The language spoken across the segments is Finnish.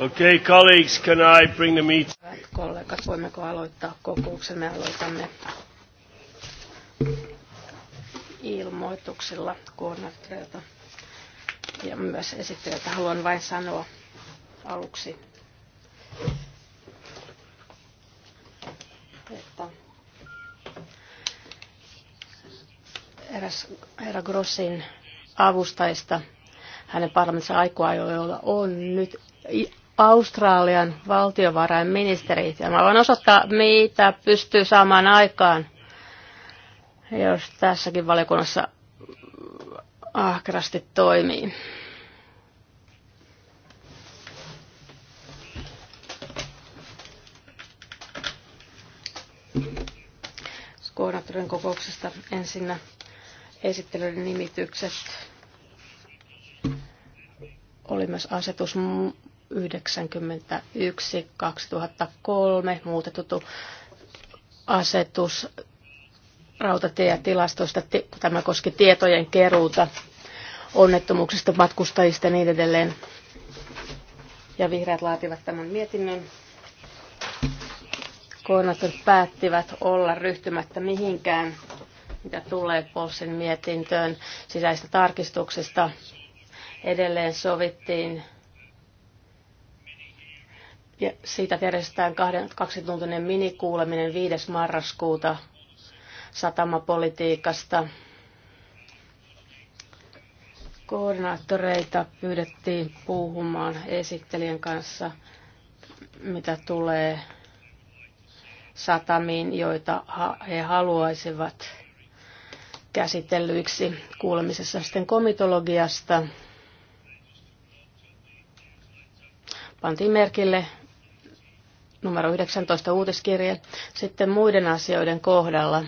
Okay, colleagues, can I bring the meet? Hyvät kollegat, voimmeko aloittaa kokouksen? Me aloitamme ilmoituksilla koordinaattoreilta ja myös esittelijöiltä. Haluan vain sanoa aluksi, että eräs herra Grossin avustajista hänen parlamentissa aikuajoilla on nyt Australian valtiovarainministeri. mä voin osoittaa, mitä pystyy saamaan aikaan, jos tässäkin valiokunnassa ahkerasti toimii. koordinaattorin kokouksesta ensinnä esittelyiden nimitykset. Oli myös asetus 91-2003 muutettu asetus tilastoista Tämä koski tietojen keruuta onnettomuuksista, matkustajista ja niin edelleen. Ja vihreät laativat tämän mietinnön. Koordinaattorit päättivät olla ryhtymättä mihinkään, mitä tulee Polsin mietintöön sisäistä tarkistuksista. Edelleen sovittiin ja siitä järjestetään kahden, tuntinen minikuuleminen 5. marraskuuta satamapolitiikasta. Koordinaattoreita pyydettiin puhumaan esittelijän kanssa, mitä tulee satamiin, joita he haluaisivat käsitellyiksi kuulemisessa sitten komitologiasta. Pantiin merkille numero 19 uutiskirje. Sitten muiden asioiden kohdalla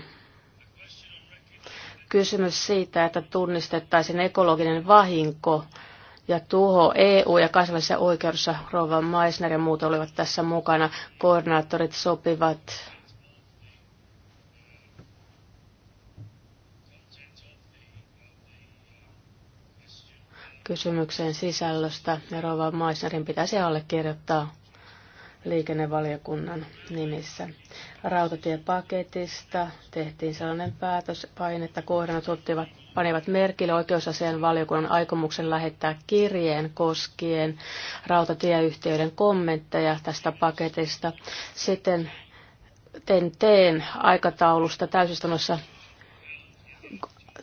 kysymys siitä, että tunnistettaisiin ekologinen vahinko ja tuho EU ja kansallisessa oikeudessa. Rova Meissner ja muut olivat tässä mukana. Koordinaattorit sopivat kysymyksen sisällöstä ja Rova Meissnerin pitäisi allekirjoittaa liikennevaliokunnan nimissä. Rautatiepaketista tehtiin sellainen päätös, painetta kohdannut ottivat panevat merkille oikeusasian valiokunnan aikomuksen lähettää kirjeen koskien rautatieyhtiöiden kommentteja tästä paketista. Sitten teen, teen aikataulusta täysistunnossa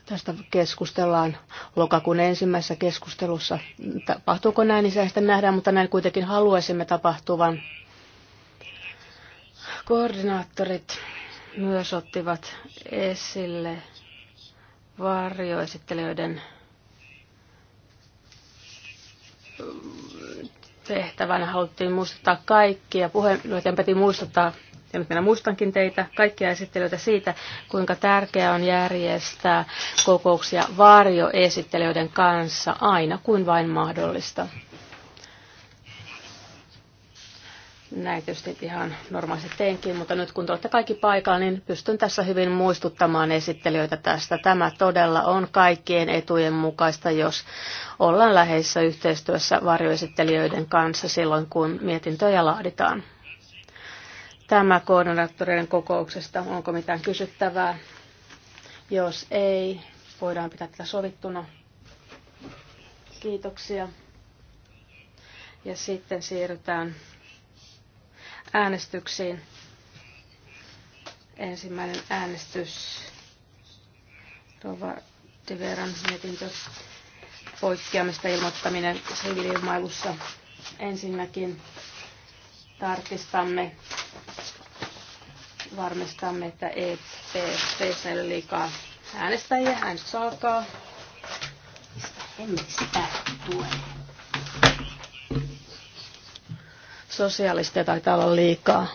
tästä keskustellaan lokakuun ensimmäisessä keskustelussa. Tapahtuuko näin, niin se sitten nähdään, mutta näin kuitenkin haluaisimme tapahtuvan. Koordinaattorit myös ottivat esille varjoesittelijöiden tehtävän. haluttiin muistuttaa kaikkia. Puheenjohtajan piti muistuttaa, ja nyt minä muistankin teitä, kaikkia esittelijöitä siitä, kuinka tärkeää on järjestää kokouksia varjoesittelijöiden kanssa aina kuin vain mahdollista. Näin tietysti ihan normaalisti teinkin, mutta nyt kun te olette kaikki paikalla, niin pystyn tässä hyvin muistuttamaan esittelijöitä tästä. Tämä todella on kaikkien etujen mukaista, jos ollaan läheisessä yhteistyössä varjoesittelijöiden kanssa silloin, kun mietintöjä laaditaan. Tämä koordinaattoreiden kokouksesta, onko mitään kysyttävää? Jos ei, voidaan pitää tätä sovittuna. Kiitoksia. Ja sitten siirrytään äänestyksiin. Ensimmäinen äänestys. Rova Deveran mietintö poikkeamista ilmoittaminen siviiliilmailussa. Ensinnäkin tarkistamme, varmistamme, että EPP ei ole liikaa äänestäjiä. Äänestys alkaa. Mistä hemmiksi tää tulee? sosiaalista taitaa olla liikaa.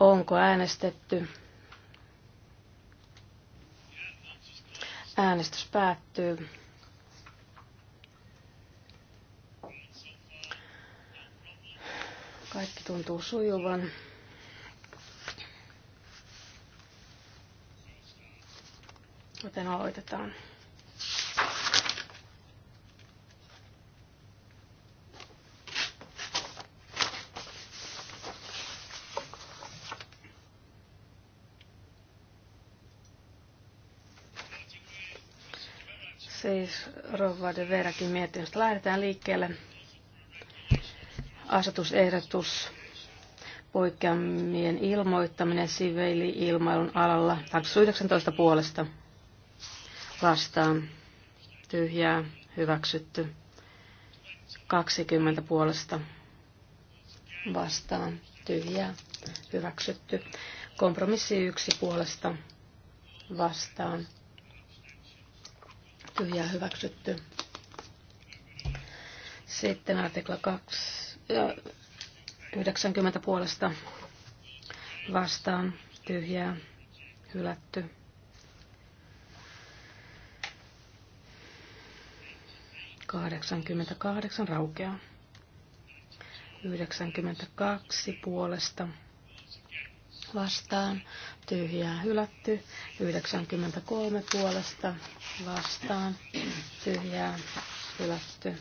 Onko äänestetty? Äänestys päättyy. Kaikki tuntuu sujuvan. Joten aloitetaan. Siis Rova de Verakin mietinnöstä lähdetään liikkeelle. Asetusehdotus poikkeamien ilmoittaminen siveili-ilmailun alalla 19 puolesta vastaan tyhjää hyväksytty 20 puolesta vastaan tyhjää hyväksytty kompromissi yksi puolesta vastaan tyhjää hyväksytty. Sitten artikla 2, 90 puolesta vastaan tyhjää hylätty. Kahdeksankymmentäkahdeksan raukeaa. 92 puolesta vastaan, tyhjää hylätty, 93 puolesta vastaan, tyhjää hylätty.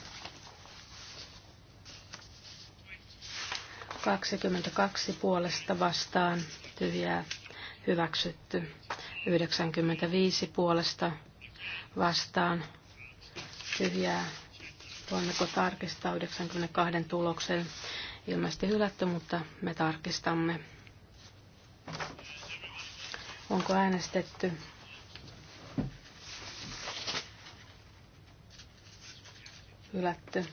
22 puolesta vastaan, tyhjää hyväksytty. 95 puolesta vastaan, tyhjää. Voimmeko tarkistaa 92 tuloksen? Ilmeisesti hylätty, mutta me tarkistamme. Onko äänestetty? Hylätty.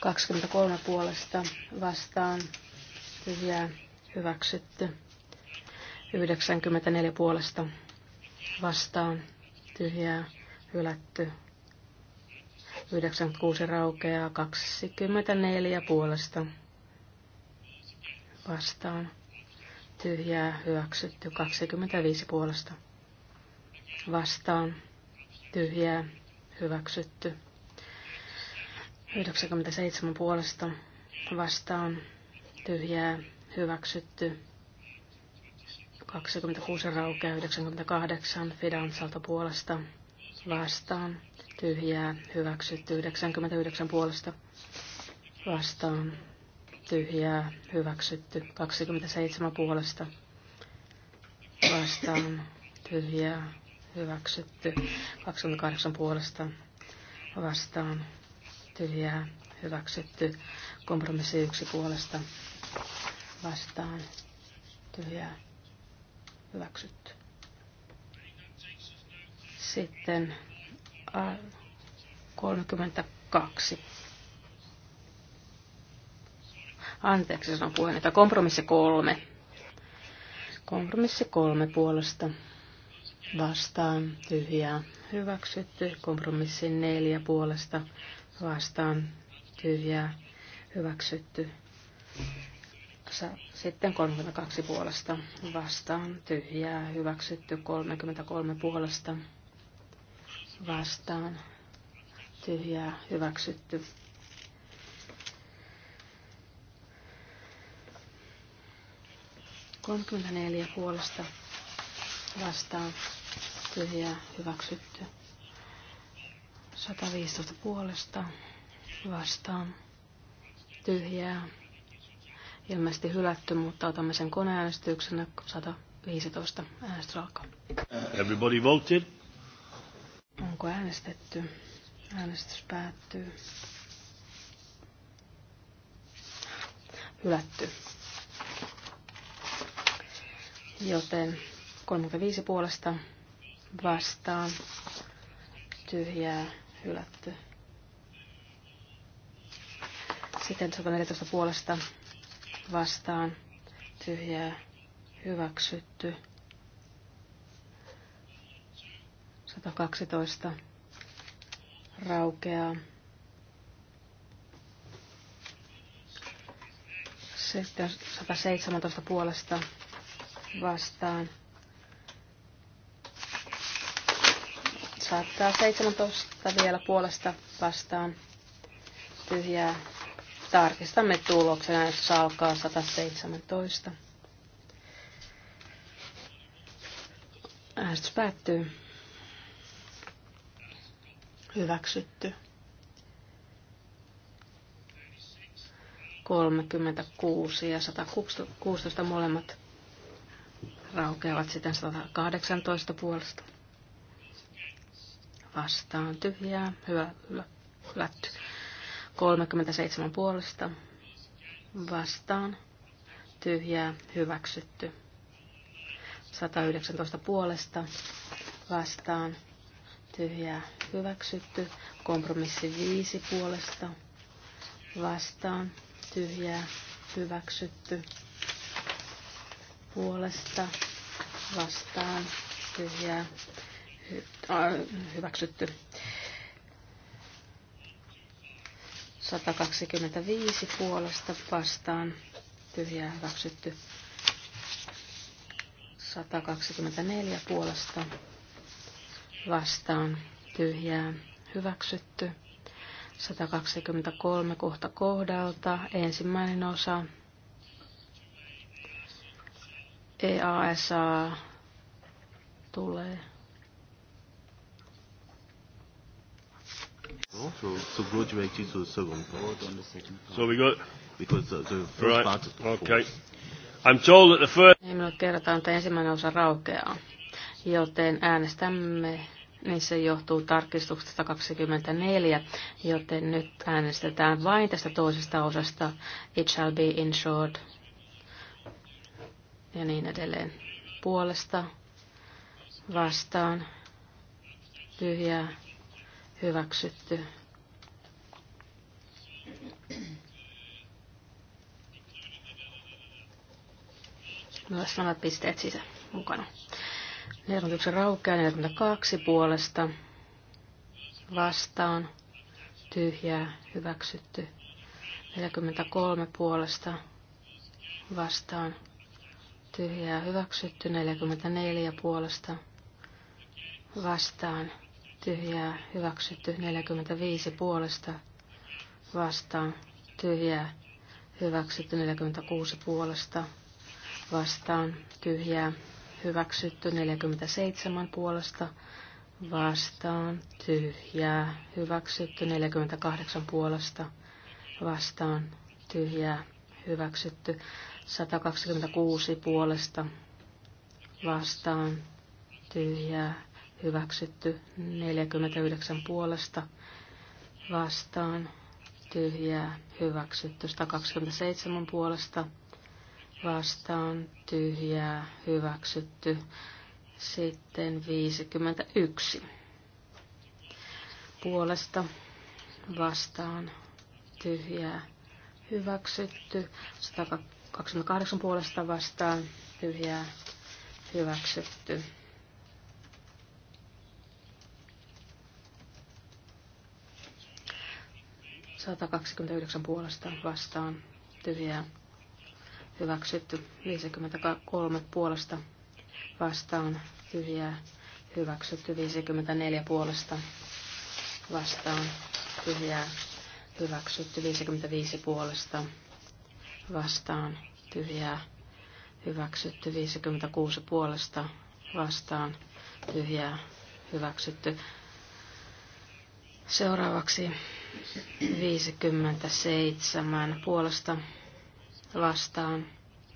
23 puolesta vastaan tyhjää hyväksytty. 94 puolesta vastaan tyhjää hylätty. 96 raukeaa 24 puolesta vastaan tyhjää hyväksytty 25 puolesta. Vastaan tyhjää hyväksytty 97 puolesta. Vastaan tyhjää hyväksytty 26 raukea 98 Fidansalta puolesta. Vastaan tyhjää hyväksytty 99 puolesta. Vastaan tyhjää hyväksytty. 27 puolesta vastaan tyhjää hyväksytty. 28 puolesta vastaan tyhjää hyväksytty. Kompromissi yksi puolesta vastaan tyhjää hyväksytty. Sitten 32 äh, Anteeksi, sanon puheenjohtaja. Kompromissi kolme. Kompromissi kolme puolesta vastaan tyhjää hyväksytty. Kompromissi neljä puolesta vastaan tyhjää hyväksytty. Sitten 32 puolesta vastaan tyhjää hyväksytty. 33 puolesta vastaan tyhjää hyväksytty. 34 puolesta vastaan tyhjää hyväksytty. 115 puolesta vastaan tyhjää. Ilmeisesti hylätty, mutta otamme sen koneäänestyksenä 115 äänestralka. Everybody voted. Onko äänestetty? Äänestys päättyy. Hylätty. Joten 35 puolesta vastaan tyhjää hylätty. Sitten 114 puolesta vastaan tyhjää hyväksytty. 112 raukeaa. Sitten 117 puolesta vastaan. Saattaa 17 vielä puolesta vastaan. Tyhjää. Tarkistamme tuloksena, että se alkaa 117. Äänestys päättyy. Hyväksytty. 36 ja 116 molemmat raukeavat sitten 118 puolesta. Vastaan tyhjää, hyvä, lätty. 37 puolesta. Vastaan tyhjää, hyväksytty. 119 puolesta. Vastaan tyhjää, hyväksytty. Kompromissi 5 puolesta. Vastaan tyhjää, hyväksytty. Äh, puolesta vastaan tyhjää hyväksytty. 125 puolesta vastaan tyhjää hyväksytty. 124 puolesta vastaan tyhjää hyväksytty. 123 kohta kohdalta ensimmäinen osa EASA tulee. So, so go directly to the second part. So we got because the, uh, the first right. part. Okay. I'm told that the first. Ei minulle kerrotaan, että ensimmäinen osa raukeaa, joten äänestämme. Niin se johtuu tarkistuksesta 24, joten nyt äänestetään vain tästä toisesta osasta. It shall be insured ja niin edelleen. Puolesta vastaan tyhjää hyväksytty. on samat pisteet sisä mukana. 41 raukea, 42 puolesta vastaan tyhjää hyväksytty. 43 puolesta vastaan tyhjää hyväksytty 44 puolesta vastaan tyhjää hyväksytty 45 puolesta vastaan tyhjää hyväksytty 46 puolesta vastaan tyhjää hyväksytty 47 puolesta vastaan tyhjää hyväksytty 48 puolesta vastaan tyhjää hyväksytty 126 puolesta vastaan tyhjää hyväksytty 49 puolesta vastaan tyhjää hyväksytty 127 puolesta vastaan tyhjää hyväksytty sitten 51 puolesta vastaan tyhjää hyväksytty 128 28 puolesta vastaan tyhjää hyväksytty. Satakaksikymmentäyhdeksän puolesta vastaan tyhjää hyväksytty. 53 puolesta vastaan tyhjää hyväksytty. 54 puolesta vastaan tyhjää hyväksytty. 55 puolesta vastaan tyhjää hyväksytty. 56 puolesta vastaan tyhjää hyväksytty. Seuraavaksi 57 puolesta vastaan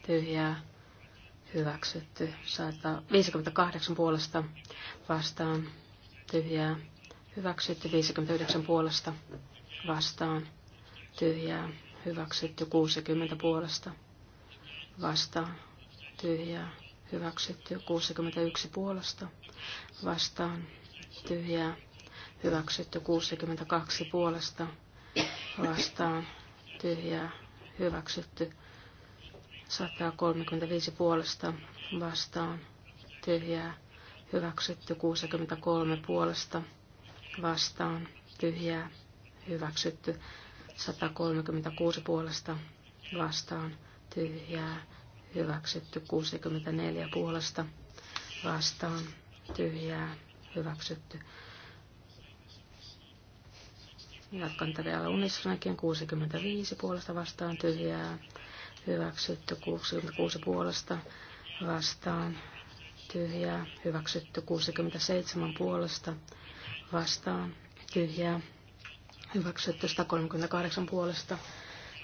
tyhjää hyväksytty. 58 puolesta vastaan tyhjää hyväksytty. 59 puolesta vastaan tyhjää hyväksytty 60 puolesta vastaan tyhjää hyväksytty 61 puolesta vastaan tyhjää hyväksytty 62 puolesta vastaan tyhjää hyväksytty 135 puolesta vastaan tyhjää hyväksytty 63 puolesta vastaan tyhjää hyväksytty 136 puolesta vastaan tyhjää hyväksytty 64 puolesta vastaan tyhjää hyväksytty. Jatkan vielä unissanakin 65 puolesta vastaan tyhjää hyväksytty 66 puolesta vastaan tyhjää hyväksytty 67 puolesta vastaan tyhjää Hyväksytty 138 puolesta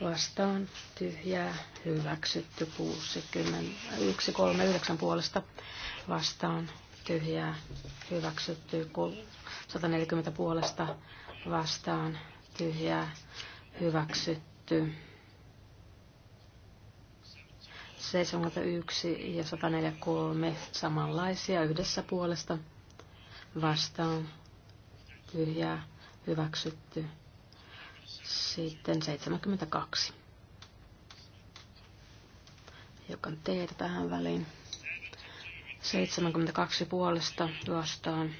vastaan. Tyhjää. Hyväksytty 60. 139 puolesta vastaan. Tyhjää. Hyväksytty 140 puolesta vastaan. Tyhjää. Hyväksytty. 71 ja 143 samanlaisia yhdessä puolesta vastaan tyhjää hyväksytty. Sitten 72, joka teetä tähän väliin. 72 puolesta vastaan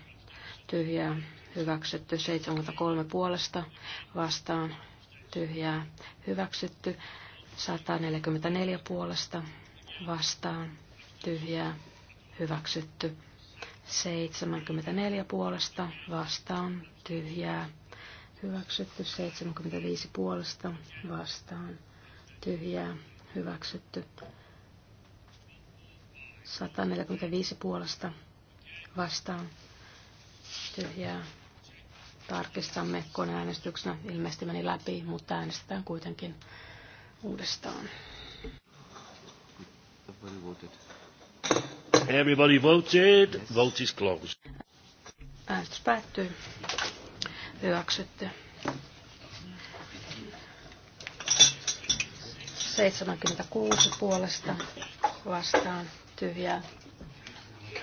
tyhjää hyväksytty, 73 puolesta vastaan tyhjää hyväksytty, 144 puolesta vastaan tyhjää hyväksytty, 74 puolesta vastaan tyhjää hyväksytty 75 puolesta vastaan, tyhjää hyväksytty 145 puolesta vastaan, tyhjää tarkistamme koneäänestyksenä. Ilmeisesti meni läpi, mutta äänestetään kuitenkin uudestaan. Everybody voted. Everybody voted. Vote is closed. Äänestys päättyy. Hyväksytty. 76 puolesta vastaan tyhjää.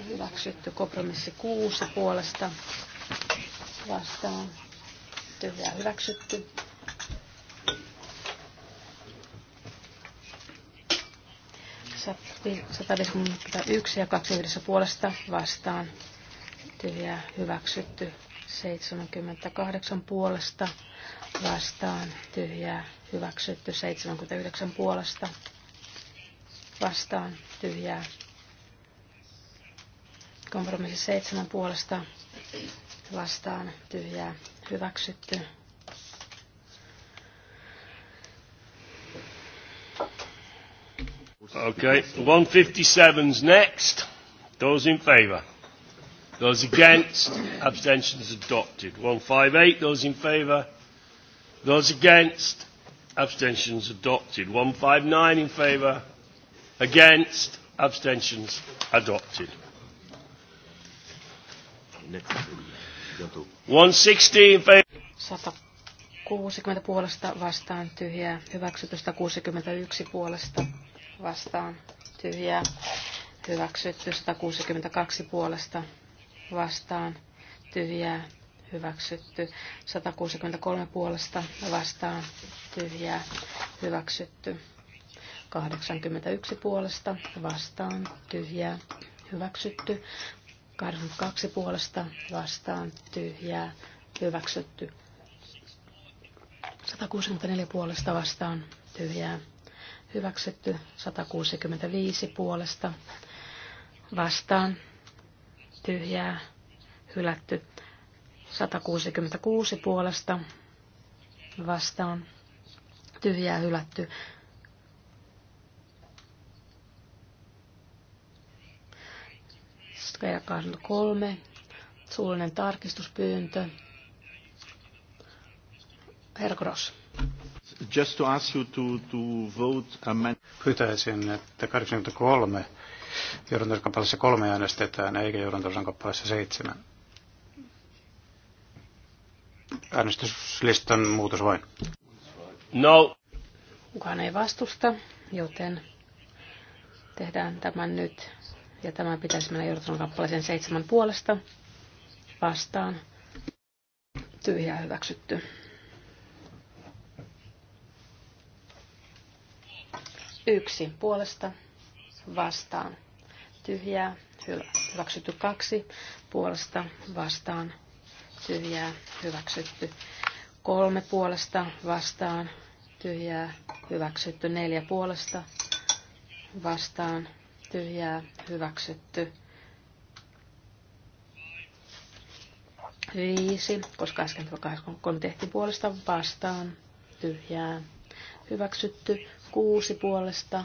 Hyväksytty kompromissi 6 puolesta vastaan tyhjää hyväksytty. Sat 151 ja 2 yhdessä puolesta vastaan tyhjää hyväksytty. 78 puolesta vastaan tyhjää hyväksytty 79 puolesta vastaan tyhjää. Kompromissi 7 puolesta vastaan tyhjää hyväksytty. Okay, 157 is next. Those in favor. Those against? Abstentions adopted. 158. Those in favour? Those against? Abstentions adopted. 159 in favour? Against? Abstentions adopted. 160 in favour? 160 puolesta vastaan tyhjää. Hyväksytystä 61 puolesta vastaan tyhjää. Hyväksytystä 62 puolesta vastaan tyhjää hyväksytty. 163 puolesta vastaan tyhjää hyväksytty. 81 puolesta vastaan tyhjää hyväksytty. 82 puolesta vastaan tyhjää hyväksytty. 164 puolesta vastaan tyhjää hyväksytty. 165 puolesta vastaan tyhjää hylätty. 166 puolesta vastaan tyhjää hylätty. Skaja 23, suullinen tarkistuspyyntö. Herra Just to ask you to, to vote amend... Pyytäisin, että 83 Johdantosan kappaleessa kolme äänestetään, eikä johdantosan kappaleessa seitsemän. Äänestyslistan muutos vain. No. Kukaan ei vastusta, joten tehdään tämän nyt. Ja tämä pitäisi mennä johdantosan kappaleeseen seitsemän puolesta vastaan. Tyhjää hyväksytty. Yksi puolesta vastaan tyhjää, hyväksytty kaksi puolesta vastaan, tyhjää, hyväksytty kolme puolesta vastaan, tyhjää, hyväksytty neljä puolesta vastaan, tyhjää, hyväksytty viisi, koska äsken kun tehtiin puolesta vastaan, tyhjää, hyväksytty kuusi puolesta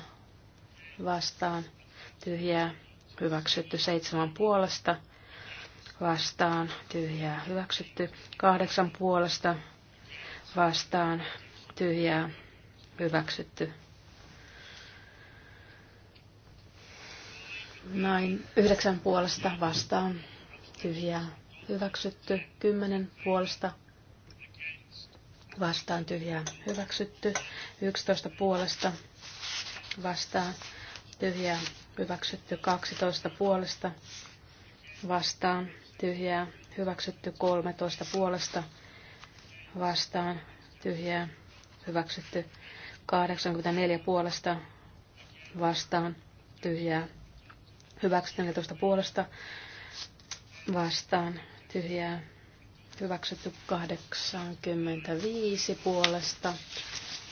vastaan, tyhjää, hyväksytty. Seitsemän puolesta vastaan tyhjää hyväksytty. Kahdeksan puolesta vastaan tyhjää hyväksytty. Näin yhdeksän puolesta vastaan tyhjää hyväksytty. Kymmenen puolesta vastaan tyhjää hyväksytty. Yksitoista puolesta vastaan tyhjää hyväksytty 12 puolesta vastaan, tyhjää, hyväksytty 13 puolesta vastaan, tyhjää, hyväksytty 84 puolesta vastaan, tyhjää, hyväksytty 14 puolesta vastaan, tyhjää, hyväksytty 85 puolesta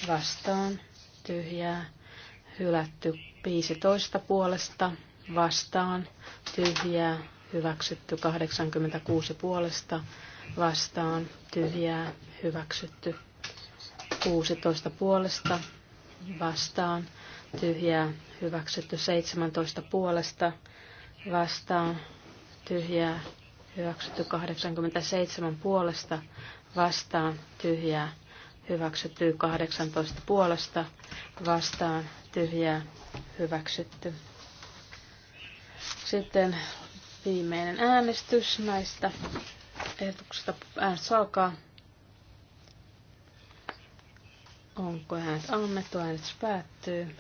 vastaan, tyhjää, hylätty 15 puolesta vastaan, tyhjää, hyväksytty 86 puolesta vastaan, tyhjää, hyväksytty 16 puolesta vastaan, tyhjää, hyväksytty 17 puolesta vastaan, tyhjää, hyväksytty 87 puolesta vastaan, tyhjää, hyväksytty 18 puolesta vastaan tyhjää hyväksytty. Sitten viimeinen äänestys näistä ehdotuksista. Äänestys alkaa. Onko äänet annettu? Äänestys päättyy.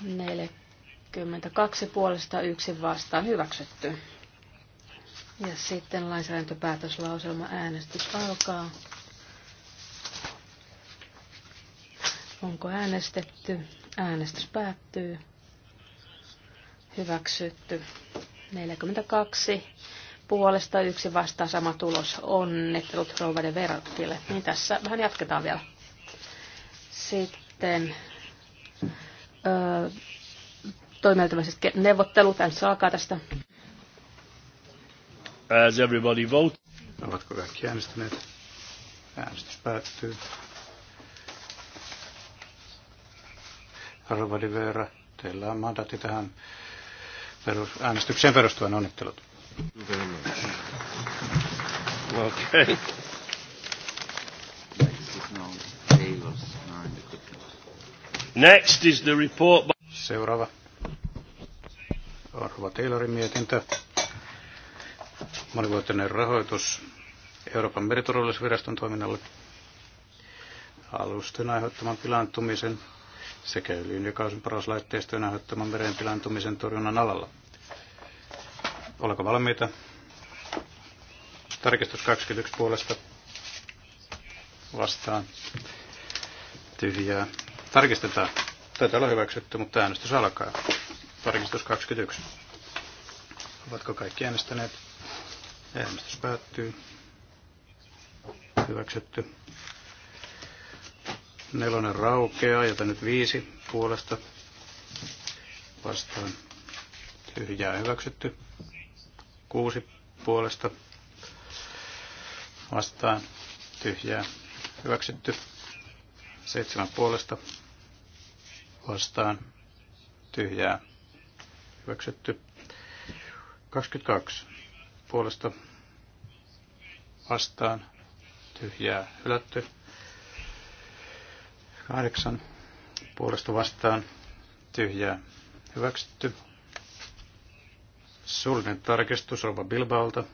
42 puolesta yksi vastaan hyväksytty. Ja sitten lainsäädäntöpäätöslauselma äänestys alkaa. Onko äänestetty? Äänestys päättyy. Hyväksytty. 42 puolesta yksi vastaa sama tulos. Onnittelut Rouvaden verrattille. Niin tässä vähän jatketaan vielä. Sitten öö, toimieltämiset neuvottelut. Äänestys alkaa tästä. As everybody vote. Ovatko kaikki äänestäneet? Äänestys päättyy. Rova Rivera, teillä on mandaatti tähän perus, äänestykseen perustuvan onnittelut. Okay. No, Next is the report. by Seuraava. Arva Taylorin mietintö. Monivuotinen rahoitus Euroopan meriturvallisuusviraston toiminnalle alusten aiheuttaman pilaantumisen sekä öljyn ja kaasun paras laitteistojen aiheuttaman meren pilantumisen torjunnan alalla. Oliko valmiita? Tarkistus 21 puolesta vastaan. Tyhjää. Tarkistetaan. Tätä olla hyväksytty, mutta äänestys alkaa. Tarkistus 21. Ovatko kaikki äänestäneet? Äänestys päättyy. Hyväksytty. Nelonen raukeaa, jota nyt viisi puolesta vastaan tyhjää hyväksytty. Kuusi puolesta vastaan tyhjää hyväksytty. Seitsemän puolesta vastaan tyhjää hyväksytty. 22 puolesta vastaan tyhjää hylätty. Kahdeksan puolesta vastaan tyhjää hyväksytty. Suullinen tarkistus Rova Bilbaolta.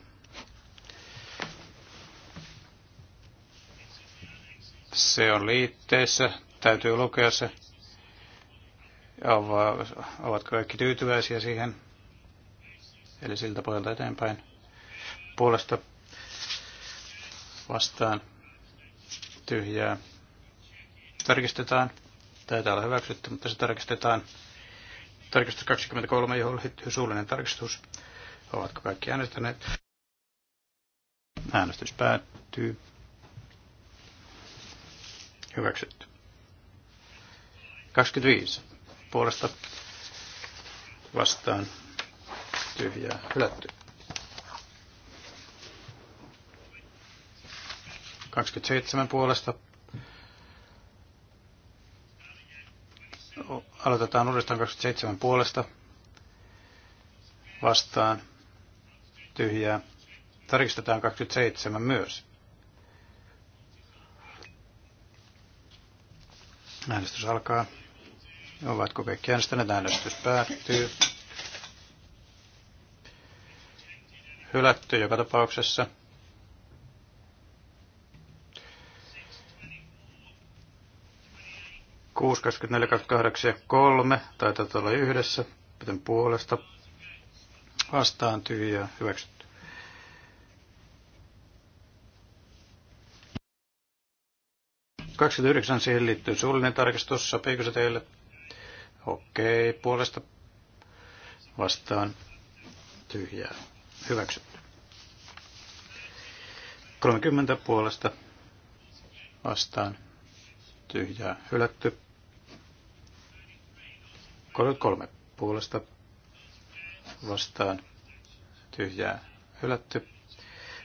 Se on liitteissä, täytyy lukea se. Ovatko kaikki tyytyväisiä siihen? Eli siltä pohjalta eteenpäin. Puolesta vastaan tyhjää tarkistetaan. Taitaa olla hyväksytty, mutta se tarkistetaan. Tarkistus 23, johon liittyy suullinen tarkistus. Ovatko kaikki äänestäneet? Äänestys päättyy. Hyväksytty. 25. Puolesta vastaan tyhjää hylätty. 27 puolesta Aloitetaan uudestaan 27 puolesta. Vastaan. Tyhjää. Tarkistetaan 27 myös. Äänestys alkaa. Ovatko kaikki äänestäneet? Äänestys päättyy. Hylätty joka tapauksessa. 6, 24, 28 ja 3 taitaa olla yhdessä, joten puolesta vastaan tyhjää hyväksytty. Kaksikymmentäyhdeksän siihen liittyy suullinen tarkistus. Sopiiko se teille? Okei, Okay, puolesta vastaan tyhjää hyväksytty. 30 puolesta vastaan tyhjää hylätty. 33 puolesta vastaan tyhjää hylätty.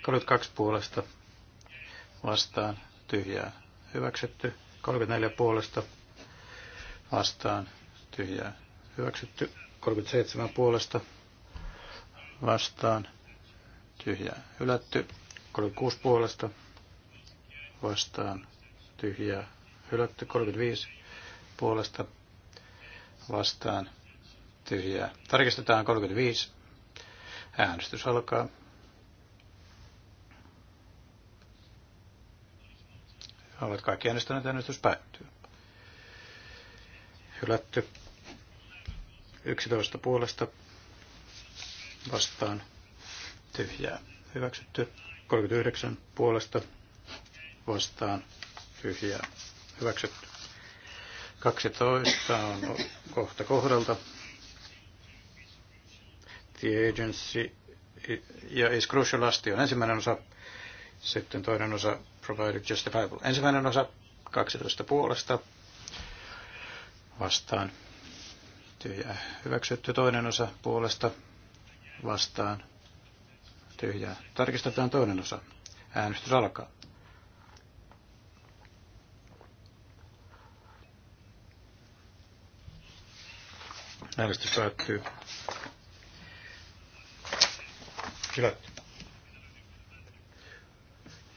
32 puolesta vastaan tyhjää hyväksytty. 34 puolesta vastaan tyhjää hyväksytty. 37 puolesta vastaan tyhjää hylätty. 36 puolesta vastaan tyhjää hylätty. 35 puolesta vastaan, vastaan tyhjää. Tarkistetaan 35. Äänestys alkaa. Olet kaikki äänestäneet, äänestys päättyy. Hylätty. 11 puolesta vastaan tyhjää. Hyväksytty. 39 puolesta vastaan tyhjää. Hyväksytty. 12 on kohta kohdalta. The Agency ja Is Crucial Asti on ensimmäinen osa, sitten toinen osa Provided Justifiable. Ensimmäinen osa 12 puolesta vastaan tyhjää hyväksytty, toinen osa puolesta vastaan tyhjää. Tarkistetaan toinen osa. Äänestys alkaa. Äänestys päättyy. Hylätty.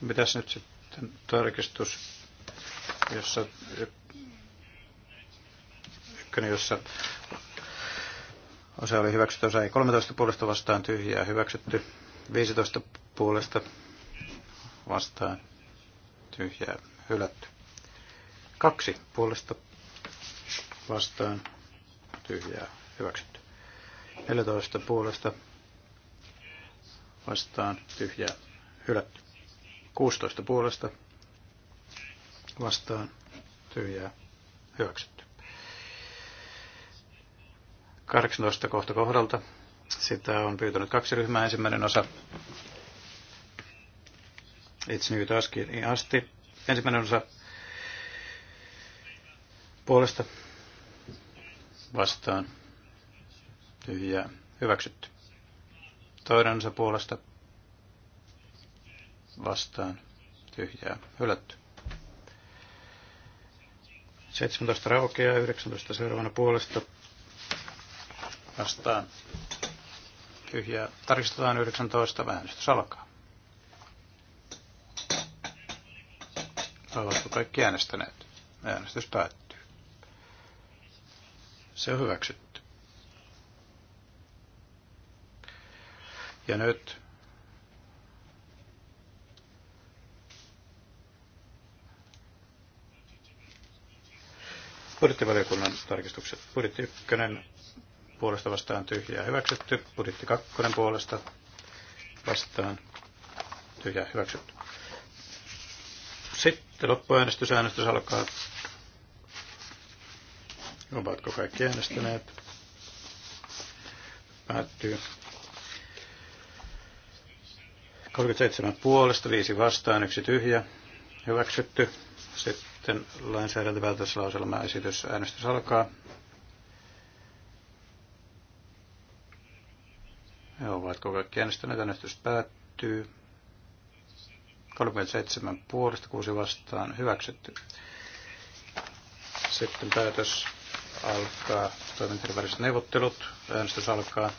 Mitäs nyt sitten tarkistus, jossa ykkönen, jossa osa oli hyväksytty, osa ei. 13 puolesta vastaan tyhjää hyväksytty. 15 puolesta vastaan tyhjää hylätty. Kaksi puolesta vastaan tyhjää hyväksytty. 14 puolesta vastaan tyhjää hylätty. 16 puolesta vastaan tyhjää hyväksytty. 18 kohta kohdalta. Sitä on pyytänyt kaksi ryhmää. Ensimmäinen osa It's New asti. Ensimmäinen osa puolesta vastaan tyhjää hyväksytty. Toinen osa puolesta vastaan tyhjää hylätty. 17 raukeaa, 19 seuraavana puolesta vastaan tyhjää. Tarkistetaan 19 vähennystä salkaa. Ovatko kaikki äänestäneet? Äänestys päättyy. Se on hyväksytty. Ja nyt budjettivaliokunnan tarkistukset. Budjetti 1 puolesta vastaan tyhjää hyväksytty. Budjetti 2 puolesta vastaan tyhjää hyväksytty. Sitten loppuäänestys. Äänestys alkaa. Ovatko kaikki äänestäneet? Päättyy. 37 puolesta, 5 vastaan, yksi tyhjä. Hyväksytty. Sitten lainsäädäntövältäyslauselma esitys. Äänestys alkaa. Ovatko kaikki äänestäneet? Äänestys päättyy. 37 puolesta, 6 vastaan, hyväksytty. Sitten päätös alkaa toimintojen väliset neuvottelut. Äänestys alkaa.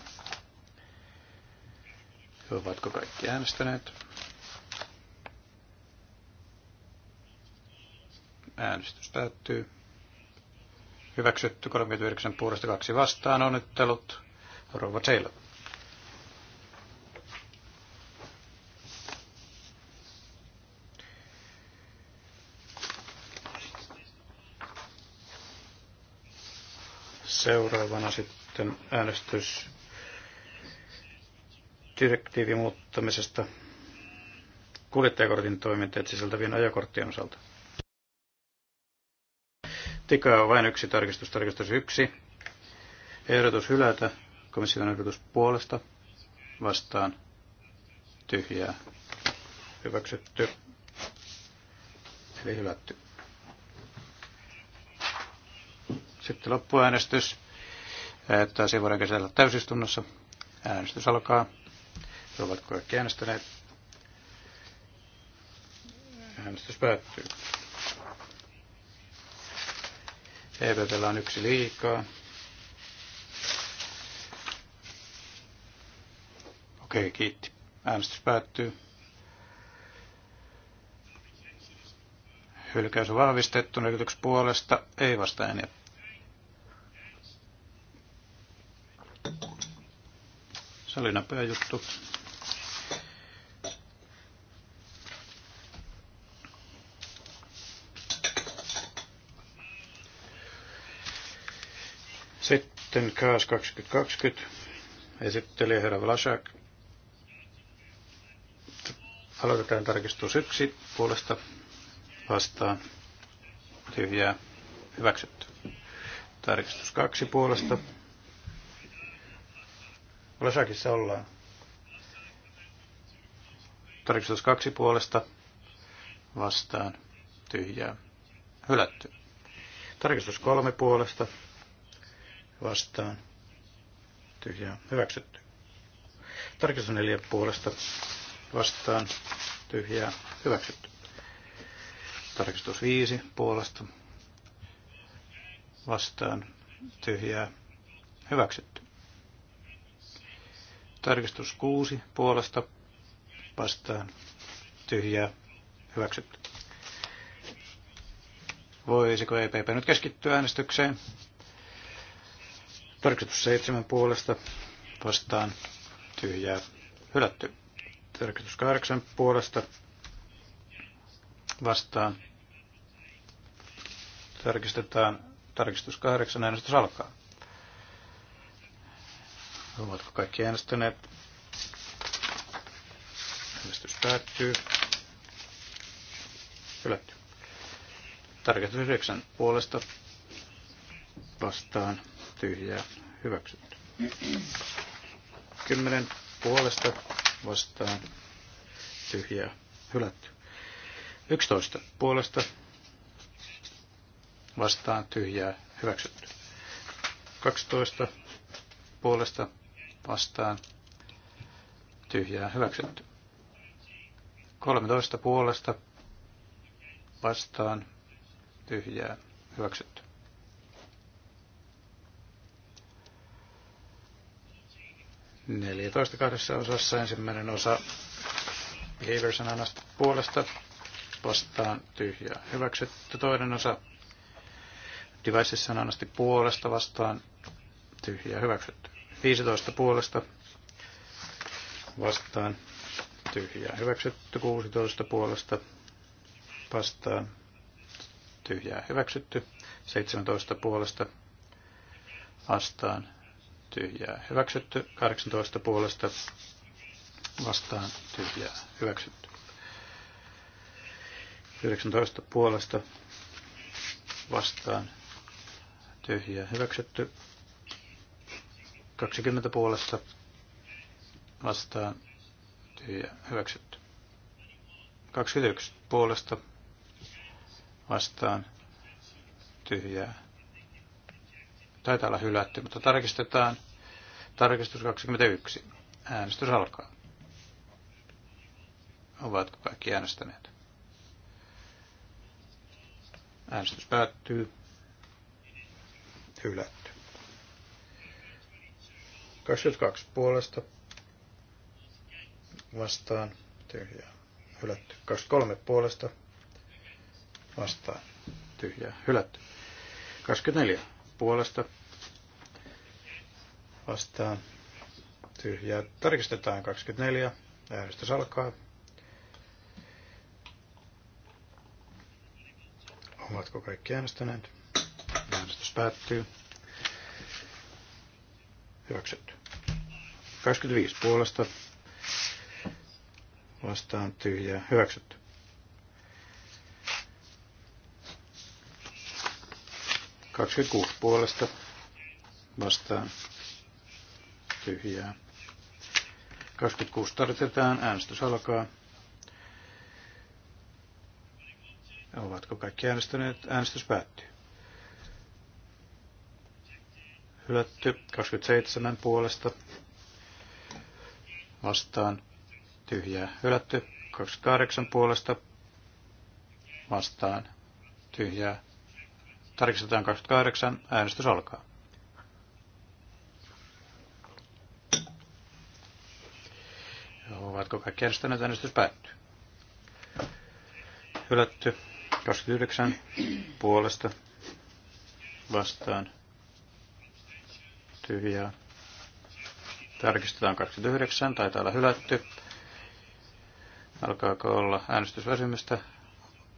Ovatko kaikki äänestäneet? Äänestys päättyy. Hyväksytty 39 puolesta kaksi vastaan. Onnittelut. Rouva Taylor. Seuraavana sitten äänestys direktiivin muuttamisesta kuljettajakortin toiminteet sisältävien ajokorttien osalta. Tika on vain yksi tarkistus, tarkistus yksi. Ehdotus hylätä, komission ehdotus puolesta, vastaan, tyhjää, hyväksytty, eli hylätty. Sitten loppuäänestys, että asia voidaan käsitellä täysistunnossa. Äänestys alkaa. Ovatko kaikki äänestäneet? Äänestys päättyy. EPPllä on yksi liikaa. Okei, kiitti. Äänestys päättyy. Hylkäys on vahvistettu 41 puolesta, ei vasta ääniä Se oli juttu. Sitten KAAS 2020 esitteli herra Vlasak. Aloitetaan tarkistus yksi puolesta vastaan tyhjää hyväksytty. Tarkistus kaksi puolesta Lasakissa ollaan. Tarkistus kaksi puolesta vastaan tyhjää hylätty. Tarkistus kolme puolesta vastaan tyhjää hyväksytty. Tarkistus neljä puolesta vastaan tyhjää hyväksytty. Tarkistus viisi puolesta vastaan tyhjää hyväksytty. Tarkistus 6 puolesta vastaan tyhjää hyväksytty. Voisiko EPP nyt keskittyä äänestykseen? Tarkistus 7 puolesta vastaan tyhjää hylätty. Tarkistus 8 puolesta vastaan tarkistetaan. Tarkistus 8 äänestys alkaa. Ovatko kaikki äänestäneet? Äänestys päättyy. Hylätty. Tarkastus 9 puolesta vastaan tyhjää hyväksytty. 10 puolesta vastaan tyhjää hylätty. 11 puolesta vastaan tyhjää hyväksytty. 12 puolesta vastaan tyhjää hyväksytty. 13 puolesta vastaan tyhjää hyväksytty. 14 kahdessa osassa ensimmäinen osa behavior-sanasta puolesta vastaan tyhjää hyväksytty. Toinen osa devices-sanasta puolesta vastaan tyhjää hyväksytty. 15 puolesta vastaan tyhjää hyväksytty. 16 puolesta vastaan tyhjää hyväksytty. 17 puolesta vastaan tyhjää hyväksytty. 18 puolesta vastaan tyhjää hyväksytty. 19 puolesta vastaan tyhjää hyväksytty. 20 puolesta vastaan tyhjä hyväksytty. 21 puolesta vastaan tyhjää. Taitaa olla hylätty, mutta tarkistetaan. Tarkistus 21. Äänestys alkaa. Ovatko kaikki äänestäneet? Äänestys päättyy. Hylätty. 22 puolesta vastaan tyhjää hylätty. 23 puolesta vastaan tyhjää hylätty. 24 puolesta vastaan tyhjää. Tarkistetaan 24. Äänestys alkaa. Ovatko kaikki äänestäneet? Äänestys päättyy. Hyväksytty. 25 puolesta vastaan tyhjää hyväksytty. Kaksikymmentäkuusi puolesta vastaan tyhjää. 26 tarvitetaan, äänestys alkaa. Ovatko kaikki äänestäneet? Äänestys päättyy. Hylätty 27 puolesta vastaan tyhjää hylätty. 28 puolesta vastaan tyhjää. Tarkistetaan 28. Äänestys alkaa. Ovatko kaikki äänestäneet? Äänestys päättyy. Hylätty. 29 puolesta vastaan tyhjää Tarkistetaan 29, taitaa olla hylätty. Alkaako olla äänestysväsymystä?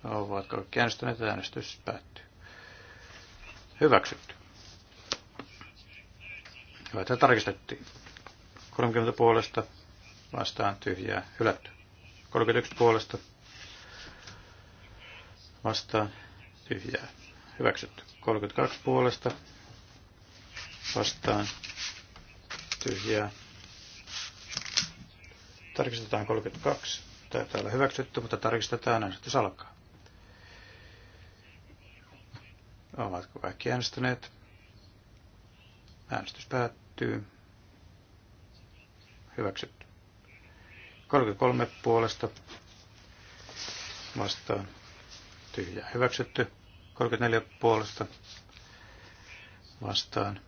Ovatko kaikki äänestäneet? Äänestys päättyy. Hyväksytty. Hyvä, että tarkistettiin. 30 puolesta vastaan tyhjää hylätty. 31 puolesta vastaan tyhjää hyväksytty. 32 puolesta vastaan tyhjää. Tarkistetaan 32. Tämä täällä hyväksytty, mutta tarkistetaan äänestys alkaa. Ovatko kaikki äänestäneet? Äänestys päättyy. Hyväksytty. 33 puolesta vastaan tyhjää hyväksytty. 34 puolesta vastaan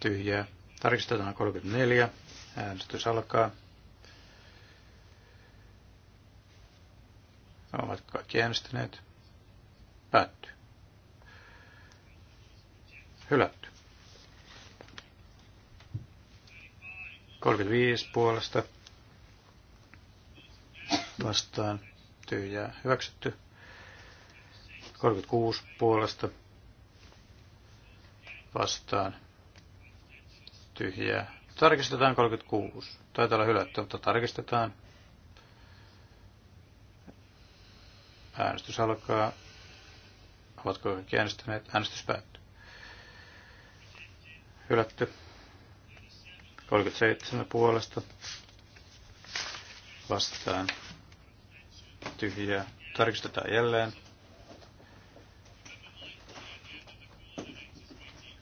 tyhjää Tarkistetaan 34. Äänestys alkaa. Ovat kaikki äänestäneet. Päättyy. Hylätty. 35 puolesta vastaan tyhjää hyväksytty. 36 puolesta vastaan tyhjää. Tarkistetaan 36. Taitaa olla hylätty, mutta tarkistetaan. Äänestys alkaa. Ovatko kaikki äänestäneet? Äänestys päättyy. Hylätty. 37 puolesta. Vastaan. Tyhjää. Tarkistetaan jälleen.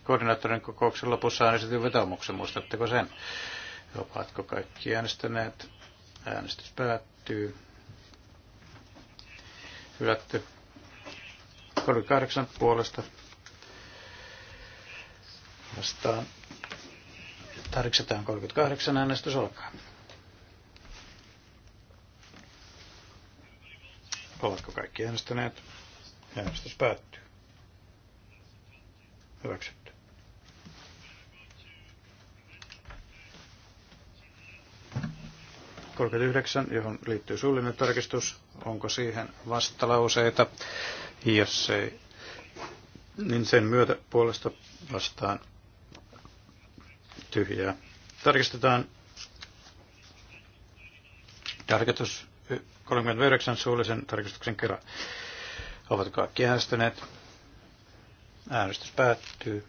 koordinaattorin kokouksen lopussa äänestetyn vetomuksen, muistatteko sen? Ovatko kaikki äänestäneet? Äänestys päättyy. Hylätty. 38 puolesta. Vastaan. 38 äänestys alkaa. Ovatko kaikki äänestäneet? Äänestys päättyy. Hyväksytty. 39, johon liittyy suullinen tarkistus. Onko siihen vastalauseita? Jos ei, niin sen myötä puolesta vastaan tyhjää. Tarkistetaan tarkistus 39 suullisen tarkistuksen kerran. Ovat kaikki äänestäneet. Äänestys päättyy.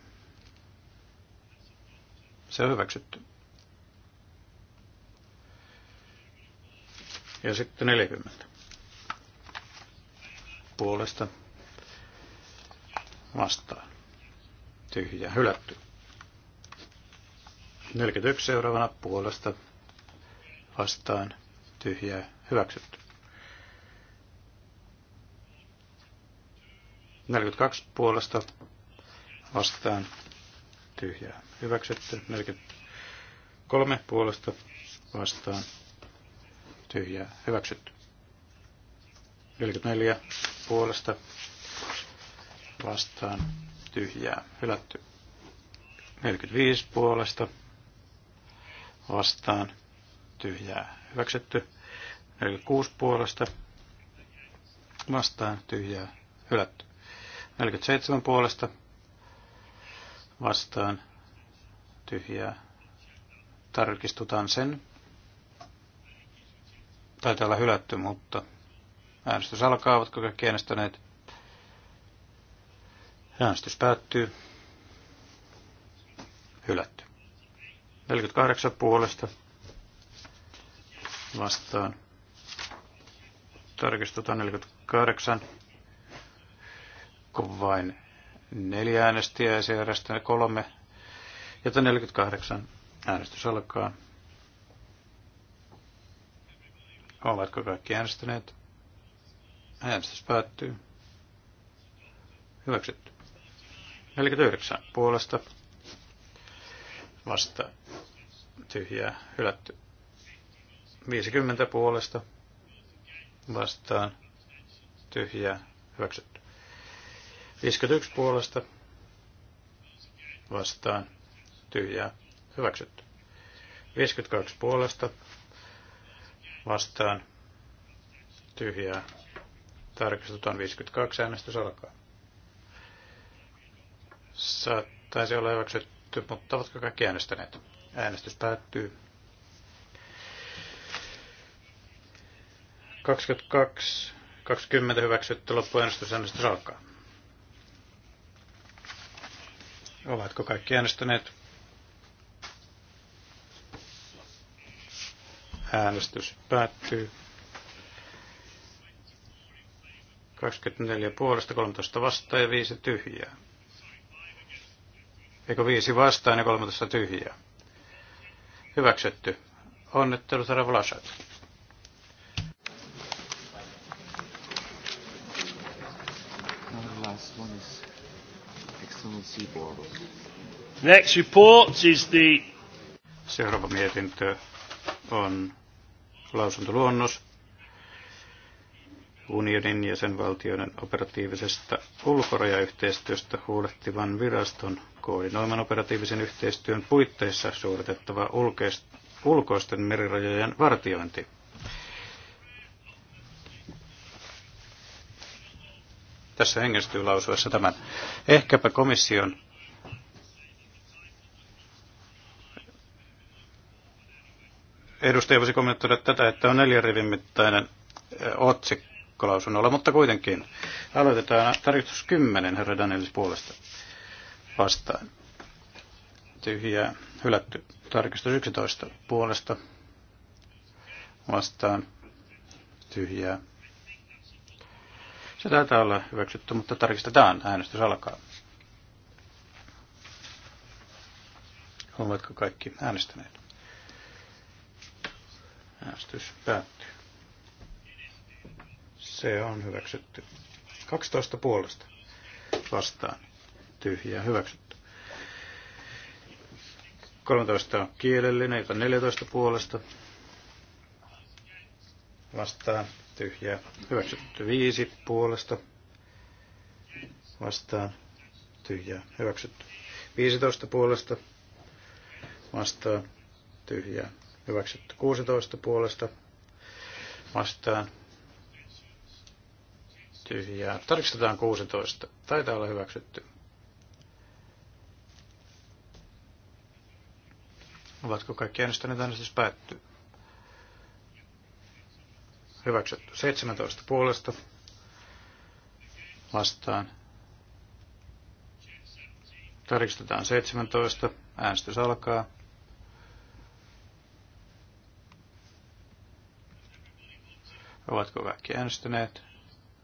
Se on hyväksytty. Ja sitten 40 puolesta vastaan. Tyhjä, hylätty. 41 seuraavana puolesta vastaan. Tyhjä, hyväksytty. 42 puolesta vastaan. Tyhjä, hyväksytty. 43 puolesta vastaan tyhjää hyväksytty. 44 puolesta vastaan tyhjää hylätty. 45 puolesta vastaan tyhjää hyväksytty. 46 puolesta vastaan tyhjää hylätty. 47 puolesta vastaan tyhjää tarkistutaan sen Taitaa olla hylätty, mutta äänestys alkaa. Ovatko kaikki äänestäneet? Äänestys päättyy. Hylätty. 48 puolesta vastaan. Tarkistutaan 48, kun vain neljä äänestiä ja se järjestää kolme, joten 48 äänestys alkaa. Oletko kaikki äänestäneet? Äänestys päättyy. Hyväksytty. 49 puolesta vasta tyhjää hylätty. 50 puolesta vastaan tyhjää hyväksytty. 51 puolesta vastaan tyhjää hyväksytty. 52 puolesta vastaan tyhjää. Tarkistetaan 52 äänestys alkaa. Saattaisi olla hyväksytty, mutta ovatko kaikki äänestäneet? Äänestys päättyy. 22, 20 hyväksytty loppuäänestys, äänestys alkaa. Ovatko kaikki äänestäneet? Äänestys päättyy. 24 puolesta, 13 vastaan ja 5 tyhjää. Eikö 5 vastaan ja 13 tyhjää? Hyväksytty. Onnittelut, herra Vlasak. Next report is the... Seuraava mietintö on lausuntoluonnos unionin ja sen valtioiden operatiivisesta ulkorajayhteistyöstä huolehtivan viraston koordinoiman operatiivisen yhteistyön puitteissa suoritettava ulkoisten merirajojen vartiointi. Tässä hengestyy lausuessa tämän. Ehkäpä komission Edustaja voisi kommentoida tätä, että on neljä rivin mittainen otsikkolausunnolla, mutta kuitenkin aloitetaan tarkistus 10 herra Danielis puolesta vastaan. Tyhjää hylätty. Tarkistus 11 puolesta vastaan. Tyhjää. Se taitaa olla hyväksytty, mutta tarkistetaan. Äänestys alkaa. Ovatko kaikki äänestäneet? Äänestys päättyy. Se on hyväksytty. 12 puolesta vastaan. Tyhjää hyväksytty. 13 on kielellinen, joka 14 puolesta vastaan. Tyhjää hyväksytty. 5 puolesta vastaan. Tyhjää hyväksytty. 15 puolesta vastaan. Tyhjää Hyväksytty 16 puolesta vastaan. Tyhjää. Tarkistetaan 16. Taitaa olla hyväksytty. Ovatko kaikki äänestäneet? Äänestys päättyy. Hyväksytty 17 puolesta vastaan. Tarkistetaan 17. Äänestys alkaa. Ovatko kaikki äänestäneet?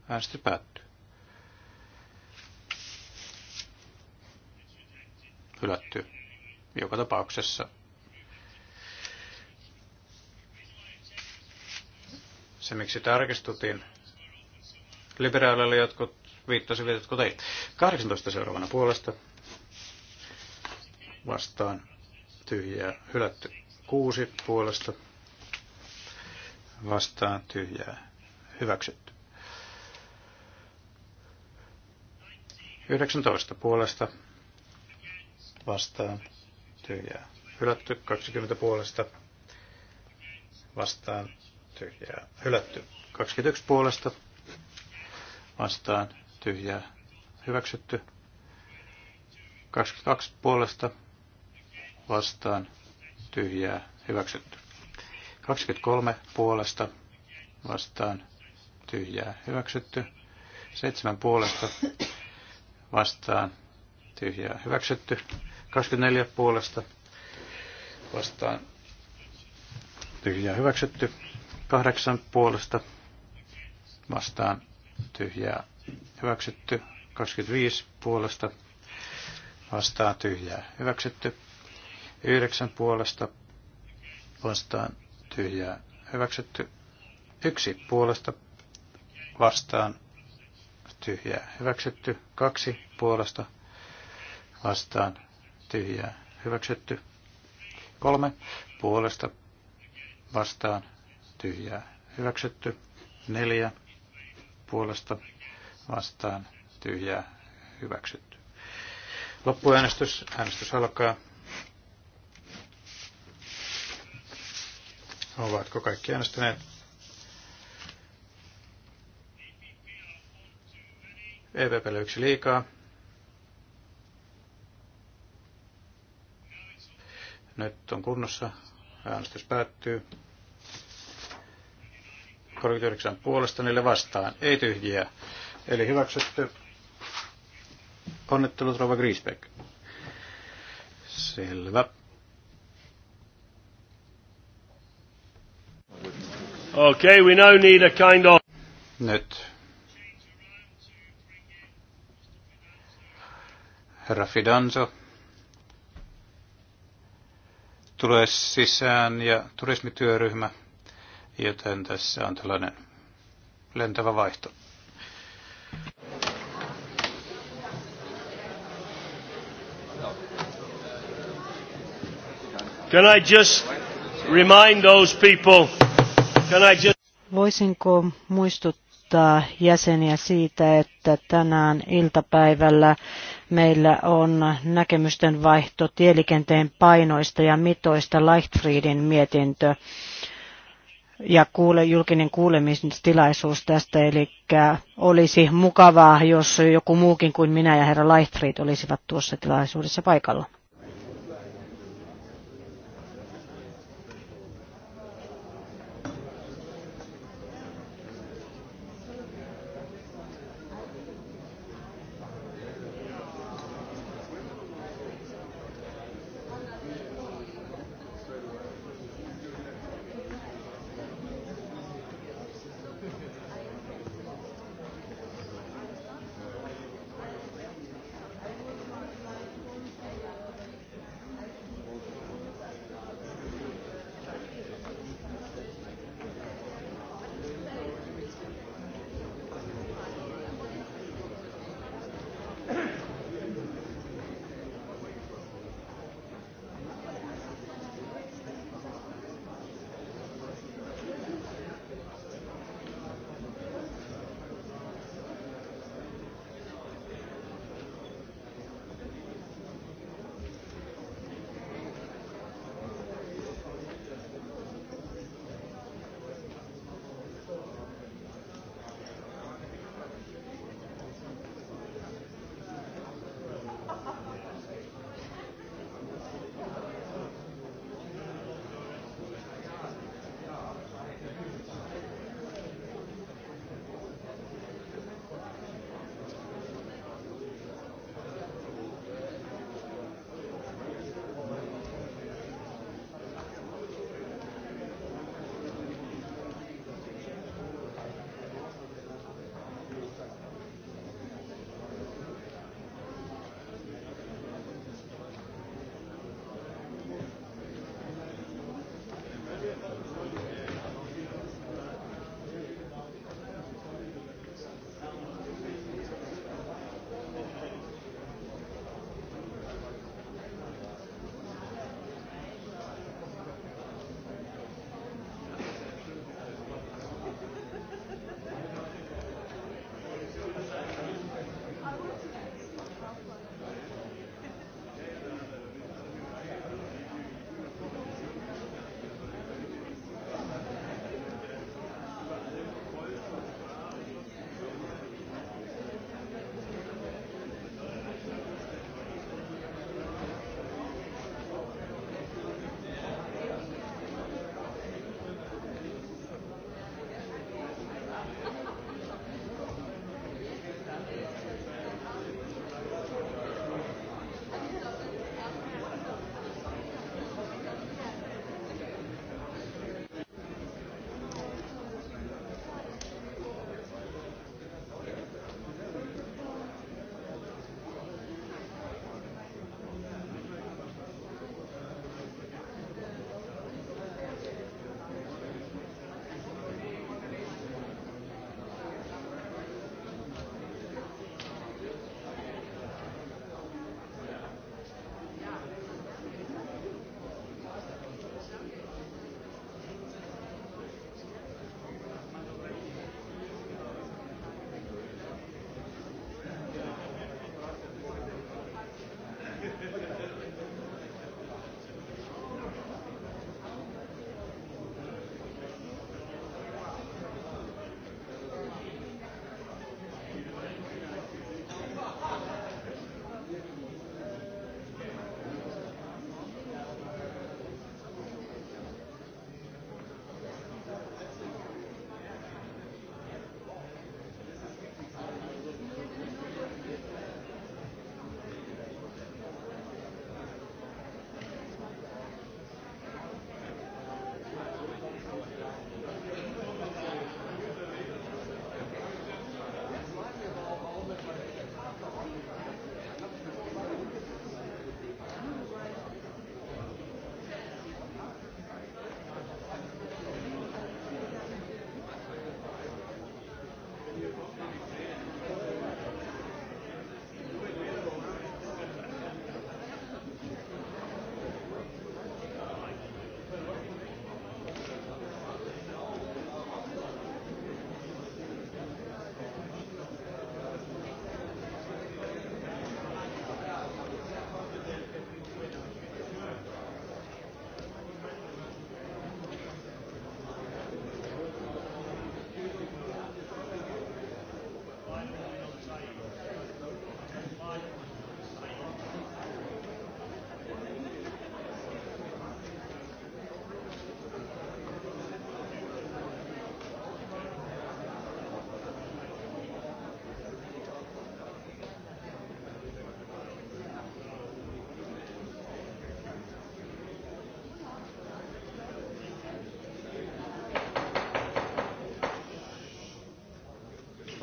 Äänestys päättyy. Hylätty. Joka tapauksessa. Se, miksi tarkistutin, liberaaleille jotkut viittasivat, jotkut ei. 18 seuraavana puolesta vastaan tyhjää hylätty. kuusi puolesta vastaan tyhjää hyväksytty. 19 puolesta vastaan tyhjää hylätty. 20 puolesta vastaan tyhjää hylätty. 21 puolesta vastaan tyhjää hyväksytty. 22 puolesta vastaan tyhjää hyväksytty. 23 puolesta vastaan tyhjää hyväksytty. 7 puolesta vastaan tyhjää hyväksytty. 24 puolesta vastaan tyhjää hyväksytty. 8 puolesta vastaan tyhjää hyväksytty. 25 puolesta vastaan tyhjää hyväksytty. 9 puolesta vastaan tyhjää hyväksytty. Yksi puolesta vastaan tyhjää hyväksytty. Kaksi puolesta vastaan tyhjää hyväksytty. Kolme puolesta vastaan tyhjää hyväksytty. Neljä puolesta vastaan tyhjää hyväksytty. Loppuäänestys. Äänestys alkaa. Ovatko kaikki äänestäneet? EVP yksi liikaa. Nyt on kunnossa. Äänestys päättyy. 39 puolesta, niille vastaan. Ei tyhjiä. Eli hyväksytty. Onnittelut Rova Griesbeck. Selvä. Okay, we now need a kind of... Nyt. Herra Fidanzo tulee sisään ja turismityöryhmä, joten tässä on tällainen lentävä vaihto. Can I just remind those people Voisinko muistuttaa jäseniä siitä, että tänään iltapäivällä meillä on näkemysten vaihto tieliikenteen painoista ja mitoista Lightfriedin mietintö ja kuule, julkinen kuulemistilaisuus tästä, eli olisi mukavaa, jos joku muukin kuin minä ja herra Lightfried olisivat tuossa tilaisuudessa paikalla.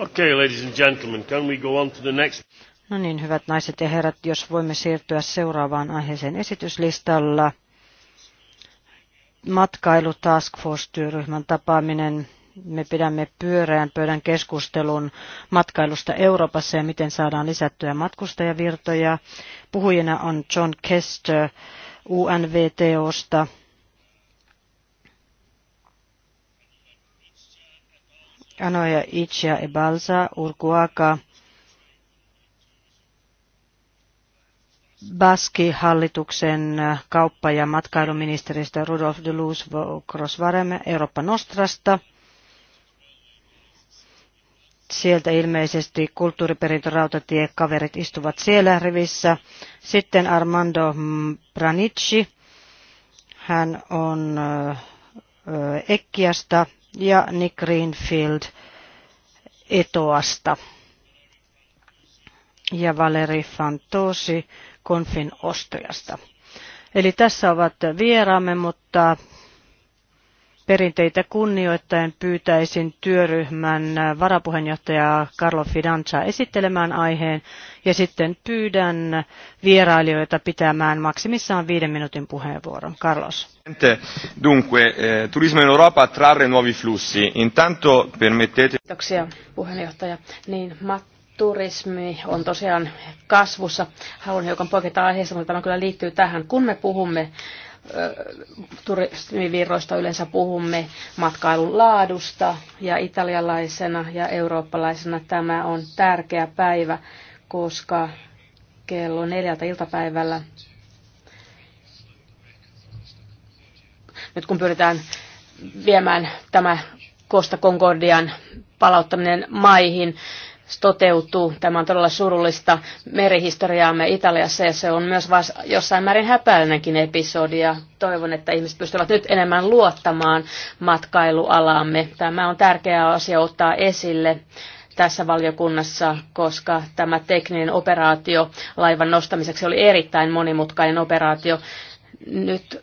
Okay, ladies and gentlemen, can we go on to the next? No niin, hyvät naiset ja herrat, jos voimme siirtyä seuraavaan aiheeseen esityslistalla. Matkailu Task Force-työryhmän tapaaminen. Me pidämme pyöreän pöydän keskustelun matkailusta Euroopassa ja miten saadaan lisättyä matkustajavirtoja. Puhujina on John Kester UNVTOsta Anoja Ichia Ebalsa, Urkuaka, Baski-hallituksen kauppa- ja matkailuministeristä Rudolf de Luz Crossvarem Eurooppa Nostrasta. Sieltä ilmeisesti kulttuuriperintörautatie kaverit istuvat siellä rivissä. Sitten Armando Branicci. Hän on Ekkiasta ja Nick Greenfield Etoasta ja Valeri Fantosi Konfin ostojasta. Eli tässä ovat vieraamme, mutta perinteitä kunnioittaen pyytäisin työryhmän varapuheenjohtajaa Carlo Fidanza esittelemään aiheen ja sitten pyydän vierailijoita pitämään maksimissaan viiden minuutin puheenvuoron. Carlos. Dunque, eh, Turismo in Europa attrarre nuovi flussi. Intanto permettete... Kiitoksia puheenjohtaja. Niin, Matti turismi on tosiaan kasvussa. Haluan hiukan poiketa aiheesta, mutta tämä kyllä liittyy tähän. Kun me puhumme turismivirroista yleensä puhumme matkailun laadusta ja italialaisena ja eurooppalaisena tämä on tärkeä päivä, koska kello neljältä iltapäivällä, nyt kun pyritään viemään tämä Costa Concordian palauttaminen maihin, toteutuu. Tämä on todella surullista merihistoriaamme Italiassa ja se on myös vas- jossain määrin häpäällinenkin episodi ja toivon, että ihmiset pystyvät nyt enemmän luottamaan matkailualaamme. Tämä on tärkeä asia ottaa esille tässä valiokunnassa, koska tämä tekninen operaatio laivan nostamiseksi oli erittäin monimutkainen operaatio. Nyt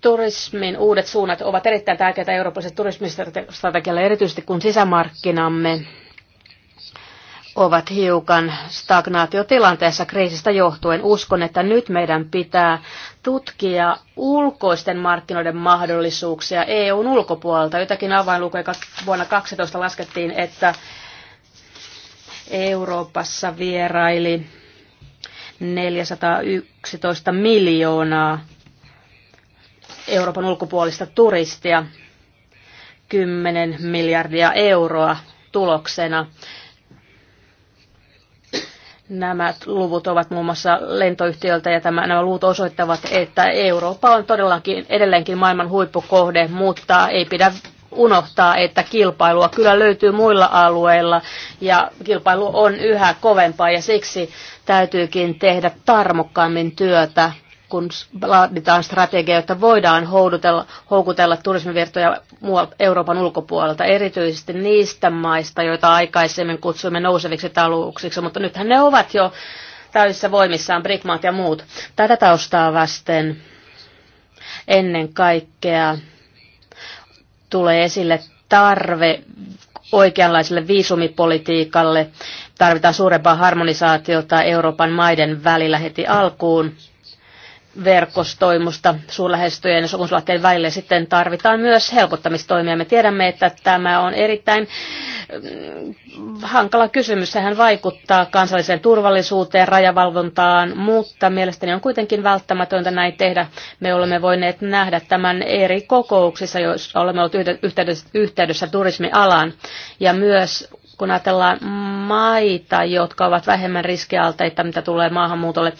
turismin uudet suunnat ovat erittäin tärkeitä eurooppalaiselle turismistrategialle, erityisesti kun sisämarkkinamme ovat hiukan stagnaatiotilanteessa kriisistä johtuen. Uskon, että nyt meidän pitää tutkia ulkoisten markkinoiden mahdollisuuksia EUn ulkopuolelta. Jotakin avainlukuja vuonna 2012 laskettiin, että Euroopassa vieraili 411 miljoonaa Euroopan ulkopuolista turistia, 10 miljardia euroa tuloksena. Nämä luvut ovat muun muassa lentoyhtiöltä ja tämä, nämä luvut osoittavat, että Eurooppa on todellakin edelleenkin maailman huippukohde, mutta ei pidä unohtaa, että kilpailua kyllä löytyy muilla alueilla ja kilpailu on yhä kovempaa ja siksi täytyykin tehdä tarmokkaammin työtä kun laaditaan strategia, jotta voidaan houdutella, houkutella turismivirtoja Euroopan ulkopuolelta, erityisesti niistä maista, joita aikaisemmin kutsuimme nouseviksi talouksiksi, mutta nythän ne ovat jo täysissä voimissaan, Brickmaat ja muut. Tätä taustaa vasten ennen kaikkea tulee esille tarve oikeanlaiselle viisumipolitiikalle. Tarvitaan suurempaa harmonisaatiota Euroopan maiden välillä heti alkuun verkostoimusta suurlähestyjen ja sopimuslaitteiden välille sitten tarvitaan myös helpottamistoimia. Me tiedämme, että tämä on erittäin mm, hankala kysymys. Sehän vaikuttaa kansalliseen turvallisuuteen, rajavalvontaan, mutta mielestäni on kuitenkin välttämätöntä näin tehdä. Me olemme voineet nähdä tämän eri kokouksissa, joissa olemme olleet yhteydessä, yhteydessä turismialaan ja myös kun ajatellaan maita, jotka ovat vähemmän riskialteita, mitä tulee maahanmuutolle,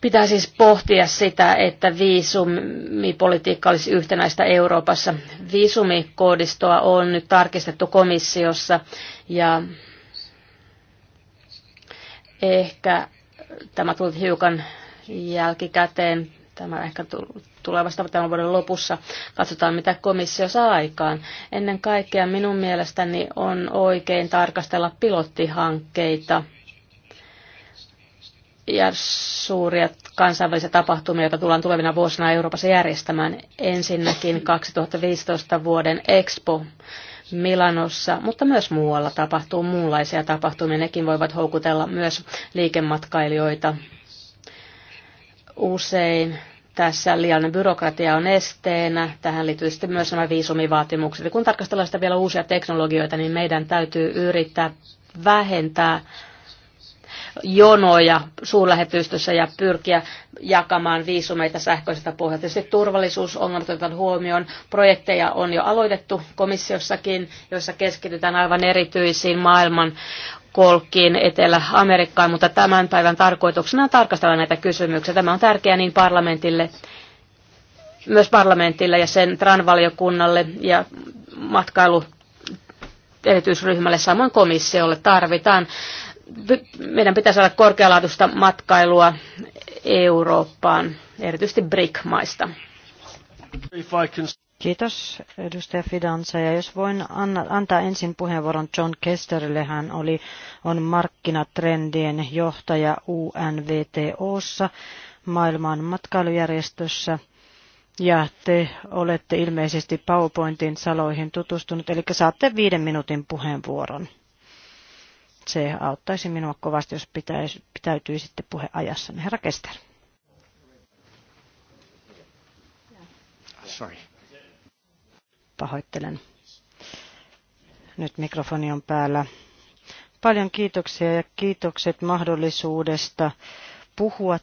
Pitää siis pohtia sitä, että viisumipolitiikka olisi yhtenäistä Euroopassa. Viisumikoodistoa on nyt tarkistettu komissiossa ja ehkä tämä tuli hiukan jälkikäteen. Tämä ehkä tulee vasta tämän vuoden lopussa. Katsotaan, mitä komissio saa aikaan. Ennen kaikkea minun mielestäni on oikein tarkastella pilottihankkeita – ja suuria kansainvälisiä tapahtumia, joita tullaan tulevina vuosina Euroopassa järjestämään. Ensinnäkin 2015 vuoden Expo Milanossa, mutta myös muualla tapahtuu muunlaisia tapahtumia. Nekin voivat houkutella myös liikematkailijoita. Usein tässä liiallinen byrokratia on esteenä. Tähän liittyy sitten myös nämä viisumivaatimukset. Ja kun tarkastellaan sitä vielä uusia teknologioita, niin meidän täytyy yrittää vähentää jonoja suurlähetystössä ja pyrkiä jakamaan viisumeita sähköisestä pohjalta. Tietysti turvallisuusongelmat otetaan huomioon. Projekteja on jo aloitettu komissiossakin, joissa keskitytään aivan erityisiin maailman kolkkiin Etelä-Amerikkaan, mutta tämän päivän tarkoituksena on tarkastella näitä kysymyksiä. Tämä on tärkeää niin parlamentille, myös parlamentille ja sen transvaliokunnalle ja matkailu erityisryhmälle, samoin komissiolle tarvitaan meidän pitää saada korkealaatuista matkailua Eurooppaan, erityisesti BRIC-maista. Kiitos edustaja Fidanza. Ja jos voin anna, antaa ensin puheenvuoron John Kesterille, hän oli, on markkinatrendien johtaja UNVTOssa, maailman matkailujärjestössä. Ja te olette ilmeisesti PowerPointin saloihin tutustunut, eli saatte viiden minuutin puheenvuoron. Se auttaisi minua kovasti, jos pitäisi, pitäytyisitte puheajassa. Herra Kester. Sorry. Pahoittelen. Nyt mikrofoni on päällä. Paljon kiitoksia ja kiitokset mahdollisuudesta puhua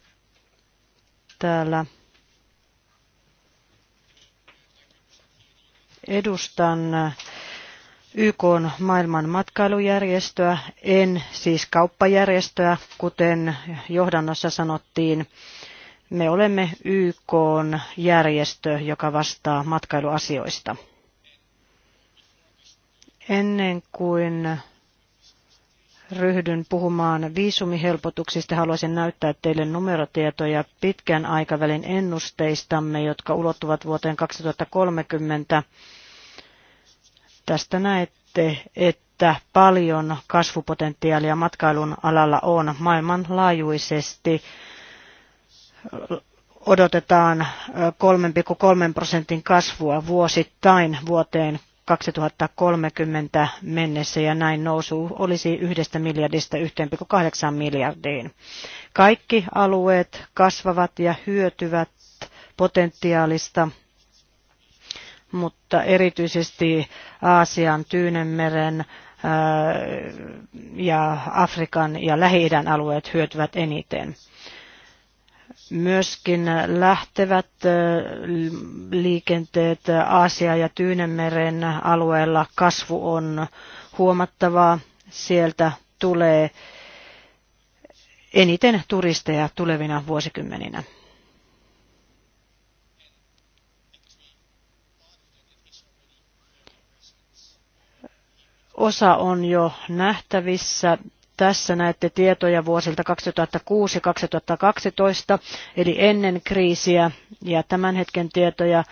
täällä. Edustan YK on maailman matkailujärjestöä, en siis kauppajärjestöä, kuten johdannossa sanottiin. Me olemme YK on järjestö, joka vastaa matkailuasioista. Ennen kuin ryhdyn puhumaan viisumihelpotuksista, haluaisin näyttää teille numerotietoja pitkän aikavälin ennusteistamme, jotka ulottuvat vuoteen 2030 Tästä näette, että paljon kasvupotentiaalia matkailun alalla on maailmanlaajuisesti. Odotetaan 3,3 prosentin kasvua vuosittain vuoteen 2030 mennessä ja näin nousu olisi yhdestä miljardista 1,8 miljardiin. Kaikki alueet kasvavat ja hyötyvät potentiaalista mutta erityisesti Aasian, Tyynenmeren ja Afrikan ja Lähi-idän alueet hyötyvät eniten myöskin lähtevät liikenteet Aasia ja Tyynenmeren alueella kasvu on huomattavaa. Sieltä tulee eniten turisteja tulevina vuosikymmeninä. Osa on jo nähtävissä. Tässä näette tietoja vuosilta 2006-2012, eli ennen kriisiä, ja tämän hetken tietoja.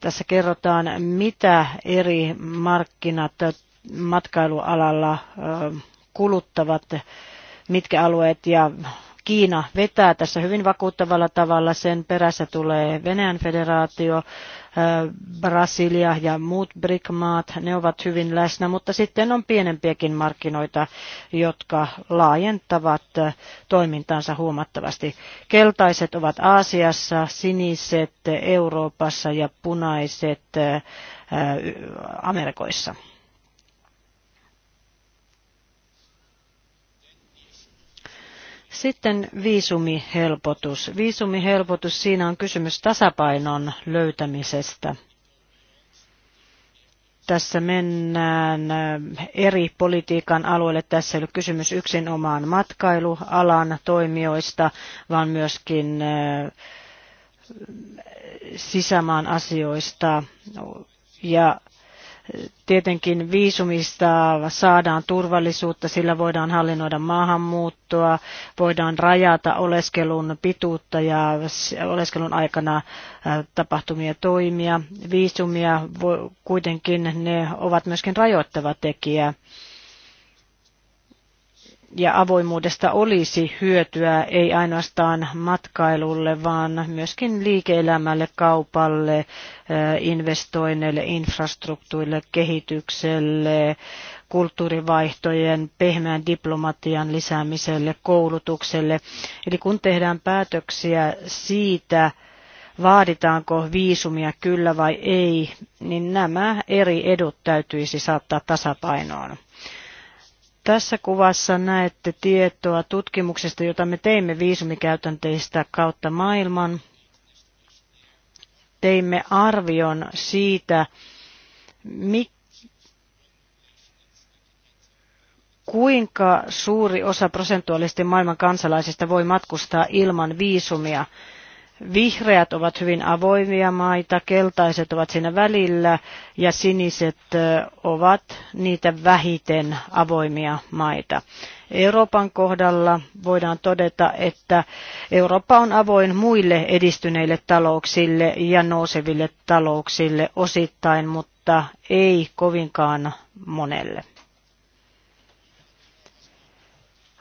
Tässä kerrotaan, mitä eri markkinat matkailualalla kuluttavat, mitkä alueet ja Kiina vetää tässä hyvin vakuuttavalla tavalla. Sen perässä tulee Venäjän federaatio, äh, Brasilia ja muut BRIC-maat, ne ovat hyvin läsnä, mutta sitten on pienempiäkin markkinoita, jotka laajentavat äh, toimintansa huomattavasti. Keltaiset ovat Aasiassa, siniset Euroopassa ja punaiset äh, Amerikoissa. Sitten viisumihelpotus. Viisumihelpotus, siinä on kysymys tasapainon löytämisestä. Tässä mennään äh, eri politiikan alueille. Tässä ei ole kysymys yksin omaan matkailualan toimijoista, vaan myöskin äh, sisämaan asioista. Ja Tietenkin viisumista saadaan turvallisuutta, sillä voidaan hallinnoida maahanmuuttoa, voidaan rajata oleskelun pituutta ja oleskelun aikana äh, tapahtumia toimia. Viisumia kuitenkin ne ovat myöskin rajoittava tekijä ja avoimuudesta olisi hyötyä ei ainoastaan matkailulle, vaan myöskin liike-elämälle, kaupalle, eh, investoinneille, infrastruktuurille, kehitykselle, kulttuurivaihtojen, pehmeän diplomatian lisäämiselle, koulutukselle. Eli kun tehdään päätöksiä siitä, vaaditaanko viisumia kyllä vai ei, niin nämä eri edut täytyisi saattaa tasapainoon. Tässä kuvassa näette tietoa tutkimuksesta, jota me teimme viisumikäytänteistä kautta maailman. Teimme arvion siitä, mikä kuinka suuri osa prosentuaalisesti maailman kansalaisista voi matkustaa ilman viisumia. Vihreät ovat hyvin avoimia maita, keltaiset ovat siinä välillä ja siniset ovat niitä vähiten avoimia maita. Euroopan kohdalla voidaan todeta, että Eurooppa on avoin muille edistyneille talouksille ja nouseville talouksille osittain, mutta ei kovinkaan monelle.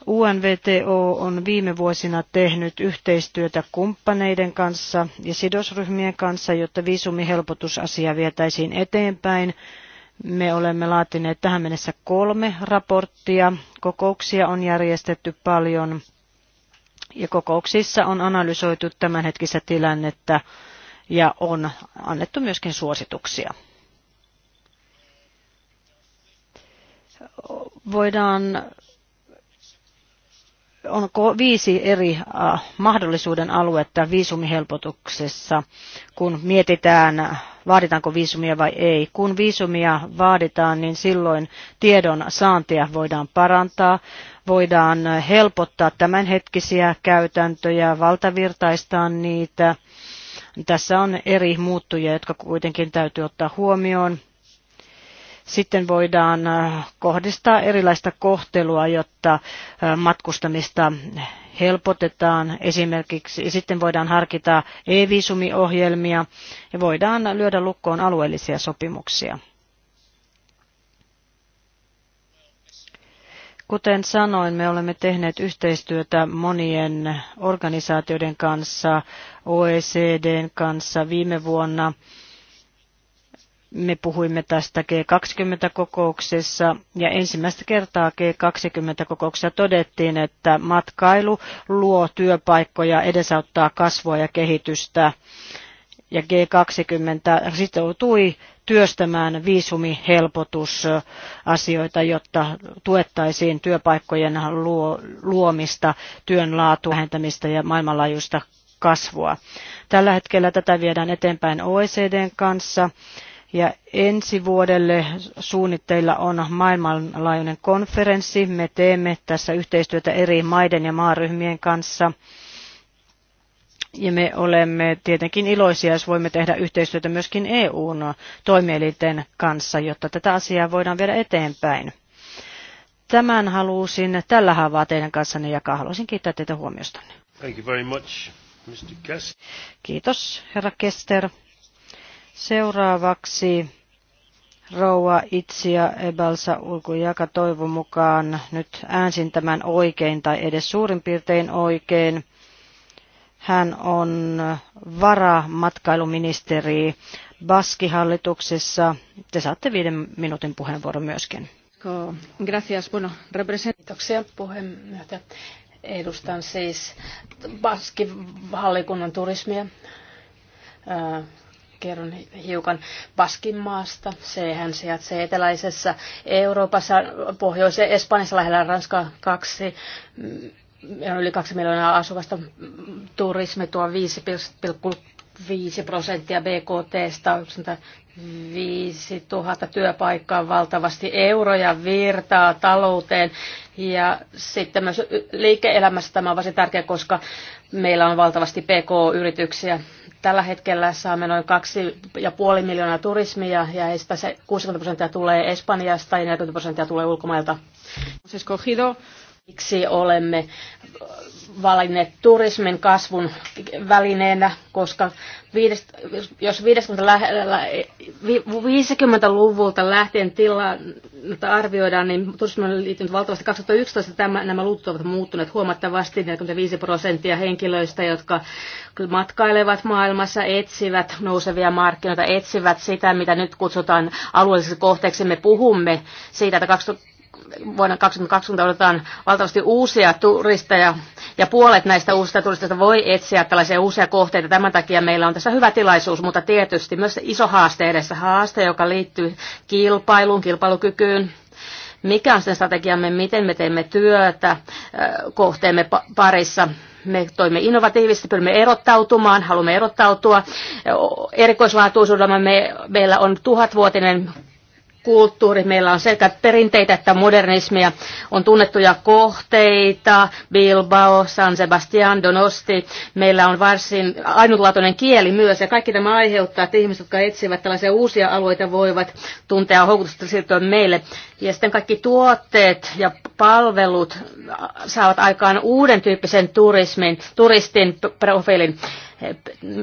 UNVTO on viime vuosina tehnyt yhteistyötä kumppaneiden kanssa ja sidosryhmien kanssa, jotta viisumihelpotusasia vietäisiin eteenpäin. Me olemme laatineet tähän mennessä kolme raporttia. Kokouksia on järjestetty paljon ja kokouksissa on analysoitu tämänhetkistä tilannetta ja on annettu myöskin suosituksia. Voidaan on viisi eri mahdollisuuden aluetta viisumihelpotuksessa, kun mietitään, vaaditaanko viisumia vai ei. Kun viisumia vaaditaan, niin silloin tiedon saantia voidaan parantaa, voidaan helpottaa tämänhetkisiä käytäntöjä, valtavirtaistaa niitä. Tässä on eri muuttuja, jotka kuitenkin täytyy ottaa huomioon. Sitten voidaan äh, kohdistaa erilaista kohtelua, jotta äh, matkustamista helpotetaan. Esimerkiksi sitten voidaan harkita e-viisumiohjelmia ja voidaan lyödä lukkoon alueellisia sopimuksia. Kuten sanoin, me olemme tehneet yhteistyötä monien organisaatioiden kanssa, OECDn kanssa viime vuonna me puhuimme tästä G20-kokouksessa ja ensimmäistä kertaa G20-kokouksessa todettiin, että matkailu luo työpaikkoja, edesauttaa kasvua ja kehitystä. Ja G20 sitoutui työstämään viisumihelpotusasioita, jotta tuettaisiin työpaikkojen luomista, työn laatu vähentämistä ja maailmanlaajuista kasvua. Tällä hetkellä tätä viedään eteenpäin OECDn kanssa ja ensi vuodelle suunnitteilla on maailmanlaajuinen konferenssi. Me teemme tässä yhteistyötä eri maiden ja maaryhmien kanssa. Ja me olemme tietenkin iloisia, jos voimme tehdä yhteistyötä myöskin EUn toimielinten kanssa, jotta tätä asiaa voidaan viedä eteenpäin. Tämän halusin tällä haavaa teidän kanssanne jakaa. Haluaisin kiittää teitä huomiostanne. Thank you very much, Mr. Kiitos, herra Kester. Seuraavaksi rouva Itsia Ebalsa Ulkujaka toivon mukaan nyt äänsin tämän oikein tai edes suurin piirtein oikein. Hän on varamatkailuministeri Baskihallituksessa. Te saatte viiden minuutin puheenvuoron myöskin. Gracias. Bueno, Kiitoksia puheenjohtaja. Edustan siis Baskihallikunnan turismia kerron hiukan maasta. Sehän sijaitsee eteläisessä Euroopassa, pohjois- Espanjassa lähellä Ranskaa kaksi on mm, yli kaksi miljoonaa asukasta. Turismi tuo 5,5 prosenttia BKTstä, 5 000 työpaikkaa, valtavasti euroja virtaa talouteen. Ja sitten myös liike-elämässä tämä on varsin tärkeä, koska meillä on valtavasti PK-yrityksiä Tällä hetkellä saamme noin 2,5 miljoonaa turismia ja heistä 60 prosenttia tulee Espanjasta ja 40 prosenttia tulee ulkomailta. Siksi olemme valinneet turismin kasvun välineenä, koska 50, jos 50-luvulta lähtien tilannetta arvioidaan, niin turismi on liittynyt valtavasti. 2011 tämä, nämä luvut ovat muuttuneet huomattavasti. 45 prosenttia henkilöistä, jotka matkailevat maailmassa, etsivät nousevia markkinoita, etsivät sitä, mitä nyt kutsutaan alueelliseksi kohteeksi. Me puhumme siitä, että 20 vuonna 2020 odotetaan valtavasti uusia turisteja ja puolet näistä uusista turisteista voi etsiä tällaisia uusia kohteita. Tämän takia meillä on tässä hyvä tilaisuus, mutta tietysti myös iso haaste edessä. Haaste, joka liittyy kilpailuun, kilpailukykyyn, mikä on sen strategiamme, miten me teemme työtä kohteemme parissa. Me toimme innovatiivisesti, pyrimme erottautumaan, haluamme erottautua. Erikoislaatuisuudella me, meillä on tuhatvuotinen kulttuuri. Meillä on sekä perinteitä että modernismia. On tunnettuja kohteita, Bilbao, San Sebastian, Donosti. Meillä on varsin ainutlaatuinen kieli myös. Ja kaikki tämä aiheuttaa, että ihmiset, jotka etsivät tällaisia uusia alueita, voivat tuntea houkutusta siirtyä meille. Ja sitten kaikki tuotteet ja palvelut saavat aikaan uuden tyyppisen turismin, turistin profiilin.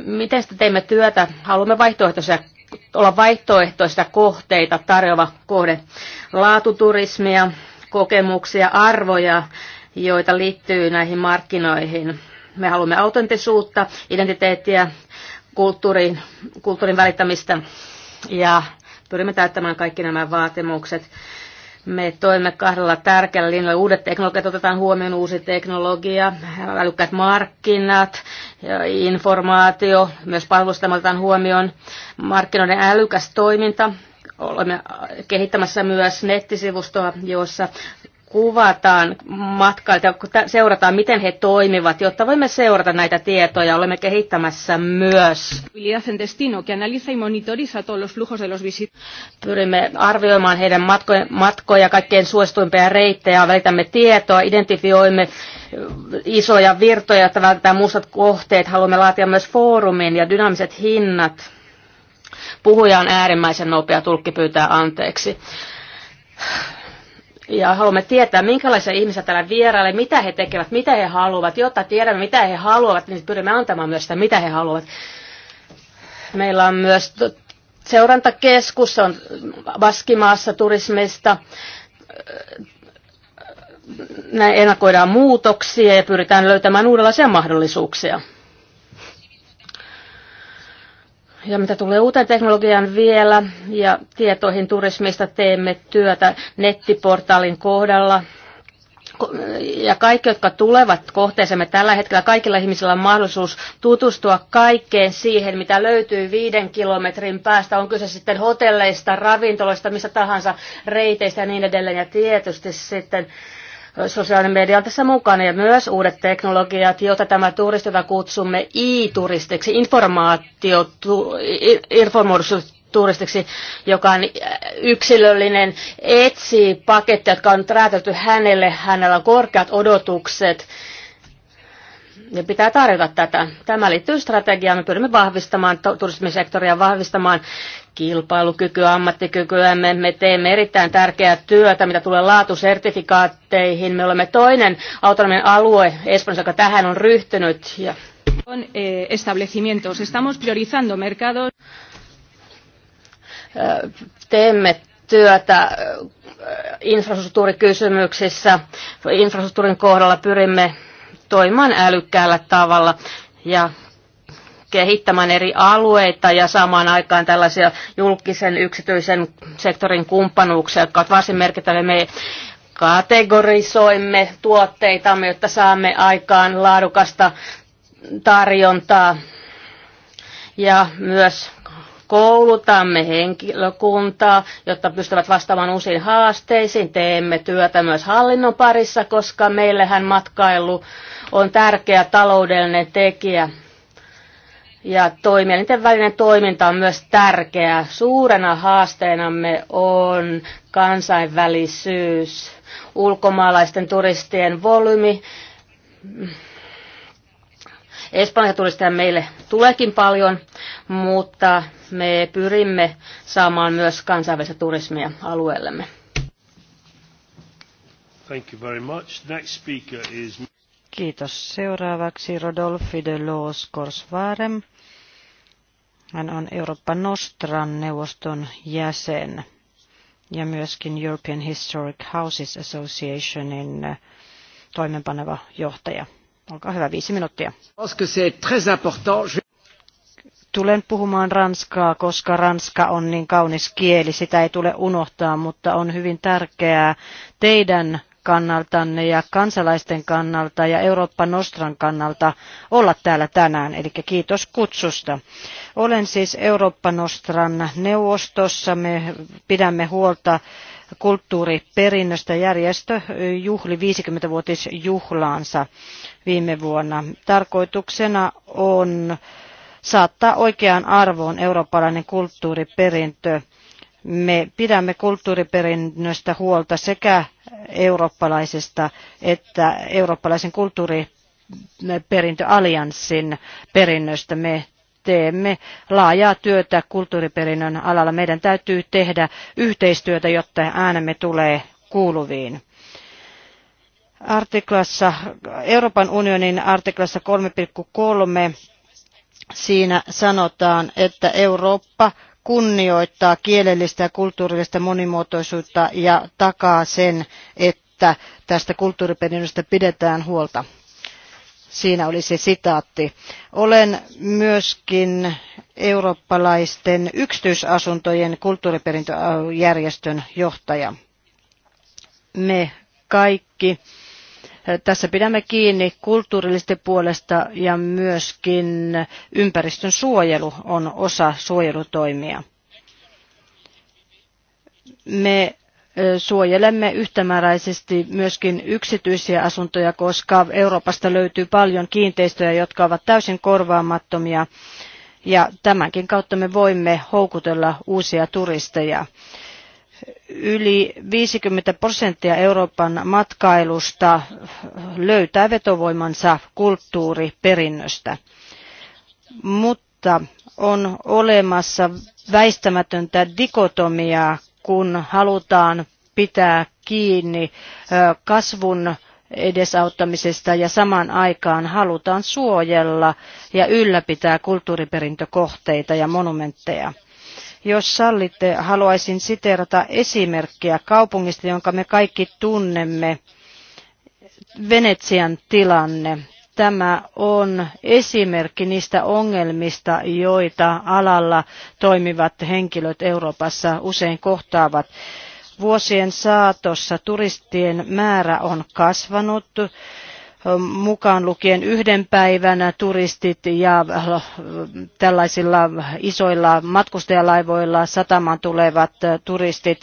Miten sitä teemme työtä? Haluamme vaihtoehtoisia olla vaihtoehtoista kohteita tarjoava kohde. Laatuturismia, kokemuksia, arvoja, joita liittyy näihin markkinoihin. Me haluamme autentisuutta, identiteettiä, kulttuurin, kulttuurin välittämistä ja pyrimme täyttämään kaikki nämä vaatimukset. Me toimme kahdella tärkeällä linjalla. Uudet teknologiat otetaan huomioon, uusi teknologia, älykkäät markkinat, informaatio, myös palvelusta otetaan huomioon, markkinoiden älykäs toiminta. Olemme kehittämässä myös nettisivustoa, jossa kuvataan matkailta, kun seurataan, miten he toimivat, jotta voimme seurata näitä tietoja. Olemme kehittämässä myös. Pyrimme arvioimaan heidän matkoja, matkoja kaikkein suosituimpia reittejä, välitämme tietoa, identifioimme isoja virtoja, jotta vältetään mustat kohteet. Haluamme laatia myös foorumin ja dynaamiset hinnat. Puhuja on äärimmäisen nopea, tulkki pyytää anteeksi ja haluamme tietää, minkälaisia ihmisiä täällä vieraille, mitä he tekevät, mitä he haluavat, jotta tiedämme, mitä he haluavat, niin pyrimme antamaan myös sitä, mitä he haluavat. Meillä on myös seurantakeskus, se on Vaskimaassa turismista. Näin ennakoidaan muutoksia ja pyritään löytämään uudenlaisia mahdollisuuksia. Ja mitä tulee uuteen teknologiaan vielä ja tietoihin turismista, teemme työtä nettiportaalin kohdalla. Ja kaikki, jotka tulevat kohteeseemme tällä hetkellä, kaikilla ihmisillä on mahdollisuus tutustua kaikkeen siihen, mitä löytyy viiden kilometrin päästä. On kyse sitten hotelleista, ravintoloista, missä tahansa, reiteistä ja niin edelleen. Ja tietysti sitten sosiaalinen media on tässä mukana ja myös uudet teknologiat, joita tämä turisti, jota kutsumme i-turistiksi, informaatio, informoidus turistiksi, joka on yksilöllinen, etsii paketteja, jotka on räätälty hänelle, hänellä on korkeat odotukset ja pitää tarjota tätä. Tämä liittyy strategiaan. Me pyrimme vahvistamaan turismisektoria, vahvistamaan kilpailukyky, ammattikykyämme. Me teemme erittäin tärkeää työtä, mitä tulee laatusertifikaatteihin. Me olemme toinen autonominen alue Espanjassa, joka tähän on ryhtynyt. Ja... On eh, establecimientos. Estamos priorizando mercados. Teemme työtä infrastruktuurikysymyksissä. Infrastruktuurin kohdalla pyrimme toimimaan älykkäällä tavalla ja kehittämään eri alueita ja samaan aikaan tällaisia julkisen yksityisen sektorin kumppanuuksia, jotka ovat varsin merkittäviä. Me kategorisoimme tuotteitamme, jotta saamme aikaan laadukasta tarjontaa ja myös koulutamme henkilökuntaa, jotta pystyvät vastaamaan uusiin haasteisiin. Teemme työtä myös hallinnon parissa, koska meillähän matkailu on tärkeä taloudellinen tekijä ja toimielinten välinen toiminta on myös tärkeää. Suurena haasteenamme on kansainvälisyys, ulkomaalaisten turistien volyymi. Espanjan turisteja meille tuleekin paljon, mutta me pyrimme saamaan myös kansainvälistä turismia alueellemme. Thank you very much. Next speaker is... Kiitos. Seuraavaksi Rodolfi de Los Corsvarem. Hän on Euroopan Nostran neuvoston jäsen ja myöskin European Historic Houses Associationin eh, toimenpaneva johtaja. Olkaa hyvä, viisi minuuttia. Tulen puhumaan ranskaa, koska ranska on niin kaunis kieli, sitä ei tule unohtaa, mutta on hyvin tärkeää teidän kannaltanne ja kansalaisten kannalta ja Eurooppa Nostran kannalta olla täällä tänään. Eli kiitos kutsusta. Olen siis Eurooppa Nostran neuvostossa. Me pidämme huolta kulttuuriperinnöstä järjestö juhli 50-vuotisjuhlaansa viime vuonna. Tarkoituksena on saattaa oikeaan arvoon eurooppalainen kulttuuriperintö me pidämme kulttuuriperinnöstä huolta sekä eurooppalaisesta että eurooppalaisen kulttuuriperintöallianssin perinnöstä. Me teemme laajaa työtä kulttuuriperinnön alalla. Meidän täytyy tehdä yhteistyötä, jotta äänemme tulee kuuluviin artiklassa, Euroopan unionin artiklassa 3.3 siinä sanotaan, että Eurooppa kunnioittaa kielellistä ja kulttuurillista monimuotoisuutta ja takaa sen, että tästä kulttuuriperinnöstä pidetään huolta. Siinä oli se sitaatti. Olen myöskin eurooppalaisten yksityisasuntojen kulttuuriperintöjärjestön johtaja. Me kaikki tässä pidämme kiinni kulttuurillisesta puolesta ja myöskin ympäristön suojelu on osa suojelutoimia. Me suojelemme yhtämääräisesti myöskin yksityisiä asuntoja, koska Euroopasta löytyy paljon kiinteistöjä, jotka ovat täysin korvaamattomia ja tämänkin kautta me voimme houkutella uusia turisteja yli 50 prosenttia Euroopan matkailusta löytää vetovoimansa kulttuuriperinnöstä. Mutta on olemassa väistämätöntä dikotomiaa, kun halutaan pitää kiinni kasvun edesauttamisesta ja samaan aikaan halutaan suojella ja ylläpitää kulttuuriperintökohteita ja monumentteja. Jos sallitte, haluaisin siteerata esimerkkiä kaupungista, jonka me kaikki tunnemme. Venetsian tilanne. Tämä on esimerkki niistä ongelmista, joita alalla toimivat henkilöt Euroopassa usein kohtaavat. Vuosien saatossa turistien määrä on kasvanut mukaan lukien yhden päivän turistit ja tällaisilla isoilla matkustajalaivoilla satamaan tulevat turistit.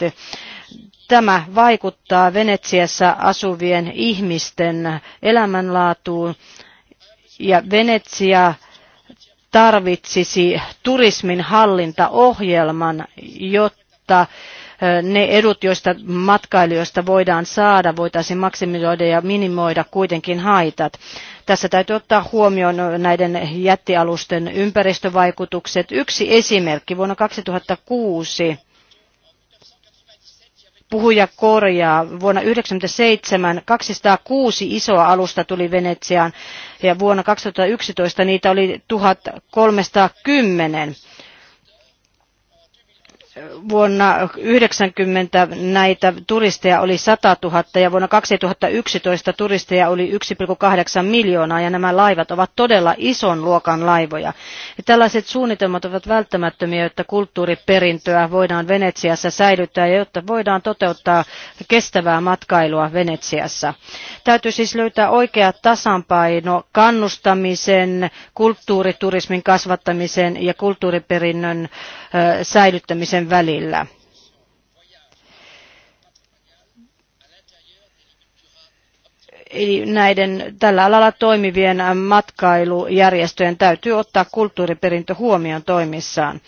Tämä vaikuttaa Venetsiassa asuvien ihmisten elämänlaatuun ja Venetsia tarvitsisi turismin hallintaohjelman, jotta jotta ne edut, joista matkailijoista voidaan saada, voitaisiin maksimoida ja minimoida kuitenkin haitat. Tässä täytyy ottaa huomioon näiden jättialusten ympäristövaikutukset. Yksi esimerkki vuonna 2006 puhuja korjaa. Vuonna 1997 206 isoa alusta tuli Venetsiaan ja vuonna 2011 niitä oli 1310 vuonna 1990 näitä turisteja oli 100 000 ja vuonna 2011 turisteja oli 1,8 miljoonaa ja nämä laivat ovat todella ison luokan laivoja. Ja tällaiset suunnitelmat ovat välttämättömiä, jotta kulttuuriperintöä voidaan Venetsiassa säilyttää ja jotta voidaan toteuttaa kestävää matkailua Venetsiassa. Täytyy siis löytää oikea tasapaino kannustamisen, kulttuuriturismin kasvattamisen ja kulttuuriperinnön säilyttämisen maiden välillä. Eli näiden tällä alalla toimivien matkailujärjestöjen täytyy ottaa kulttuuriperintö huomioon toimissaan.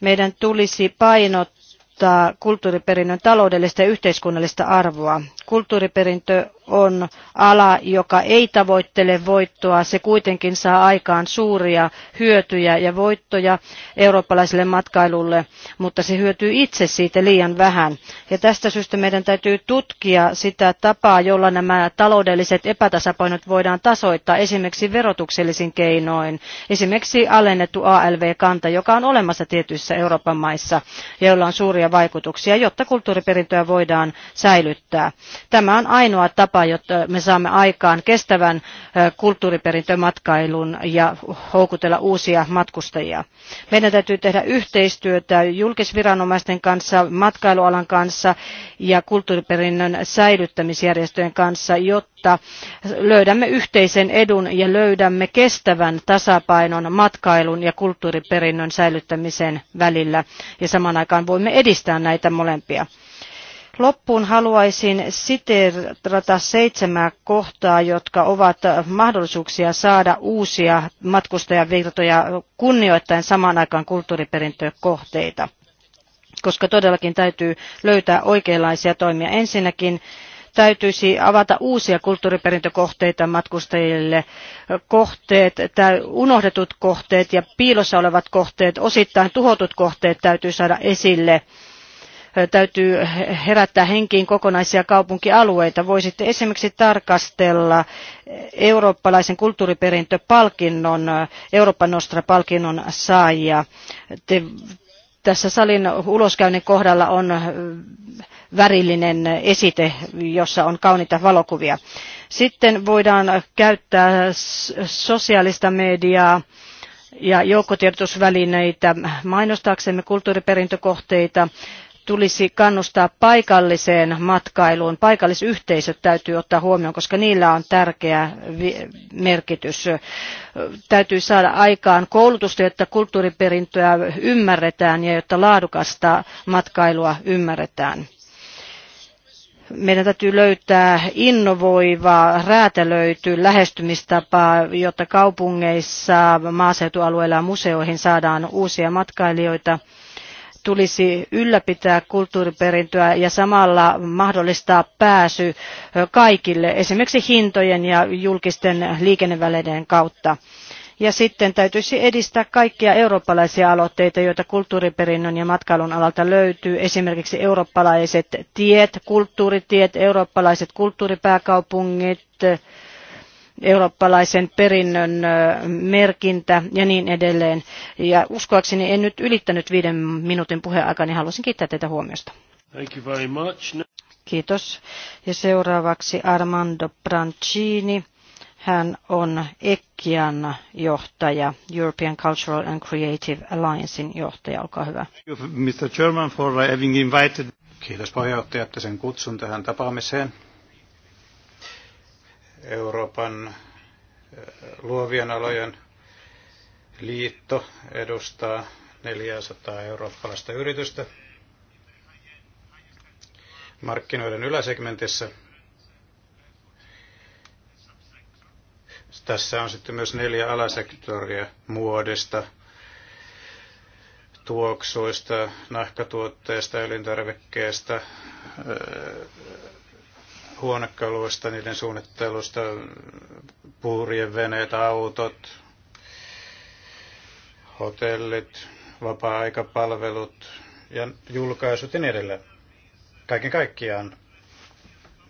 Meidän tulisi painottaa kulttuuriperinnön taloudellista ja yhteiskunnallista arvoa. Kulttuuriperintö on ala, joka ei tavoittele voittoa. Se kuitenkin saa aikaan suuria hyötyjä ja voittoja eurooppalaiselle matkailulle, mutta se hyötyy itse siitä liian vähän. Ja tästä syystä meidän täytyy tutkia sitä tapaa, jolla nämä taloudelliset epätasapainot voidaan tasoittaa esimerkiksi verotuksellisin keinoin. Esimerkiksi alennettu ALV-kanta, joka on olemassa tietyissä Euroopan maissa ja jolla on suuria vaikutuksia, jotta kulttuuriperintöä voidaan säilyttää. Tämä on ainoa tapa tapa, jotta me saamme aikaan kestävän kulttuuriperintömatkailun ja houkutella uusia matkustajia. Meidän täytyy tehdä yhteistyötä julkisviranomaisten kanssa, matkailualan kanssa ja kulttuuriperinnön säilyttämisjärjestöjen kanssa, jotta löydämme yhteisen edun ja löydämme kestävän tasapainon matkailun ja kulttuuriperinnön säilyttämisen välillä ja samaan aikaan voimme edistää näitä molempia. Loppuun haluaisin siteerata seitsemää kohtaa, jotka ovat mahdollisuuksia saada uusia matkustajavirtoja kunnioittain samaan aikaan kulttuuriperintökohteita, koska todellakin täytyy löytää oikeanlaisia toimia. Ensinnäkin täytyisi avata uusia kulttuuriperintökohteita matkustajille. Kohteet, tai unohdetut kohteet ja piilossa olevat kohteet, osittain tuhotut kohteet täytyy saada esille täytyy herättää henkiin kokonaisia kaupunkialueita. Voisitte esimerkiksi tarkastella eurooppalaisen kulttuuriperintöpalkinnon, Euroopan Nostra-palkinnon saajia. Te, tässä salin uloskäynnin kohdalla on värillinen esite, jossa on kauniita valokuvia. Sitten voidaan käyttää sosiaalista mediaa ja joukkotiedotusvälineitä mainostaaksemme kulttuuriperintökohteita tulisi kannustaa paikalliseen matkailuun. Paikallisyhteisöt täytyy ottaa huomioon, koska niillä on tärkeä merkitys. Täytyy saada aikaan koulutusta, jotta kulttuuriperintöä ymmärretään ja jotta laadukasta matkailua ymmärretään meidän täytyy löytää innovoiva räätälöity lähestymistapa, jotta kaupungeissa, maaseutualueilla ja museoihin saadaan uusia matkailijoita tulisi ylläpitää kulttuuriperintöä ja samalla mahdollistaa pääsy kaikille, esimerkiksi hintojen ja julkisten liikennevälineiden kautta. Ja sitten täytyisi edistää kaikkia eurooppalaisia aloitteita, joita kulttuuriperinnön ja matkailun alalta löytyy. Esimerkiksi eurooppalaiset tiet, kulttuuritiet, eurooppalaiset kulttuuripääkaupungit, eurooppalaisen perinnön merkintä ja niin edelleen. Ja uskoakseni en nyt ylittänyt viiden minuutin puheaikaa, niin haluaisin kiittää teitä huomiosta. Thank you very much. Kiitos. Ja seuraavaksi Armando Brancini. Hän on EKKIAN johtaja, European Cultural and Creative Alliancein johtaja. Olkaa hyvä. Mr. Chairman for having invited. Kiitos puheenjohtaja, että sen kutsun tähän tapaamiseen. Euroopan eh, luovien alojen liitto edustaa 400 eurooppalaista yritystä markkinoiden yläsegmentissä. Tässä on sitten myös neljä alasektoria muodista, tuoksuista, nahkatuotteista, elintarvikkeista, eh, huonekaluista, niiden suunnittelusta, puurien veneet, autot, hotellit, vapaa-aikapalvelut ja julkaisut ja niin edelleen. Kaiken kaikkiaan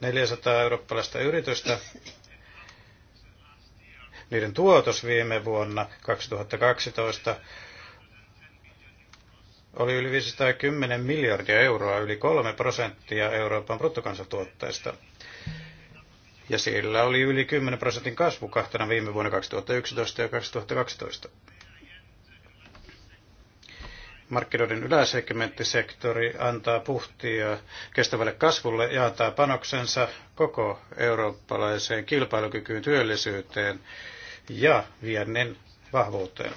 400 eurooppalaista yritystä. Niiden tuotos viime vuonna 2012 oli yli 510 miljardia euroa, yli 3 prosenttia Euroopan bruttokansantuotteesta. Ja sillä oli yli 10 prosentin kasvu kahtena viime vuonna 2011 ja 2012. Markkinoiden yläsegmenttisektori antaa puhtia kestävälle kasvulle ja antaa panoksensa koko eurooppalaiseen kilpailukykyyn, työllisyyteen ja viennin vahvuuteen.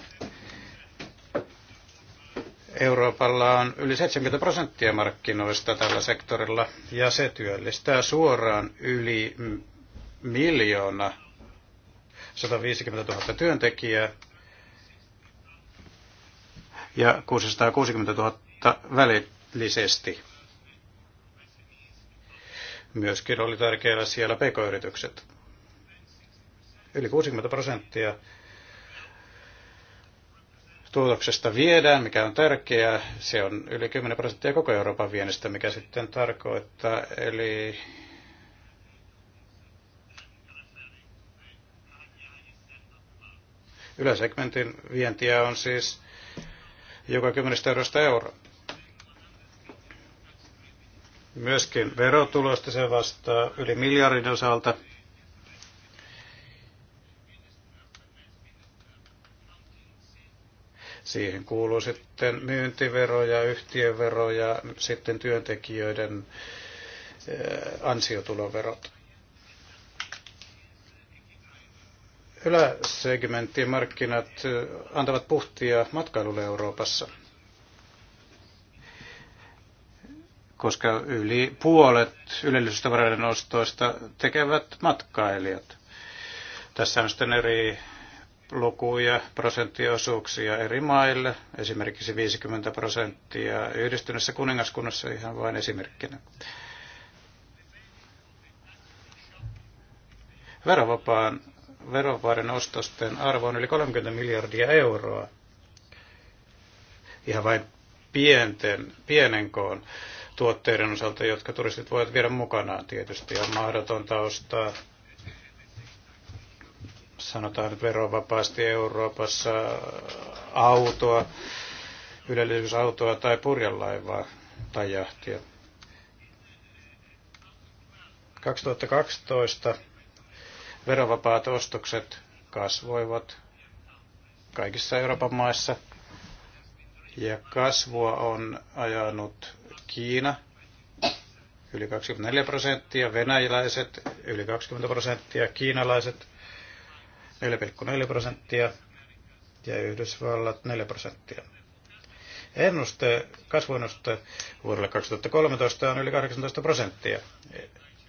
Euroopalla on yli 70 prosenttia markkinoista tällä sektorilla ja se työllistää suoraan yli miljoona 150 000 työntekijää ja 660 000 välillisesti. Myöskin oli tärkeää siellä pk-yritykset. Yli 60 prosenttia tuotoksesta viedään, mikä on tärkeää. Se on yli 10 prosenttia koko Euroopan viennistä, mikä sitten tarkoittaa, eli Yläsegmentin vientiä on siis joka kymmenestä eurosta euro. Myöskin verotuloista se vastaa yli miljardin osalta. Siihen kuuluu sitten myyntiveroja, yhtiöveroja, sitten työntekijöiden eh, ansiotuloverot. yläsegmentin markkinat antavat puhtia matkailulle Euroopassa. koska yli puolet ylellisyystavaroiden ostoista tekevät matkailijat. Tässä on sitten eri lukuja, prosenttiosuuksia eri maille, esimerkiksi 50 prosenttia yhdistyneessä kuningaskunnassa ihan vain esimerkkinä. Verovapaan verovaiden ostosten arvo on yli 30 miljardia euroa. Ihan vain pienten, pienen koon tuotteiden osalta, jotka turistit voivat viedä mukanaan tietysti. On mahdotonta ostaa, sanotaan nyt verovapaasti Euroopassa, autoa, ylellisyysautoa tai purjelaivaa tai jahtia. 2012 Verovapaat ostokset kasvoivat kaikissa Euroopan maissa ja kasvua on ajanut Kiina yli 24 prosenttia, venäläiset yli 20 prosenttia, kiinalaiset 4,4 prosenttia ja Yhdysvallat 4 prosenttia. Ennuste, kasvuennuste vuodelle 2013 on yli 18 prosenttia.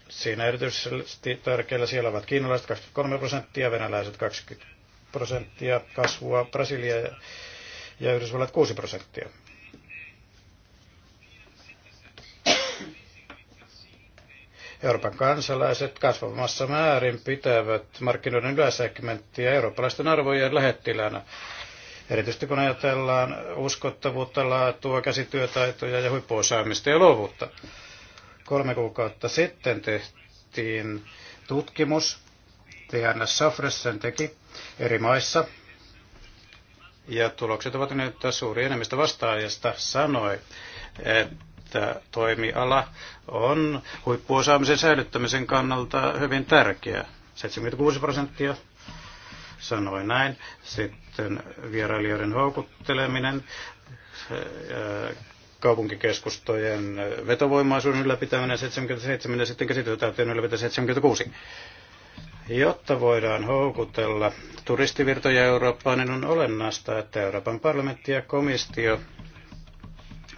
Siinä erityisesti tärkeillä siellä ovat kiinalaiset 23 prosenttia, venäläiset 20 prosenttia kasvua, Brasilia ja, ja Yhdysvallat 6 prosenttia. Euroopan kansalaiset kasvavassa määrin pitävät markkinoiden yläsegmenttiä eurooppalaisten arvojen lähettilänä. Erityisesti kun ajatellaan uskottavuutta, laatua, käsityötaitoja ja huippuosaamista ja luovuutta. Kolme kuukautta sitten tehtiin tutkimus, TNS Safres sen teki eri maissa, ja tulokset ovat nyt, että suuri enemmistö vastaajista sanoi, että toimiala on huippuosaamisen säilyttämisen kannalta hyvin tärkeä. 76 prosenttia sanoi näin. Sitten vierailijoiden houkutteleminen, kaupunkikeskustojen vetovoimaisuuden ylläpitäminen 77 ja sitten käsiteltäyteen ylläpitä 76. Jotta voidaan houkutella turistivirtoja Eurooppaan, niin on olennaista, että Euroopan parlamentti ja komistio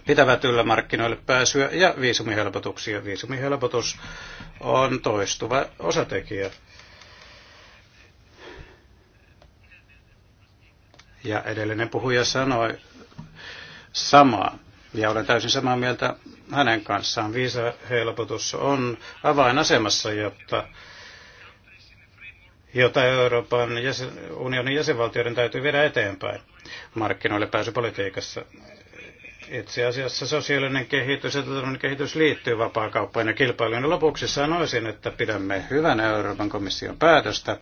pitävät yllä markkinoille pääsyä ja viisumihelpotuksia. Viisumihelpotus on toistuva osatekijä. Ja edellinen puhuja sanoi samaa. Ja olen täysin samaa mieltä hänen kanssaan. helpotus on avainasemassa, jotta, jota Euroopan jäsen, unionin jäsenvaltioiden täytyy viedä eteenpäin markkinoille pääsypolitiikassa. Itse asiassa sosiaalinen kehitys ja taloudellinen kehitys liittyy vapaakauppaan ja kilpailuun. Lopuksi sanoisin, että pidämme hyvänä Euroopan komission päätöstä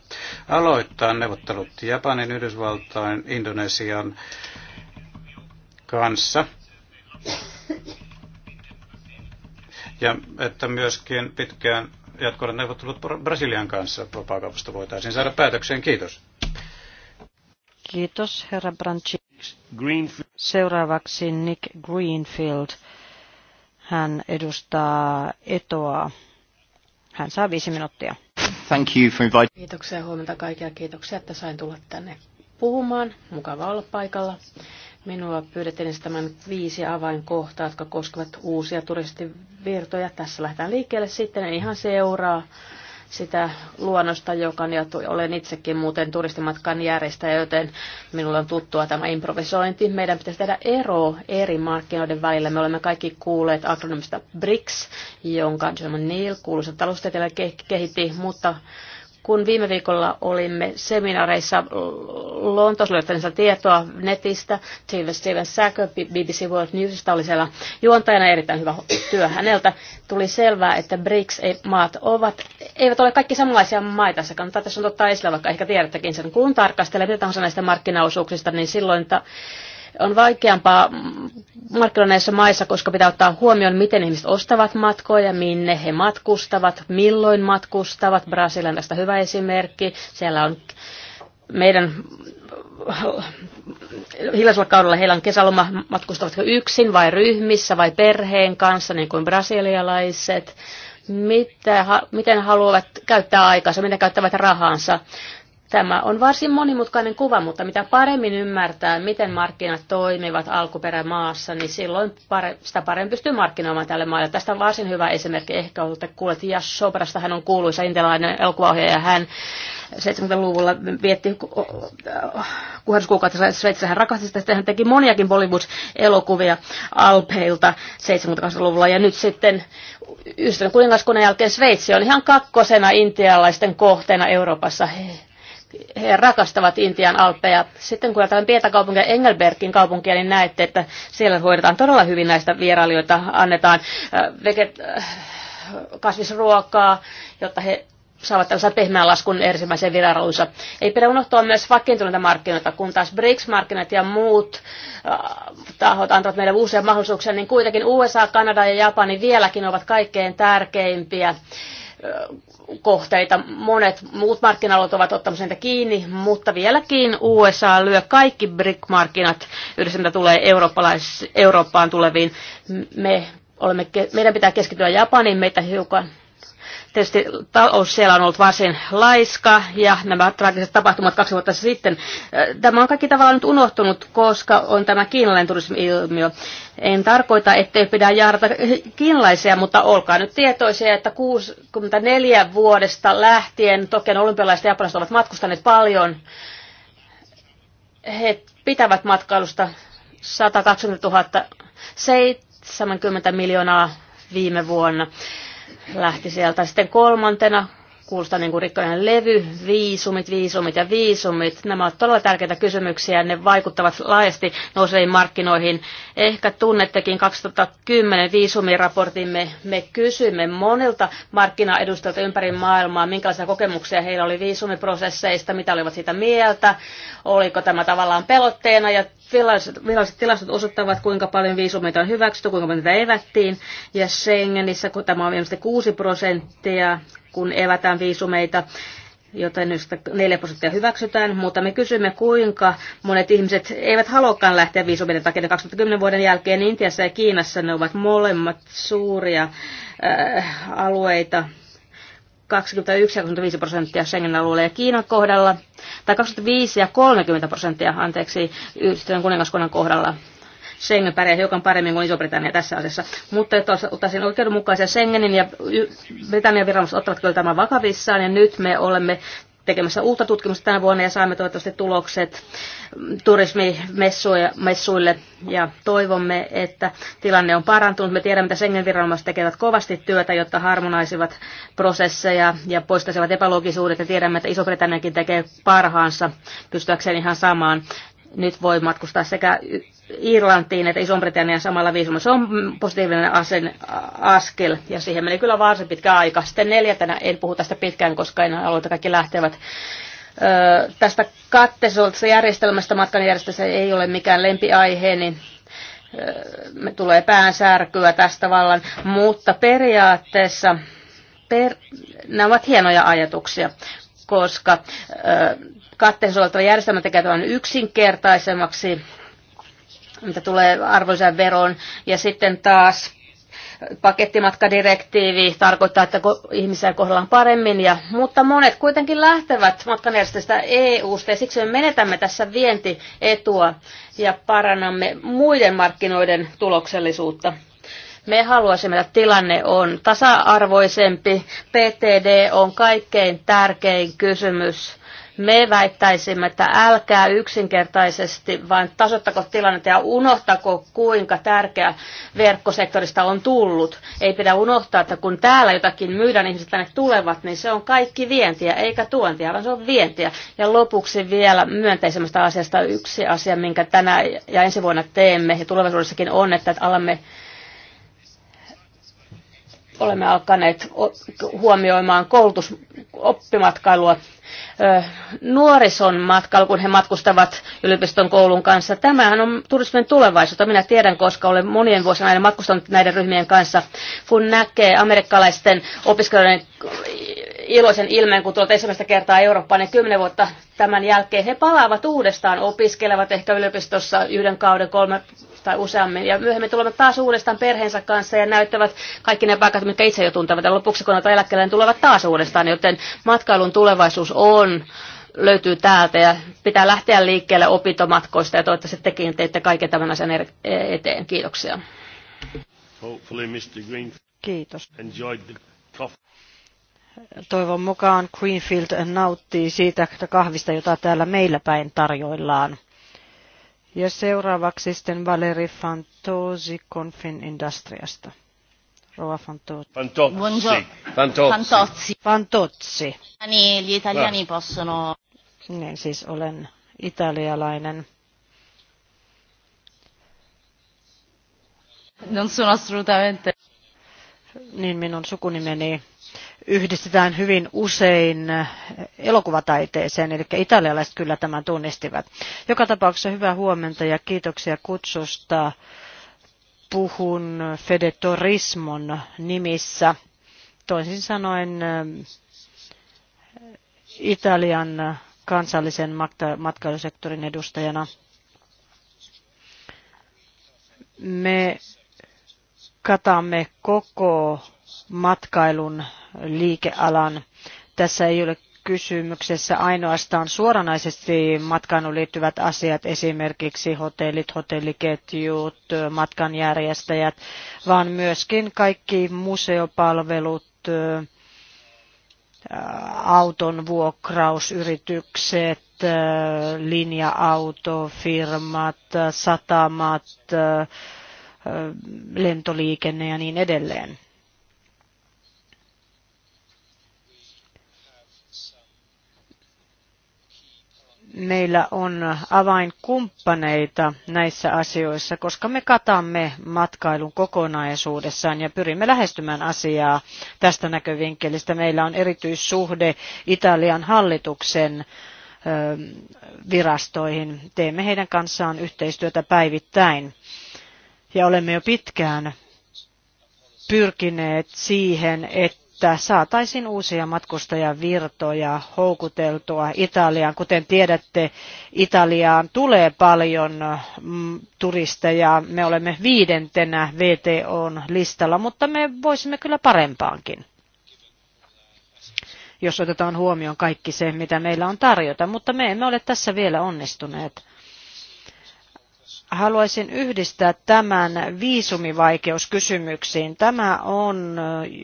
aloittaa neuvottelut Japanin, Yhdysvaltain, Indonesian kanssa – ja että myöskin pitkään jatkuvat neuvottelut Brasilian kanssa vapaakaupasta voitaisiin saada päätökseen. Kiitos. Kiitos, herra Branchi. Greenfield. Seuraavaksi Nick Greenfield. Hän edustaa etoa. Hän saa viisi minuuttia. Thank you for inviting. Kiitoksia huomenta kaikille. Kiitoksia, että sain tulla tänne puhumaan. Mukava olla paikalla. Minua pyydettiin esittämään viisi avainkohtaa, jotka koskevat uusia turistivirtoja. Tässä lähdetään liikkeelle sitten en ihan seuraa sitä luonnosta, joka ja olen itsekin muuten turistimatkan järjestäjä, joten minulla on tuttua tämä improvisointi. Meidän pitäisi tehdä ero eri markkinoiden välillä. Me olemme kaikki kuulleet akronymista BRICS, jonka John Neil kuuluisa taloustieteilijä kehitti, mutta kun viime viikolla olimme seminaareissa Lontoossa, löytäneessä tietoa netistä, Steven, Steven Sacker, BBC World Newsista oli siellä juontajana, erittäin hyvä työ häneltä, tuli selvää, että BRICS-maat ovat, eivät ole kaikki samanlaisia maita, se kannattaa tässä on ottaa esille, vaikka ehkä tiedättekin sen, kun tarkastelee mitä tahansa näistä markkinaosuuksista, niin silloin että on vaikeampaa markkinoilla maissa, koska pitää ottaa huomioon, miten ihmiset ostavat matkoja, minne he matkustavat, milloin matkustavat. Brasilian tästä hyvä esimerkki. Siellä on meidän hiljaisella kaudella heillä on kesäloma, matkustavatko yksin vai ryhmissä vai perheen kanssa, niin kuin brasilialaiset. Mitä, miten haluavat käyttää aikaansa, miten käyttävät rahansa. Tämä on varsin monimutkainen kuva, mutta mitä paremmin ymmärtää, miten markkinat toimivat alkuperämaassa, niin silloin pare- sitä paremmin pystyy markkinoimaan tälle maalle. Tästä on varsin hyvä esimerkki. Ehkä olette kuulleet Jas Sobrasta, hän on kuuluisa intialainen elokuvaohjaaja, ja hän 70-luvulla vietti kuherskuukautta Sveitsissä. Hän rakasti sitä, sitten hän teki moniakin Bollywood-elokuvia Alpeilta 70-luvulla. Ja nyt sitten ystävän kuningaskunnan jälkeen Sveitsi on ihan kakkosena intialaisten kohteena Euroopassa he rakastavat Intian alppeja. Sitten kun ajatellaan pientä kaupunkia, Engelbergin kaupunkia, niin näette, että siellä hoidetaan todella hyvin näistä vierailijoita, annetaan äh, veget, äh, kasvisruokaa, jotta he saavat tällaisen pehmeän laskun ensimmäisen vierailuunsa. Ei pidä unohtua myös vakiintuneita markkinoita, kun taas BRICS-markkinat ja muut äh, tahot antavat meille uusia mahdollisuuksia, niin kuitenkin USA, Kanada ja Japani vieläkin ovat kaikkein tärkeimpiä kohteita. Monet muut markkinalot ovat ottamassa niitä kiinni, mutta vieläkin USA lyö kaikki BRIC-markkinat yhdessä, mitä tulee Eurooppaan tuleviin. Me olemme, meidän pitää keskittyä Japaniin, meitä hiukan Tietysti talous siellä on ollut varsin laiska ja nämä traagiset tapahtumat kaksi vuotta sitten. Äh, tämä on kaikki tavallaan nyt unohtunut, koska on tämä kiinalainen turismi-ilmiö. En tarkoita, ettei pidä jaarata kiinalaisia, mutta olkaa nyt tietoisia, että 64 vuodesta lähtien Tokion olympialaiset ja japanilaiset ovat matkustaneet paljon. He pitävät matkailusta 120 000, 70 miljoonaa viime vuonna lähti sieltä. Sitten kolmantena kuulostaa niin kuin rikkojen levy, viisumit, viisumit ja viisumit. Nämä ovat todella tärkeitä kysymyksiä, ne vaikuttavat laajasti nouseviin markkinoihin. Ehkä tunnettekin 2010 viisumiraportimme, me kysymme monilta markkinaedustajilta ympäri maailmaa, minkälaisia kokemuksia heillä oli viisumiprosesseista, mitä olivat siitä mieltä, oliko tämä tavallaan pelotteena ja viralliset, viralliset tilastot osoittavat, kuinka paljon viisumeita on hyväksytty, kuinka paljon niitä evättiin. Ja Schengenissä, kun tämä on ilmeisesti 6 prosenttia, kun evätään viisumeita, joten niistä 4 prosenttia hyväksytään, mutta me kysymme, kuinka monet ihmiset eivät haluakaan lähteä viisumeiden takia 2010 vuoden jälkeen. Intiassa ja Kiinassa ne ovat molemmat suuria äh, alueita, 21-25 prosenttia Schengen-alueella ja Kiinan kohdalla, tai 25 ja 30 prosenttia, anteeksi, yhdistyneen kuningaskunnan kohdalla. Schengen pärjää hiukan paremmin kuin Iso-Britannia tässä asiassa. Mutta että ottaisiin oikeudenmukaisia Schengenin ja Britannian viranomaiset ottavat kyllä tämän vakavissaan ja nyt me olemme tekemässä uutta tutkimusta tänä vuonna ja saamme toivottavasti tulokset turismimessuille ja toivomme, että tilanne on parantunut. Me tiedämme, että Schengen-viranomaiset tekevät kovasti työtä, jotta harmonaisivat prosesseja ja poistaisivat epälogisuudet ja tiedämme, että Iso-Britanniakin tekee parhaansa pystyäkseen ihan samaan. Nyt voi matkustaa sekä Irlantiin että Iso-Britannian samalla viisumalla. Se on positiivinen asen, askel ja siihen meni kyllä varsin pitkä aika. Sitten neljätänä, en puhu tästä pitkään, koska en halua, että kaikki lähtevät. Öö, tästä kattesolta järjestelmästä, matkan järjestelmästä ei ole mikään lempiaihe, niin öö, tulee päänsärkyä tästä vallan, mutta periaatteessa per, nämä ovat hienoja ajatuksia, koska öö, katteensuojeltava järjestelmä tekee tämän yksinkertaisemmaksi mitä tulee arvonlisäveroon. Ja sitten taas pakettimatkadirektiivi tarkoittaa, että ihmisiä kohdellaan paremmin, ja, mutta monet kuitenkin lähtevät matkanjärjestäjistä EU-sta, ja siksi me menetämme tässä vientietua ja parannamme muiden markkinoiden tuloksellisuutta. Me haluaisimme, että tilanne on tasa-arvoisempi. PTD on kaikkein tärkein kysymys me väittäisimme, että älkää yksinkertaisesti, vaan tasottako tilannetta ja unohtako, kuinka tärkeä verkkosektorista on tullut. Ei pidä unohtaa, että kun täällä jotakin myydään, ihmiset tänne tulevat, niin se on kaikki vientiä, eikä tuontia, vaan se on vientiä. Ja lopuksi vielä myönteisemmästä asiasta yksi asia, minkä tänä ja ensi vuonna teemme ja tulevaisuudessakin on, että alamme olemme alkaneet huomioimaan koulutusoppimatkailua nuorison matkalla, kun he matkustavat yliopiston koulun kanssa. Tämähän on turismin tulevaisuutta. Minä tiedän, koska olen monien vuosien aina matkustanut näiden ryhmien kanssa, kun näkee amerikkalaisten opiskelijoiden iloisen ilmeen, kun tulet ensimmäistä kertaa Eurooppaan, niin kymmenen vuotta tämän jälkeen he palaavat uudestaan, opiskelevat ehkä yliopistossa yhden kauden, kolme tai useammin. Ja myöhemmin tulevat taas uudestaan perheensä kanssa ja näyttävät kaikki ne paikat, mitkä itse jo tuntevat. Ja lopuksi kun ovat eläkkeellä, niin tulevat taas uudestaan, joten matkailun tulevaisuus on, löytyy täältä ja pitää lähteä liikkeelle opintomatkoista ja toivottavasti tekin teitte kaiken tämän asian er- e- eteen. Kiitoksia. Kiitos. Toivon mukaan Greenfield nauttii siitä kahvista, jota täällä meillä päin tarjoillaan. Ja seuraavaksi sitten Valeri Fantosi Confin Industriasta. Rova Fantozzi. Fantozzi. Buongiorno. Fantozzi. Fantozzi. Fantozzi. Fantozzi. gli italiani ah. possono... Ne, siis olen italialainen. Non sono assolutamente... Niin minun sukunimeni yhdistetään hyvin usein elokuvataiteeseen, eli italialaiset kyllä tämän tunnistivat. Joka tapauksessa hyvää huomenta ja kiitoksia kutsusta puhun fedetorismon nimissä. Toisin sanoen eh, Italian kansallisen matkailusektorin edustajana. Me katamme koko matkailun liikealan. Tässä ei ole kysymyksessä ainoastaan suoranaisesti matkailuun liittyvät asiat, esimerkiksi hotellit, hotelliketjut, matkanjärjestäjät, vaan myöskin kaikki museopalvelut, auton vuokrausyritykset, linja-autofirmat, satamat, lentoliikenne ja niin edelleen. meillä on avainkumppaneita näissä asioissa, koska me katamme matkailun kokonaisuudessaan ja pyrimme lähestymään asiaa tästä näkövinkkelistä. Meillä on erityissuhde Italian hallituksen virastoihin. Teemme heidän kanssaan yhteistyötä päivittäin. Ja olemme jo pitkään pyrkineet siihen, että että saataisiin uusia matkustajavirtoja houkuteltua Italiaan. Kuten tiedätte, Italiaan tulee paljon mm, turisteja. Me olemme viidentenä VTOn listalla, mutta me voisimme kyllä parempaankin jos otetaan huomioon kaikki se, mitä meillä on tarjota, mutta me emme ole tässä vielä onnistuneet haluaisin yhdistää tämän viisumivaikeuskysymyksiin. Tämä on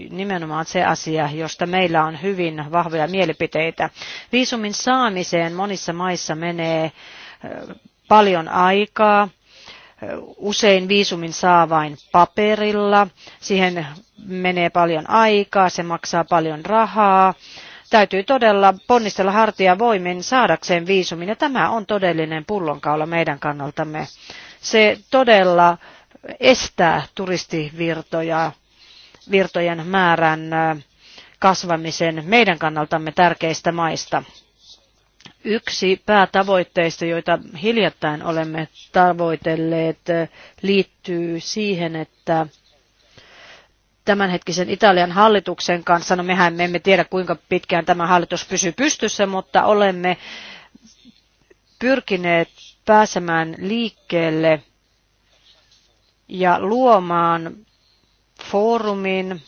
nimenomaan se asia, josta meillä on hyvin vahvoja mielipiteitä. Viisumin saamiseen monissa maissa menee paljon aikaa. Usein viisumin saa vain paperilla. Siihen menee paljon aikaa, se maksaa paljon rahaa täytyy todella ponnistella hartia voimin saadakseen viisumin ja tämä on todellinen pullonkaula meidän kannaltamme. Se todella estää turistivirtoja, virtojen määrän kasvamisen meidän kannaltamme tärkeistä maista. Yksi päätavoitteista, joita hiljattain olemme tavoitelleet, liittyy siihen, että tämänhetkisen Italian hallituksen kanssa. No mehän me emme tiedä, kuinka pitkään tämä hallitus pysyy pystyssä, mutta olemme pyrkineet pääsemään liikkeelle ja luomaan foorumin.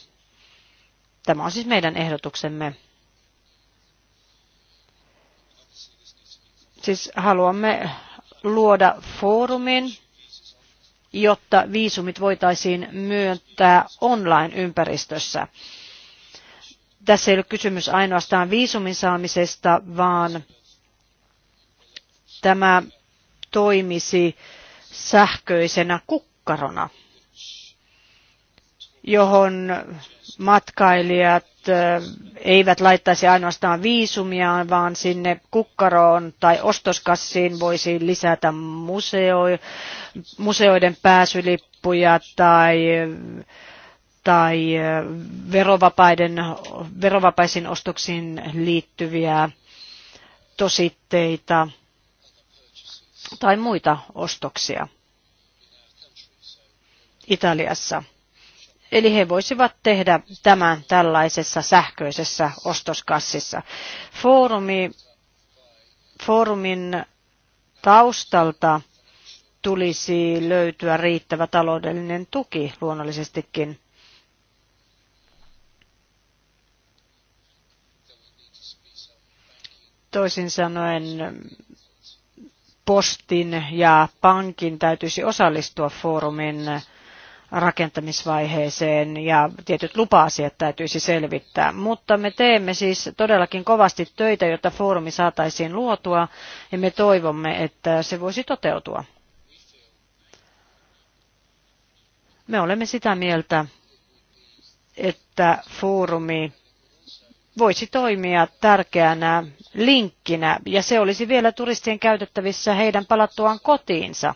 Tämä on siis meidän ehdotuksemme. Siis haluamme luoda foorumin, jotta viisumit voitaisiin myöntää online-ympäristössä. Tässä ei ole kysymys ainoastaan viisumin saamisesta, vaan tämä toimisi sähköisenä kukkarona, johon matkailijat eh, eivät laittaisi ainoastaan viisumia, vaan sinne kukkaroon tai ostoskassiin voisi lisätä museo, museoiden pääsylippuja tai tai eh, verovapaiden, verovapaisiin ostoksiin liittyviä tositteita tai muita ostoksia Italiassa. Eli he voisivat tehdä tämän tällaisessa sähköisessä ostoskassissa. Foorumi, foorumin taustalta tulisi löytyä riittävä taloudellinen tuki luonnollisestikin. Toisin sanoen postin ja pankin täytyisi osallistua foorumin rakentamisvaiheeseen ja tietyt lupa-asiat täytyisi selvittää. Mutta me teemme siis todellakin kovasti töitä, jotta foorumi saataisiin luotua ja me toivomme, että se voisi toteutua. Me olemme sitä mieltä, että foorumi voisi toimia tärkeänä linkkinä ja se olisi vielä turistien käytettävissä heidän palattuaan kotiinsa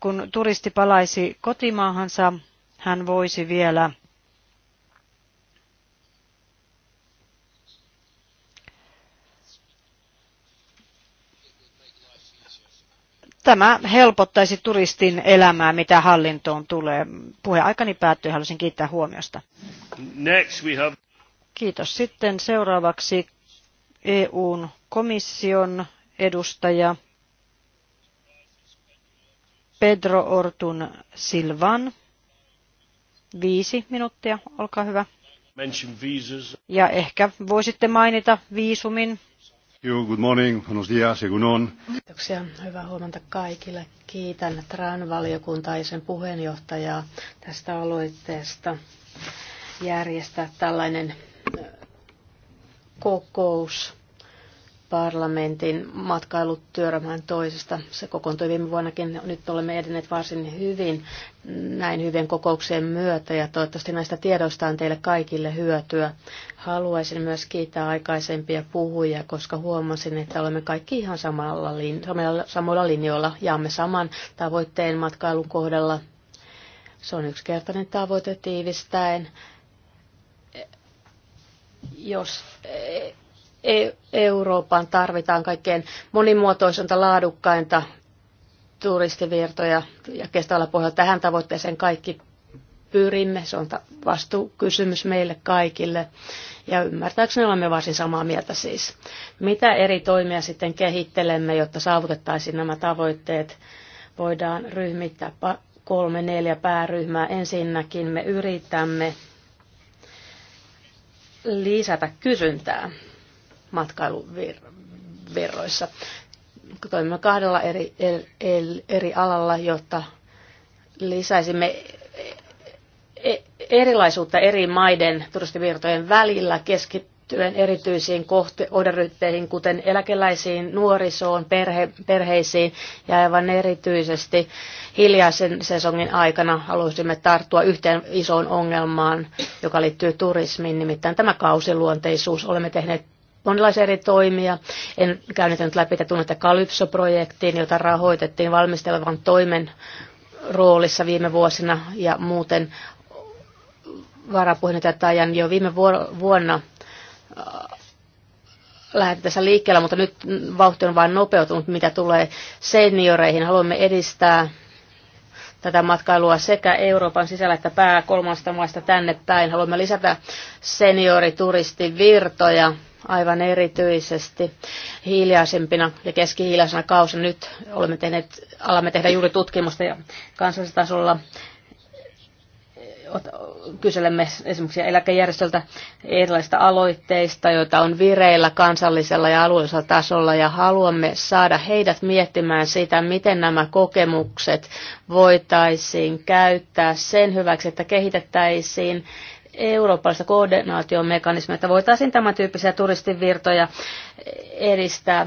kun turisti palaisi kotimaahansa, hän voisi vielä Tämä helpottaisi turistin elämää, mitä hallintoon tulee. Puheaikani päättyy, haluaisin kiittää huomiosta. Next we have... Kiitos. Sitten seuraavaksi EUn komission edustaja. Pedro Ortun Silvan. Viisi minuuttia, olkaa hyvä. Ja ehkä voisitte mainita viisumin. Good morning, buenos días, on. Kiitoksia, hyvää huomenta kaikille. Kiitän TRAN-valiokuntaa ja sen puheenjohtajaa tästä aloitteesta järjestää tällainen kokous parlamentin matkailutyöryhmän toisesta. Se kokoontui viime vuonnakin. Nyt olemme edenneet varsin hyvin näin hyvien kokouksien myötä ja toivottavasti näistä tiedoista on teille kaikille hyötyä. Haluaisin myös kiittää aikaisempia puhujia, koska huomasin, että olemme kaikki ihan samalla, samalla, samalla linjoilla. Jaamme saman tavoitteen matkailun kohdalla. Se on yksinkertainen tavoite tiivistäen. Jos E-, Eurooppaan tarvitaan kaikkein monimuotoisinta, laadukkainta turistivirtoja ja kestävällä pohjalla. Tähän tavoitteeseen kaikki pyrimme. Se on vastuukysymys meille kaikille. Ja ymmärtääkseni olemme varsin samaa mieltä siis. Mitä eri toimia sitten kehittelemme, jotta saavutettaisiin nämä tavoitteet? Voidaan ryhmittää kolme, neljä pääryhmää. Ensinnäkin me yritämme lisätä kysyntää matkailuvirroissa. Toimimme kahdella eri, eri, eri alalla, jotta lisäisimme e, erilaisuutta eri maiden turistivirtojen välillä keskittyen erityisiin kohderyhmiin, kuten eläkeläisiin, nuorisoon, perhe, perheisiin ja aivan erityisesti hiljaisen sesongin aikana haluaisimme tarttua yhteen isoon ongelmaan, joka liittyy turismiin, nimittäin tämä kausiluonteisuus. Olemme tehneet monenlaisia eri toimia. En käynyt nyt läpi tätä Kalypso-projektiin, jota rahoitettiin valmistelevan toimen roolissa viime vuosina ja muuten varapuheenjohtaja Tajan jo viime vuonna äh, lähdetty tässä liikkeellä, mutta nyt vauhti on vain nopeutunut, mitä tulee senioreihin. Haluamme edistää tätä matkailua sekä Euroopan sisällä että pää kolmasta maasta tänne päin. Haluamme lisätä seniorituristi virtoja aivan erityisesti hiljaisempina ja keskihiljaisena kausina. Nyt olemme tehneet, alamme tehdä juuri tutkimusta ja kansallistasolla kyselemme esimerkiksi eläkejärjestöltä erilaisista aloitteista, joita on vireillä kansallisella ja alueellisella tasolla, ja haluamme saada heidät miettimään sitä, miten nämä kokemukset voitaisiin käyttää sen hyväksi, että kehitettäisiin eurooppalaista koordinaatiomekanismia, että voitaisiin tämän tyyppisiä turistivirtoja edistää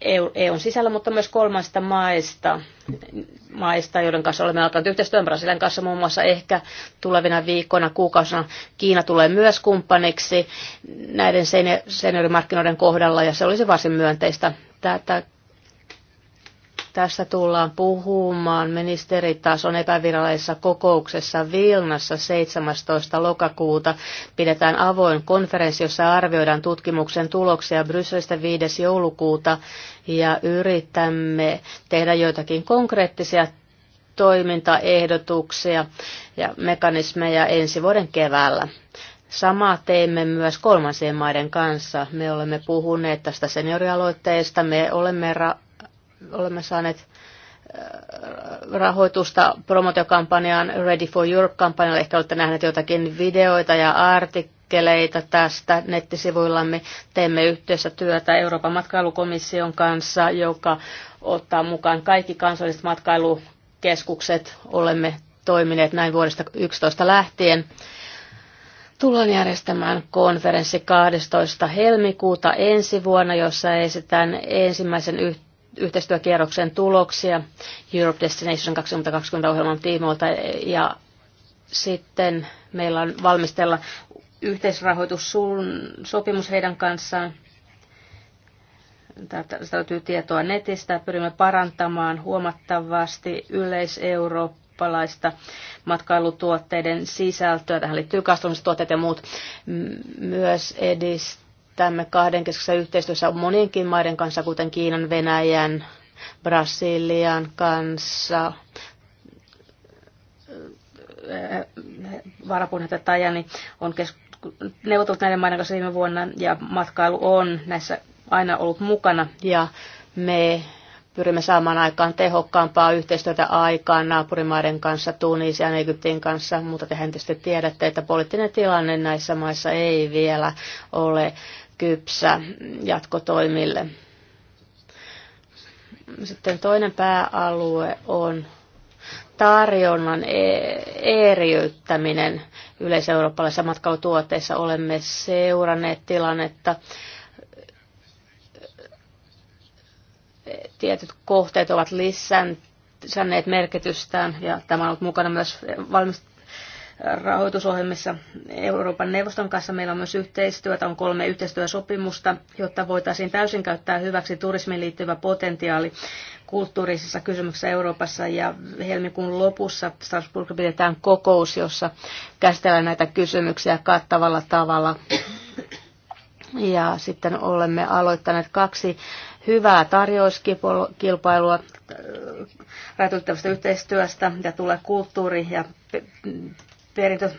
EUn e sisällä, mutta myös kolmasta maista, maista, joiden kanssa olemme alkaneet yhteistyön Brasilian kanssa muun muassa ehkä tulevina viikkoina, kuukausina. Kiina tulee myös kumppaniksi näiden seniorimarkkinoiden kohdalla ja se olisi varsin myönteistä. Tätä Tästä tullaan puhumaan ministeritason epävirallisessa kokouksessa Vilnassa 17. lokakuuta. Pidetään avoin konferenssi, jossa arvioidaan tutkimuksen tuloksia Brysselistä 5. joulukuuta ja yritämme tehdä joitakin konkreettisia toimintaehdotuksia ja mekanismeja ensi vuoden keväällä. Samaa teemme myös kolmansien maiden kanssa. Me olemme puhuneet tästä seniorialoitteesta, me olemme ra- olemme saaneet äh, rahoitusta promotiokampanjaan Ready for Europe-kampanjalle. Ehkä olette nähneet jotakin videoita ja artikkeleita tästä nettisivuillamme. Teemme yhteistä työtä Euroopan matkailukomission kanssa, joka ottaa mukaan kaikki kansalliset matkailukeskukset. Olemme toimineet näin vuodesta 2011 lähtien. Tullaan järjestämään konferenssi 12. helmikuuta ensi vuonna, jossa esitän ensimmäisen yhteyden yhteistyökierroksen tuloksia Europe Destination 2020-ohjelman tiimoilta ja sitten meillä on valmistella yhteisrahoitussopimus heidän kanssaan. Tästä löytyy tietoa netistä. Pyrimme parantamaan huomattavasti yleiseurooppalaista matkailutuotteiden sisältöä. Tähän liittyy kastumistuotteet ja muut. Myös edistää kahden kahdenkeskisessä yhteistyössä on monienkin maiden kanssa, kuten Kiinan, Venäjän, Brasilian kanssa, eh, varapuheenjohtaja Tajani on neuvotellut näiden maiden kanssa viime vuonna ja matkailu on näissä aina ollut mukana ja me pyrimme saamaan aikaan tehokkaampaa yhteistyötä aikaan naapurimaiden kanssa, Tunisian, Egyptin kanssa, mutta tehän tietysti tiedätte, että poliittinen tilanne näissä maissa ei vielä ole kypsä jatkotoimille. Sitten toinen pääalue on tarjonnan e- eriyttäminen yleiseurooppalaisissa matkailutuotteissa. Olemme seuranneet tilannetta. Tietyt kohteet ovat lisänneet merkitystään ja tämä on ollut mukana myös valmist- rahoitusohjelmissa Euroopan neuvoston kanssa. Meillä on myös yhteistyötä, on kolme yhteistyösopimusta, jotta voitaisiin täysin käyttää hyväksi turismiin liittyvä potentiaali kulttuurisissa kysymyksissä Euroopassa ja helmikuun lopussa Strasbourg pidetään kokous, jossa käsitellään näitä kysymyksiä kattavalla tavalla. Ja sitten olemme aloittaneet kaksi hyvää tarjouskilpailua äh, rajoitettavasta yhteistyöstä ja tulee kulttuuri- ja perintö,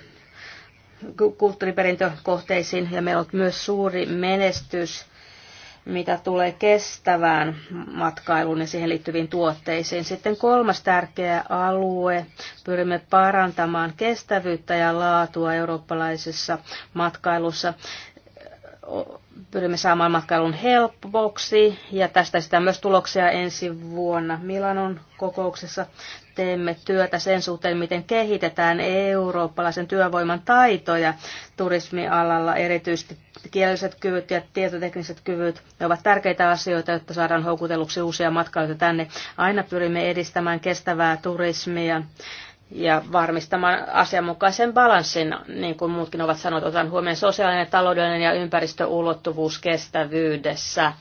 kulttuuriperintökohteisiin ja meillä on myös suuri menestys mitä tulee kestävään matkailuun ja siihen liittyviin tuotteisiin. Sitten kolmas tärkeä alue, pyrimme parantamaan kestävyyttä ja laatua eurooppalaisessa matkailussa pyrimme saamaan matkailun helpoksi ja tästä sitä myös tuloksia ensi vuonna Milanon kokouksessa. Teemme työtä sen suhteen, miten kehitetään eurooppalaisen työvoiman taitoja turismialalla, erityisesti kieliset kyvyt ja tietotekniset kyvyt. Ne ovat tärkeitä asioita, jotta saadaan houkutelluksi uusia matkailijoita tänne. Aina pyrimme edistämään kestävää turismia ja varmistamaan asianmukaisen balanssin, niin kuin muutkin ovat sanoneet, otan huomioon sosiaalinen, taloudellinen ja ympäristöulottuvuus kestävyydessä.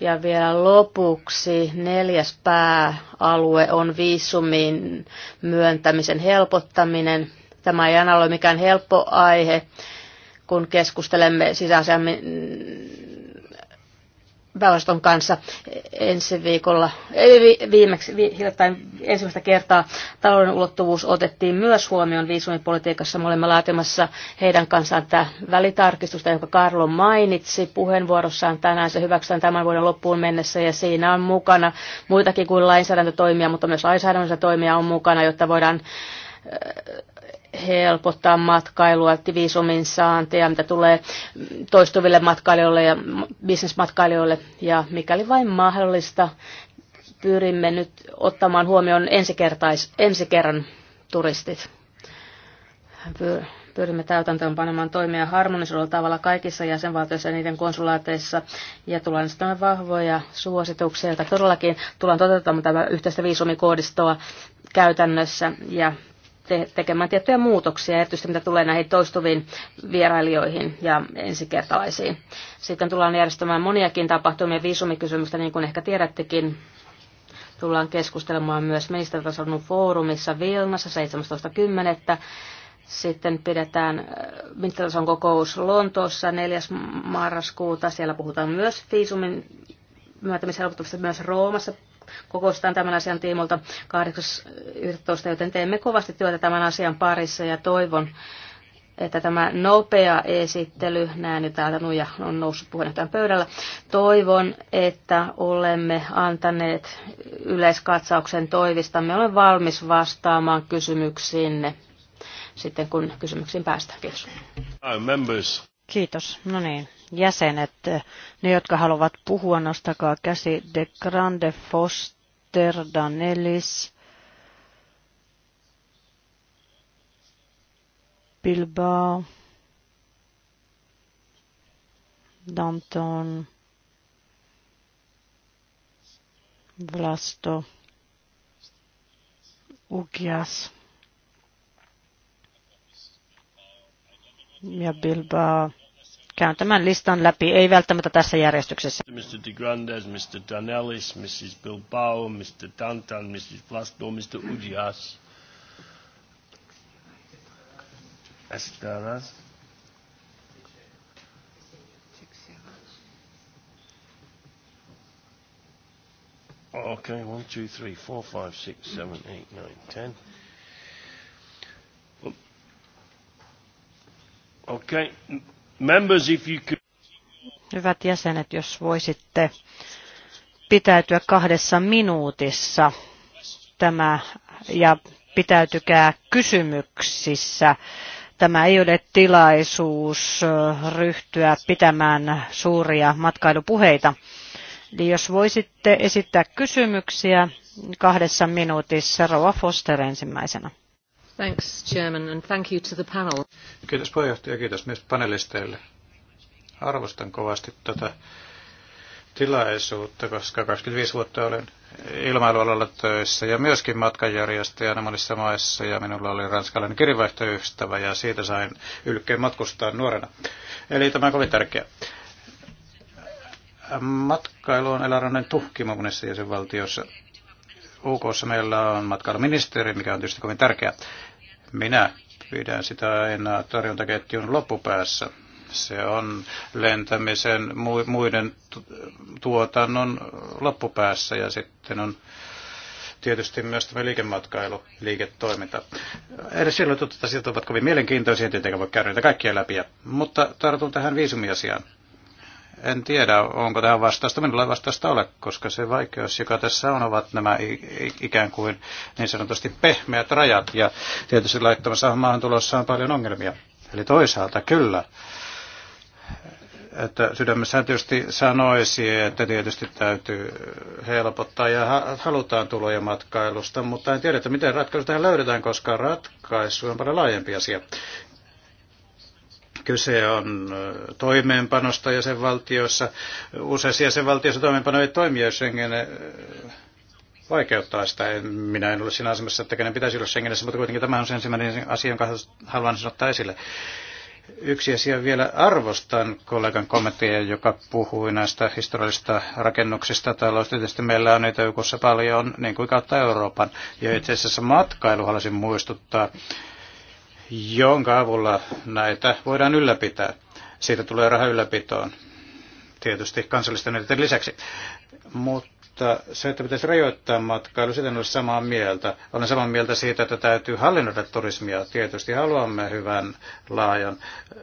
Ja vielä lopuksi neljäs pääalue on viisumin myöntämisen helpottaminen. Tämä ei aina ole mikään helppo aihe, kun keskustelemme sisäasiamin väestön kanssa ensi viikolla, viimeksi hiljattain ensimmäistä kertaa talouden ulottuvuus otettiin myös huomioon viisumipolitiikassa. Me olemme laatimassa heidän kanssaan tämä välitarkistusta, jonka Karlo mainitsi puheenvuorossaan tänään. Se hyväksytään tämän vuoden loppuun mennessä ja siinä on mukana muitakin kuin lainsäädäntötoimia, mutta myös lainsäädännöllisiä toimia on mukana, jotta voidaan helpottaa matkailua, viisumin saantia, mitä tulee toistuville matkailijoille ja bisnesmatkailijoille. Ja mikäli vain mahdollista, pyrimme nyt ottamaan huomioon ensikertais, ensi kerran turistit. Pyrimme täytäntöön panemaan toimia harmonisoidulla tavalla kaikissa jäsenvaltioissa ja niiden konsulaateissa ja tullaan sitten vahvoja suosituksia, joita todellakin tullaan toteuttamaan tämä yhteistä viisumikoodistoa käytännössä ja te- tekemään tiettyjä muutoksia, erityisesti mitä tulee näihin toistuviin vierailijoihin ja ensikertalaisiin. Sitten tullaan järjestämään moniakin tapahtumia viisumikysymystä, niin kuin ehkä tiedättekin. Tullaan keskustelemaan myös ministeritason foorumissa Vilnassa 17.10. Sitten pidetään äh, ministeritason kokous Lontoossa 4. marraskuuta. Siellä puhutaan myös viisumin myöntämishelpotuksesta myös Roomassa kokoustaan tämän asian tiimolta 8.11, joten teemme kovasti työtä tämän asian parissa ja toivon, että tämä nopea esittely, näen nyt täältä Nuija on noussut puheenjohtajan pöydällä, toivon, että olemme antaneet yleiskatsauksen toivistamme. Olen valmis vastaamaan kysymyksiinne sitten, kun kysymyksiin päästään. Kiitos. Kiitos. No niin jäsenet, ne jotka haluavat puhua, nostakaa käsi De Grande Foster Danelis. Bilbao. Danton. Vlasto. Ugias. ja Bilbao käyn tämän listan läpi, ei välttämättä tässä järjestyksessä. Mr. De Grandes, Mr. Danellis, Mrs. Bilbao, Mr. Dantan, Mrs. Vlasto, Mr. Udias. Estaras. Okay, one, two, three, four, five, six, seven, eight, nine, ten. Oh. Okay, Hyvät jäsenet, jos voisitte pitäytyä kahdessa minuutissa tämä ja pitäytykää kysymyksissä. Tämä ei ole tilaisuus ryhtyä pitämään suuria matkailupuheita. Eli jos voisitte esittää kysymyksiä kahdessa minuutissa, Rova Foster ensimmäisenä. Thanks, Chairman, and thank you to the panel. Kiitos puheenjohtaja, kiitos myös panelisteille. Arvostan kovasti tätä tilaisuutta, koska 25 vuotta olen ilmailualalla töissä ja myöskin matkanjärjestäjänä monissa maissa ja minulla oli ranskalainen kirjavaihtoystävä ja siitä sain ylkeen matkustaa nuorena. Eli tämä on kovin tärkeä. Matkailu on elärannan tuhkimo monessa jäsenvaltiossa UK meillä on matkailuministeri, mikä on tietysti kovin tärkeä. Minä pidän sitä aina torjuntaketjun loppupäässä. Se on lentämisen muiden tuotannon loppupäässä ja sitten on tietysti myös tämä liikematkailu, liiketoiminta. Edes silloin tutut asiat ovat kovin mielenkiintoisia, tietenkään voi käydä niitä kaikkia läpi, mutta tartun tähän viisumiasiaan. En tiedä, onko tähän vastausta. Minulla ei vastausta ole, koska se vaikeus, joka tässä on, ovat nämä ikään kuin niin sanotusti pehmeät rajat. Ja tietysti laittomassa maahantulossa on paljon ongelmia. Eli toisaalta kyllä että sydämessään tietysti sanoisi, että tietysti täytyy helpottaa ja halutaan tuloja matkailusta, mutta en tiedä, että miten ratkaisu tähän löydetään, koska ratkaisu on paljon laajempi asia. Kyse on toimeenpanosta jäsenvaltioissa. Useissa jäsenvaltioissa toimeenpano ei toimi, jos Schengen vaikeuttaa sitä. Minä en ole siinä asemassa, että kenen pitäisi olla Schengenissä, mutta kuitenkin tämä on se ensimmäinen asia, jonka haluan ottaa esille. Yksi asia vielä arvostan kollegan kommenttia, joka puhui näistä historiallisista rakennuksista taloista. Tietysti meillä on niitä YKssa paljon, niin kuin kautta Euroopan. Ja itse asiassa matkailu haluaisin muistuttaa jonka avulla näitä voidaan ylläpitää. Siitä tulee raha ylläpitoon, tietysti kansallisten yritysten lisäksi. Mutta se, että pitäisi rajoittaa matkailu, sitä en ole samaa mieltä. Olen samaa mieltä siitä, että täytyy hallinnoida turismia. Tietysti haluamme hyvän laajan eh,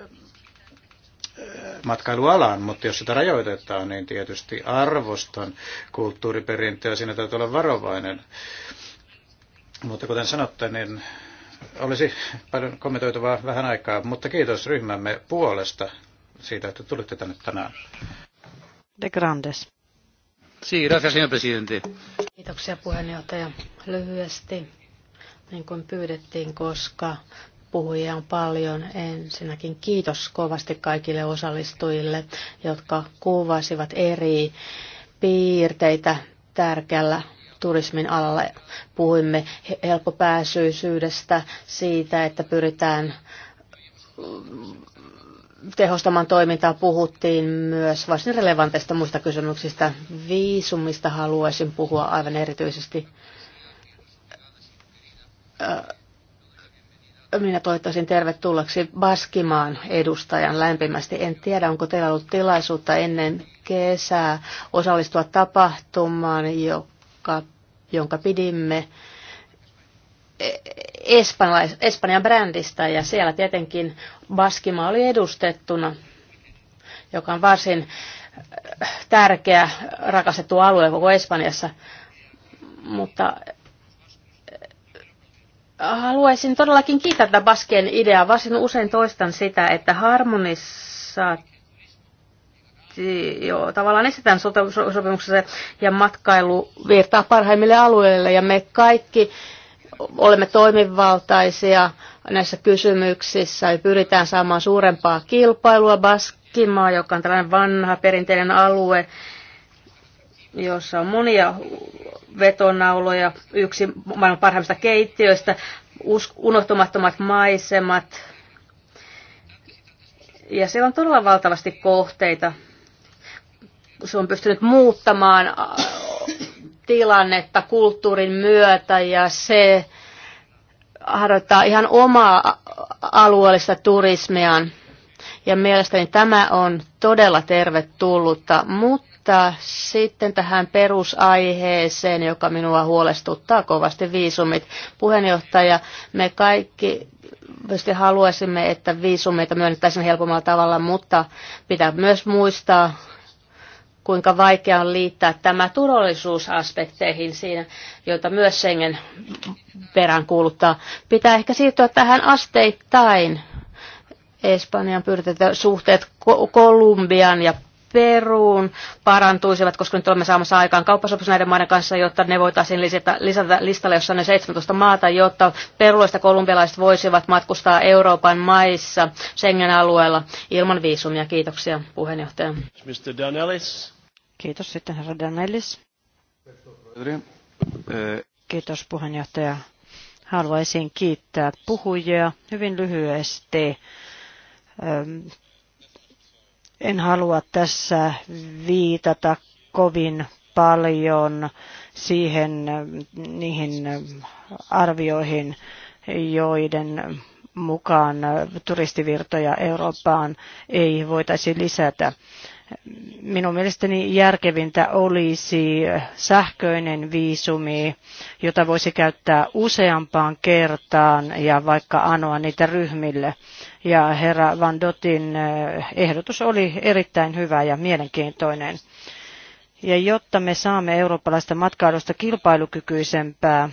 matkailualan, mutta jos sitä rajoitetaan, niin tietysti arvostan kulttuuriperintöä, siinä täytyy olla varovainen. Mutta kuten sanotte, niin olisi paljon kommentoitavaa vähän aikaa, mutta kiitos ryhmämme puolesta siitä, että tulitte tänne tänään. De Grandes. Sí, gracias, señor presidente. Kiitoksia puheenjohtaja. Lyhyesti, niin kuin pyydettiin, koska puhujia on paljon. Ensinnäkin kiitos kovasti kaikille osallistujille, jotka kuvasivat eri piirteitä tärkeällä turismin alalla. Puhuimme helppopääsyisyydestä, siitä, että pyritään mm, tehostamaan toimintaa puhuttiin myös varsin relevanteista muista kysymyksistä. Viisumista haluaisin puhua aivan erityisesti. Minä toivottaisin tervetulleeksi Baskimaan edustajan lämpimästi. En tiedä, onko teillä ollut tilaisuutta ennen kesää osallistua tapahtumaan, joka jonka pidimme Espanjan brändistä ja siellä tietenkin Baskima oli edustettuna, joka on varsin äh, tärkeä, rakastettu alue koko Espanjassa. Mutta äh, haluaisin todellakin kiittää tätä Baskien ideaa. Varsin usein toistan sitä, että harmonisaatio jo tavallaan estetään sopimuksessa ja matkailu virtaa parhaimmille alueille ja me kaikki olemme toimivaltaisia näissä kysymyksissä ja pyritään saamaan suurempaa kilpailua. Baskimaa, joka on tällainen vanha perinteinen alue, jossa on monia vetonauloja, yksi maailman parhaimmista keittiöistä, unohtumattomat maisemat. Ja siellä on todella valtavasti kohteita, se on pystynyt muuttamaan äh, tilannetta kulttuurin myötä ja se harjoittaa ihan omaa alueellista turismiaan. Ja mielestäni tämä on todella tervetullutta, mutta sitten tähän perusaiheeseen, joka minua huolestuttaa kovasti, viisumit. Puheenjohtaja, me kaikki tietysti haluaisimme, että viisumeita myönnettäisiin helpommalla tavalla, mutta pitää myös muistaa, kuinka vaikea on liittää tämä turvallisuusaspekteihin siinä, joita myös Schengen perään kuuluttaa. Pitää ehkä siirtyä tähän asteittain. Espanjan pyritetään suhteet Kolumbian ja Peruun parantuisivat, koska nyt olemme saamassa aikaan kauppasopimus näiden maiden kanssa, jotta ne voitaisiin lisätä, lisätä listalle, jossa on ne 17 maata, jotta perulaista kolumbialaiset voisivat matkustaa Euroopan maissa Schengen-alueella ilman viisumia. Kiitoksia puheenjohtaja. Mr. Danelis. Kiitos sitten herra Danelis. Kiitos puheenjohtaja. Haluaisin kiittää puhujia hyvin lyhyesti en halua tässä viitata kovin paljon siihen, niihin arvioihin, joiden mukaan turistivirtoja Eurooppaan ei voitaisi lisätä. Minun mielestäni järkevintä olisi sähköinen viisumi, jota voisi käyttää useampaan kertaan ja vaikka anoa niitä ryhmille. Ja herra Van Dotin eh, ehdotus oli erittäin hyvä ja mielenkiintoinen. Ja jotta me saamme eurooppalaista matkailusta kilpailukykyisempää,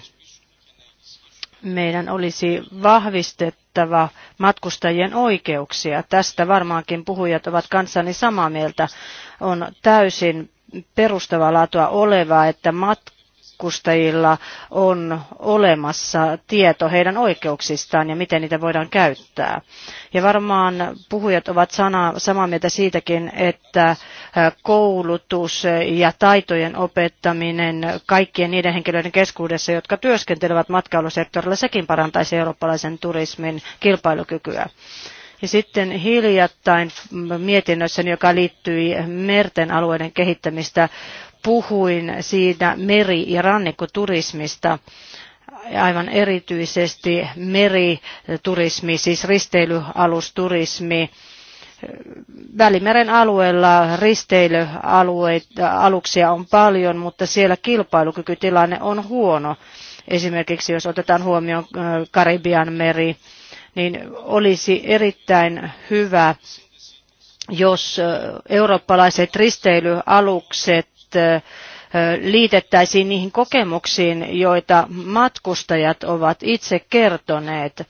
meidän olisi vahvistettava parannettava matkustajien oikeuksia. Tästä varmaankin puhujat ovat kanssani samaa mieltä. On täysin perustavaa laatua olevaa, että matkustajien matkustajilla on olemassa tieto heidän oikeuksistaan ja miten niitä voidaan käyttää. Ja varmaan puhujat ovat sana, samaa mieltä siitäkin, että äh, koulutus ja taitojen opettaminen kaikkien niiden henkilöiden keskuudessa, jotka työskentelevät matkailusektorilla, sekin parantaisi eurooppalaisen turismin kilpailukykyä. Ja sitten hiljattain mietinnössäni, joka liittyi merten alueiden kehittämistä, puhuin siitä meri- ja rannikkoturismista aivan erityisesti meriturismi, siis risteilyalusturismi. Välimeren alueella risteilyalueita on paljon, mutta siellä kilpailukykytilanne on huono. Esimerkiksi jos otetaan huomioon Karibian meri, niin olisi erittäin hyvä, jos eurooppalaiset risteilyalukset liitettäisiin niihin kokemuksiin, joita matkustajat ovat itse kertoneet.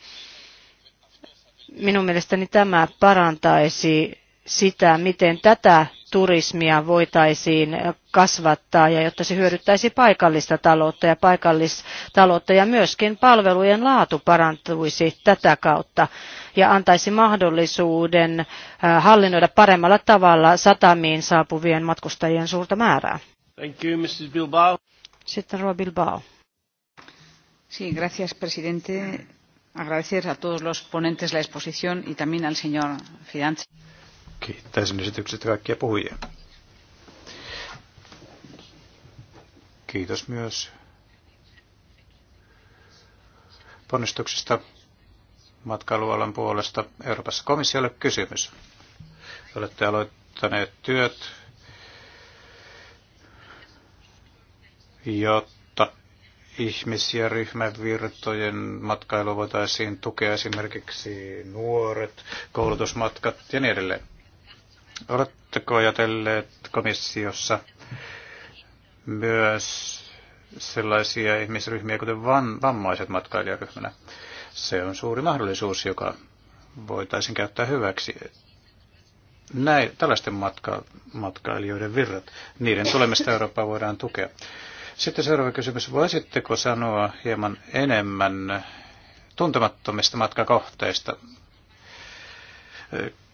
Minun mielestäni tämä parantaisi sitä, miten tätä turismia voitaisiin kasvattaa ja jotta se hyödyttäisi paikallista taloutta ja paikallistaloutta ja myöskin palvelujen laatu parantuisi tätä kautta ja antaisi mahdollisuuden äh, hallinnoida paremmalla tavalla satamiin saapuvien matkustajien suurta määrää. Thank you, Mrs. Bilbao. Sitten Roa Bilbao. Sí, gracias, presidente. Agradecer a todos los ponentes la exposición y también al señor Fidanza. Kiittäisin esitykset kaikkia puhujia. Kiitos myös ponnistuksista matkailualan puolesta Euroopassa komissiolle kysymys. Olette aloittaneet työt, jotta ihmis- ja ryhmävirtojen matkailu voitaisiin tukea esimerkiksi nuoret, koulutusmatkat ja niin edelleen. Oletteko ajatelleet komissiossa myös sellaisia ihmisryhmiä, kuten van, vammaiset matkailijaryhmänä? Se on suuri mahdollisuus, joka voitaisiin käyttää hyväksi. Näin, tällaisten matka, matkailijoiden virrat, niiden tulemista Eurooppaa voidaan tukea. Sitten seuraava kysymys. Voisitteko sanoa hieman enemmän tuntemattomista matkakohteista?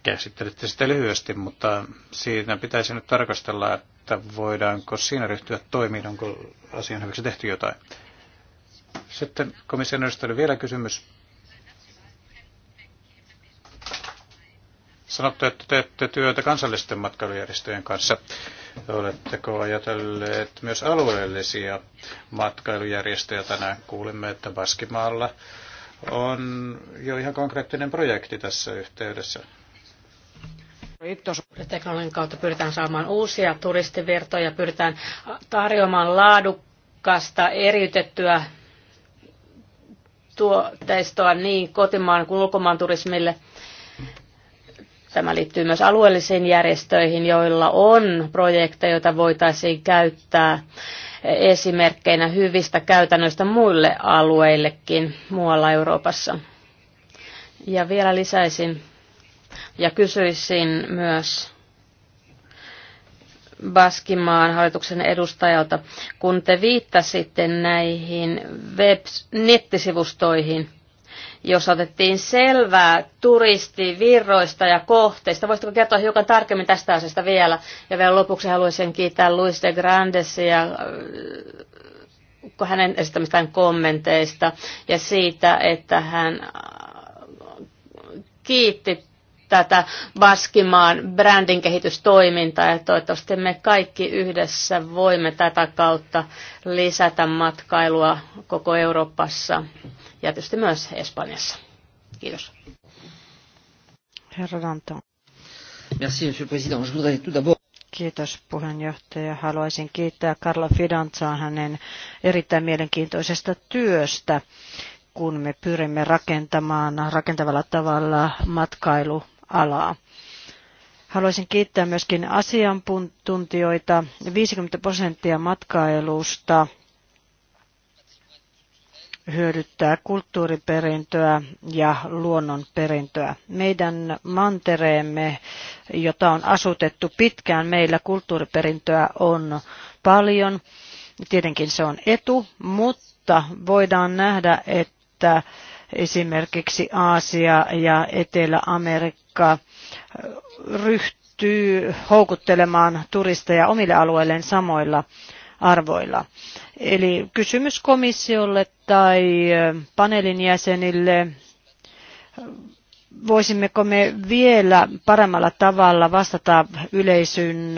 Käsittelitte sitä lyhyesti, mutta siinä pitäisi nyt tarkastella, että voidaanko siinä ryhtyä toimiin, onko asian hyväksi tehty jotain. Sitten komission oli vielä kysymys. Sanottu, että teette työtä kansallisten matkailujärjestöjen kanssa. Oletteko ajatelleet myös alueellisia matkailujärjestöjä tänään? Kuulimme, että Baskimaalla on jo ihan konkreettinen projekti tässä yhteydessä. Teknologian kautta pyritään saamaan uusia turistivirtoja, pyritään tarjoamaan laadukasta, eriytettyä tuotteistoa niin kotimaan kuin ulkomaan turismille. Tämä liittyy myös alueellisiin järjestöihin, joilla on projekteja, joita voitaisiin käyttää esimerkkeinä hyvistä käytännöistä muille alueillekin muualla Euroopassa. Ja vielä lisäisin ja kysyisin myös Baskimaan hallituksen edustajalta, kun te viittasitte näihin web-nettisivustoihin, jos otettiin selvää turistivirroista ja kohteista. Voisitko kertoa hiukan tarkemmin tästä asiasta vielä? Ja vielä lopuksi haluaisin kiittää Luis de Grandesia äh, hänen esittämistään kommenteista ja siitä, että hän äh, kiitti tätä Baskimaan brändin kehitystoimintaa ja toivottavasti me kaikki yhdessä voimme tätä kautta lisätä matkailua koko Euroopassa ja tietysti myös Espanjassa. Kiitos. Herra Danton. Merci, monsieur le président. Je voudrais tout d'abord Kiitos puheenjohtaja. Haluaisin kiittää Karla Fidanzaa hänen erittäin mielenkiintoisesta työstä, kun me pyrimme rakentamaan rakentavalla tavalla matkailu alaa. Haluaisin kiittää myöskin asiantuntijoita. 50 prosenttia matkailusta hyödyttää kulttuuriperintöä ja luonnonperintöä. Meidän mantereemme, jota on asutettu pitkään, meillä kulttuuriperintöä on paljon. Tietenkin se on etu, mutta voidaan nähdä, että että esimerkiksi Aasia ja Etelä-Amerikka ryhtyy houkuttelemaan turisteja omille alueilleen samoilla arvoilla. Eli kysymys komissiolle tai paneelin jäsenille, voisimmeko me vielä paremmalla tavalla vastata yleisön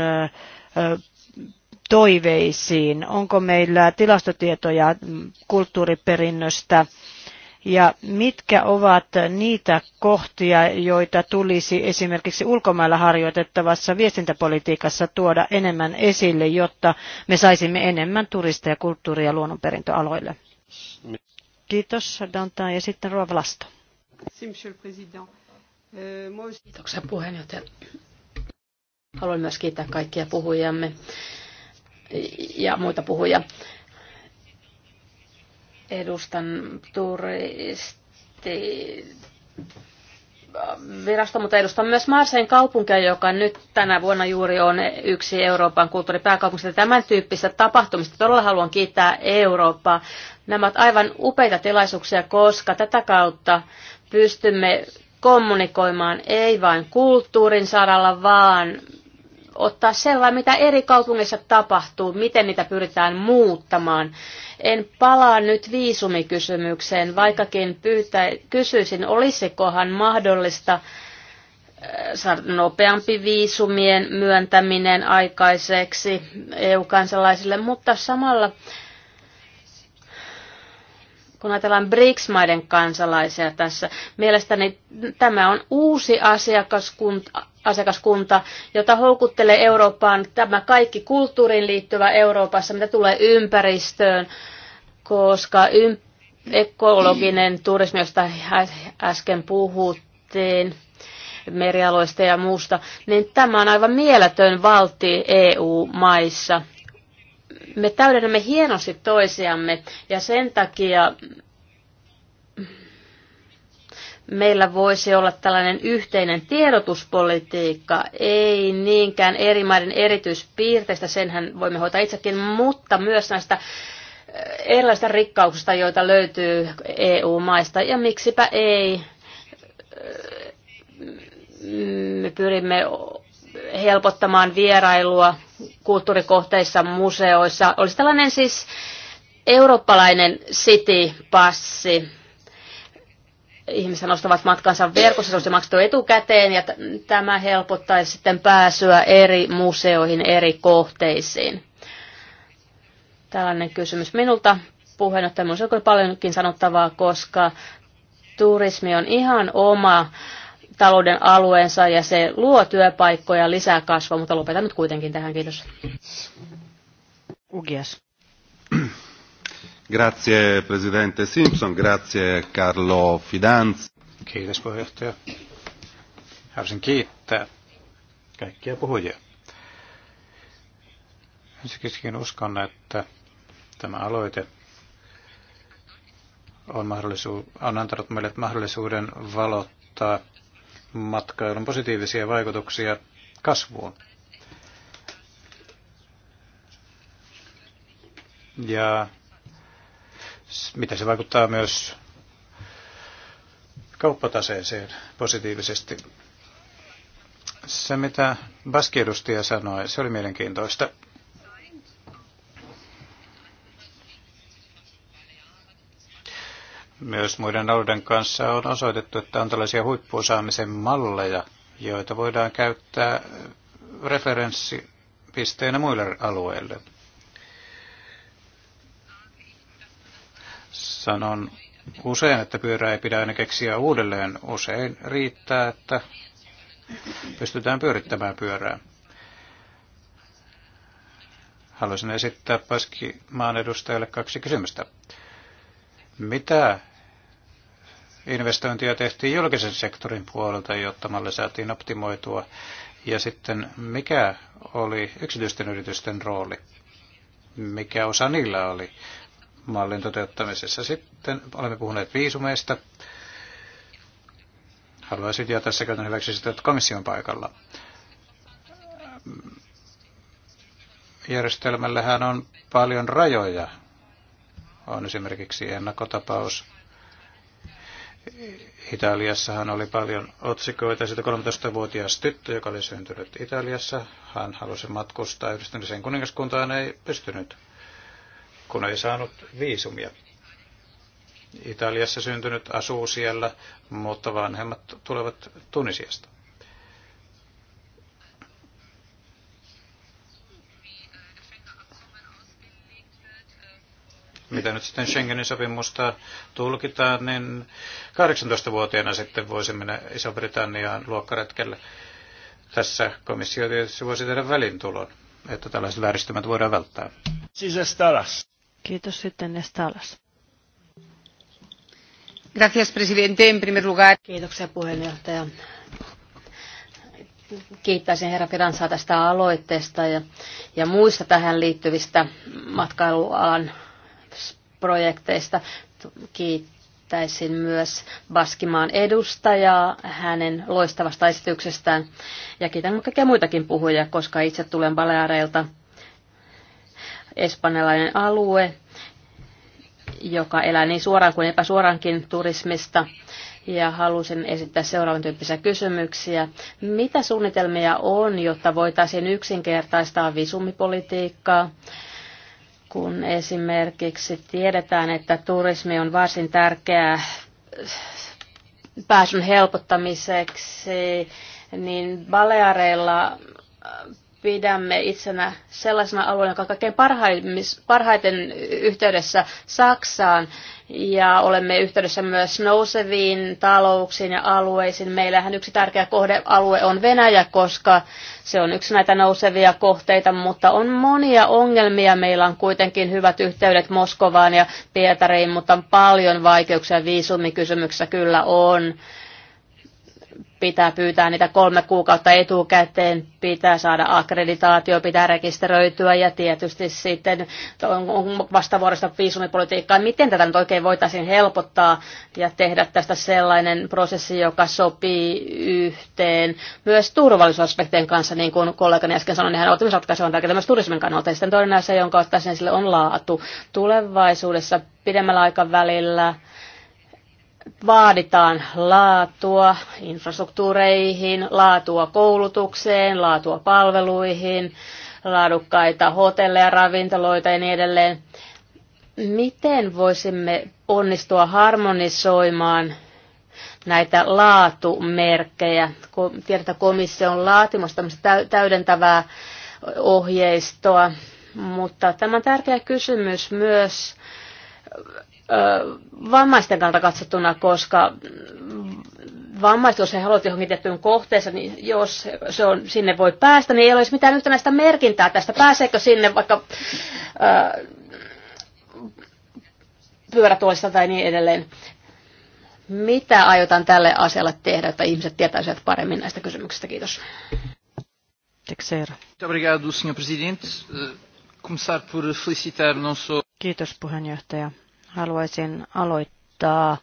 toiveisiin? Onko meillä tilastotietoja kulttuuriperinnöstä? ja mitkä ovat niitä kohtia, joita tulisi esimerkiksi ulkomailla harjoitettavassa viestintäpolitiikassa tuoda enemmän esille, jotta me saisimme enemmän turisteja kulttuuri- ja luonnonperintöaloille? Kiitos, Danta, ja sitten Rova Vlasto. Euh, Kiitoksia puheenjohtaja. Haluan myös kiittää kaikkia puhujamme ja muita puhujia edustan turisti virasto, mutta edustan myös Marseen kaupunkia, joka nyt tänä vuonna juuri on yksi Euroopan kulttuuripääkaupungista. Tämän tyyppistä tapahtumista todella haluan kiittää Eurooppaa. Nämä ovat aivan upeita tilaisuuksia, koska tätä kautta pystymme kommunikoimaan ei vain kulttuurin saralla, vaan ottaa selvää, mitä eri kaupungeissa tapahtuu, miten niitä pyritään muuttamaan en palaa nyt viisumikysymykseen, vaikkakin pyytä, kysyisin, olisikohan mahdollista äh, nopeampi viisumien myöntäminen aikaiseksi EU-kansalaisille, mutta samalla kun ajatellaan BRICS-maiden kansalaisia tässä, mielestäni tämä on uusi asiakaskunta, asiakaskunta, jota houkuttelee Eurooppaan tämä kaikki kulttuuriin liittyvä Euroopassa, mitä tulee ympäristöön, koska ymp- ekologinen turismi, josta äsken puhuttiin, merialoista ja muusta, niin tämä on aivan mieletön valti EU-maissa – me täydennämme hienosti toisiamme ja sen takia meillä voisi olla tällainen yhteinen tiedotuspolitiikka, ei niinkään eri maiden erityispiirteistä, senhän voimme hoitaa itsekin, mutta myös näistä eh, erilaisista rikkauksista, joita löytyy EU-maista. Ja miksipä ei, eh, me pyrimme helpottamaan vierailua kulttuurikohteissa, museoissa. Olisi tällainen siis eurooppalainen city-passi. Ihmiset ostavat matkansa verkossa, se olisi se maksettu etukäteen ja tämä helpottaisi sitten pääsyä eri museoihin, eri kohteisiin. Tällainen kysymys minulta puheenjohtaja. Minulla on paljonkin sanottavaa, koska turismi on ihan oma talouden alueensa ja se luo työpaikkoja, lisää kasvua, mutta lopetan nyt kuitenkin tähän. Kiitos. Ugias. Grazie presidente Simpson, grazie Carlo Fidanz. Kiitos puheenjohtaja. Haluaisin kiittää kaikkia puhujia. Ensiksikin uskon, että tämä aloite on, mahdollisuus, on antanut meille mahdollisuuden valottaa matkailun positiivisia vaikutuksia kasvuun. Ja miten se vaikuttaa myös kauppataseeseen positiivisesti. Se, mitä Baski-edustaja sanoi, se oli mielenkiintoista. myös muiden alueiden kanssa on osoitettu, että on tällaisia huippuosaamisen malleja, joita voidaan käyttää referenssipisteenä muille alueille. Sanon usein, että pyörää ei pidä aina keksiä uudelleen. Usein riittää, että pystytään pyörittämään pyörää. Haluaisin esittää Paski maan edustajalle kaksi kysymystä. Mitä investointia tehtiin julkisen sektorin puolelta, jotta malli saatiin optimoitua. Ja sitten mikä oli yksityisten yritysten rooli? Mikä osa niillä oli mallin toteuttamisessa? Sitten olemme puhuneet viisumeista. Haluaisin jo tässä käytän hyväksi sitä, että komission paikalla. Järjestelmällähän on paljon rajoja. On esimerkiksi ennakkotapaus, Italiassahan oli paljon otsikoita siitä 13-vuotias tyttö, joka oli syntynyt Italiassa. Hän halusi matkustaa yhdistyneeseen kuningaskuntaan, ei pystynyt, kun ei saanut viisumia. Italiassa syntynyt asuu siellä, mutta vanhemmat tulevat Tunisiasta. mitä nyt sitten Schengenin sopimusta tulkitaan, niin 18-vuotiaana sitten voisi mennä Iso-Britanniaan luokkaretkelle. Tässä komissio tietysti voisi tehdä välintulon, että tällaiset vääristymät voidaan välttää. Siis Estalas. Kiitos sitten Estalas. Gracias, presidente. En primer lugar. Kiitoksia puheenjohtaja. Kiittäisin herra Piransaa tästä aloitteesta ja, ja muista tähän liittyvistä matkailualan projekteista. Kiittäisin myös Baskimaan edustajaa hänen loistavasta esityksestään ja kiitän kaikkia muitakin puhujia, koska itse tulen Baleareilta, espanjalainen alue, joka elää niin suoraan kuin epäsuorankin turismista. Ja halusin esittää seuraavan tyyppisiä kysymyksiä. Mitä suunnitelmia on, jotta voitaisiin yksinkertaistaa visumipolitiikkaa? kun esimerkiksi tiedetään, että turismi on varsin tärkeää pääsyn helpottamiseksi, niin Baleareilla äh, pidämme itsenä sellaisena alueena, joka on kaikkein parhaiten yhteydessä Saksaan ja olemme yhteydessä myös nouseviin talouksiin ja alueisiin. Meillähän yksi tärkeä kohdealue on Venäjä, koska se on yksi näitä nousevia kohteita, mutta on monia ongelmia. Meillä on kuitenkin hyvät yhteydet Moskovaan ja Pietariin, mutta paljon vaikeuksia viisumikysymyksessä kyllä on pitää pyytää niitä kolme kuukautta etukäteen, pitää saada akkreditaatio, pitää rekisteröityä ja tietysti sitten on vastavuorosta viisumipolitiikkaa. Miten tätä nyt oikein voitaisiin helpottaa ja tehdä tästä sellainen prosessi, joka sopii yhteen myös turvallisuusaspektien kanssa, niin kuin kollegani äsken sanoi, niin hän on ratkaisevan tärkeää myös turismin kannalta. Ja sitten toinen asia, jonka ottaisin sille on laatu. Tulevaisuudessa pidemmällä aikavälillä vaaditaan laatua infrastruktuureihin, laatua koulutukseen, laatua palveluihin, laadukkaita hotelleja, ravintoloita ja niin edelleen. Miten voisimme onnistua harmonisoimaan näitä laatumerkkejä? Tiedetään, komissio on laatimassa tämmöistä täydentävää ohjeistoa, mutta tämä on tärkeä kysymys myös vammaisten kannalta katsottuna, koska vammaiset, jos he haluavat johonkin tiettyyn kohteeseen, niin jos se on, sinne voi päästä, niin ei olisi mitään näistä merkintää tästä. Pääseekö sinne vaikka pyörätuolista tai niin edelleen. Mitä aiotaan tälle asialle tehdä, että ihmiset tietäisivät paremmin näistä kysymyksistä? Kiitos. Eh, Kiitos puheenjohtaja haluaisin aloittaa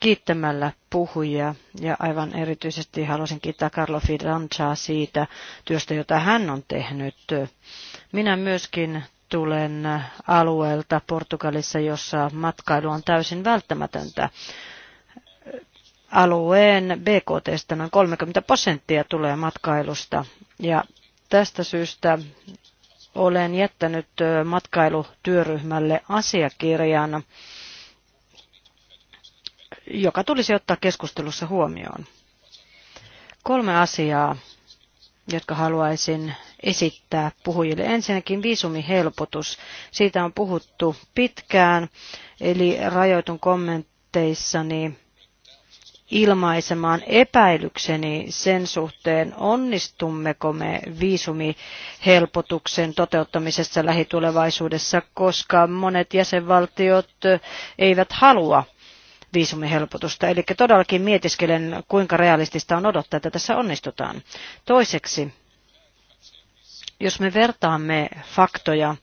kiittämällä puhujia ja aivan erityisesti haluaisin kiittää Carlo Fidanzaa siitä työstä, jota hän on tehnyt. Minä myöskin tulen alueelta Portugalissa, jossa matkailu on täysin välttämätöntä. Alueen BKT noin 30 prosenttia tulee matkailusta ja tästä syystä olen jättänyt matkailutyöryhmälle asiakirjan, joka tulisi ottaa keskustelussa huomioon. Kolme asiaa, jotka haluaisin esittää puhujille. Ensinnäkin viisumihelpotus. Siitä on puhuttu pitkään, eli rajoitun kommentteissani ilmaisemaan epäilykseni sen suhteen, onnistummeko me viisumihelpotuksen toteuttamisessa lähitulevaisuudessa, koska monet jäsenvaltiot eivät halua viisumihelpotusta. Eli todellakin mietiskelen, kuinka realistista on odottaa, että tässä onnistutaan. Toiseksi, jos me vertaamme faktoja,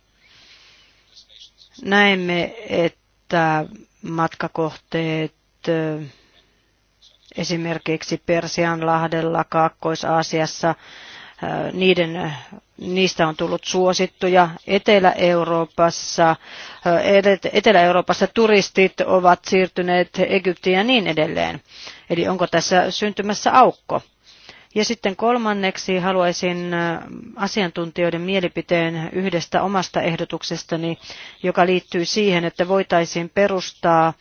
näemme, että matkakohteet, esimerkiksi Persianlahdella, Kaakkois-Aasiassa, niiden, niistä on tullut suosittuja. Etelä-Euroopassa, Etelä-Euroopassa turistit ovat siirtyneet Egyptiin ja niin edelleen. Eli onko tässä syntymässä aukko? Ja sitten kolmanneksi haluaisin asiantuntijoiden mielipiteen yhdestä omasta ehdotuksestani, joka liittyy siihen, että voitaisiin perustaa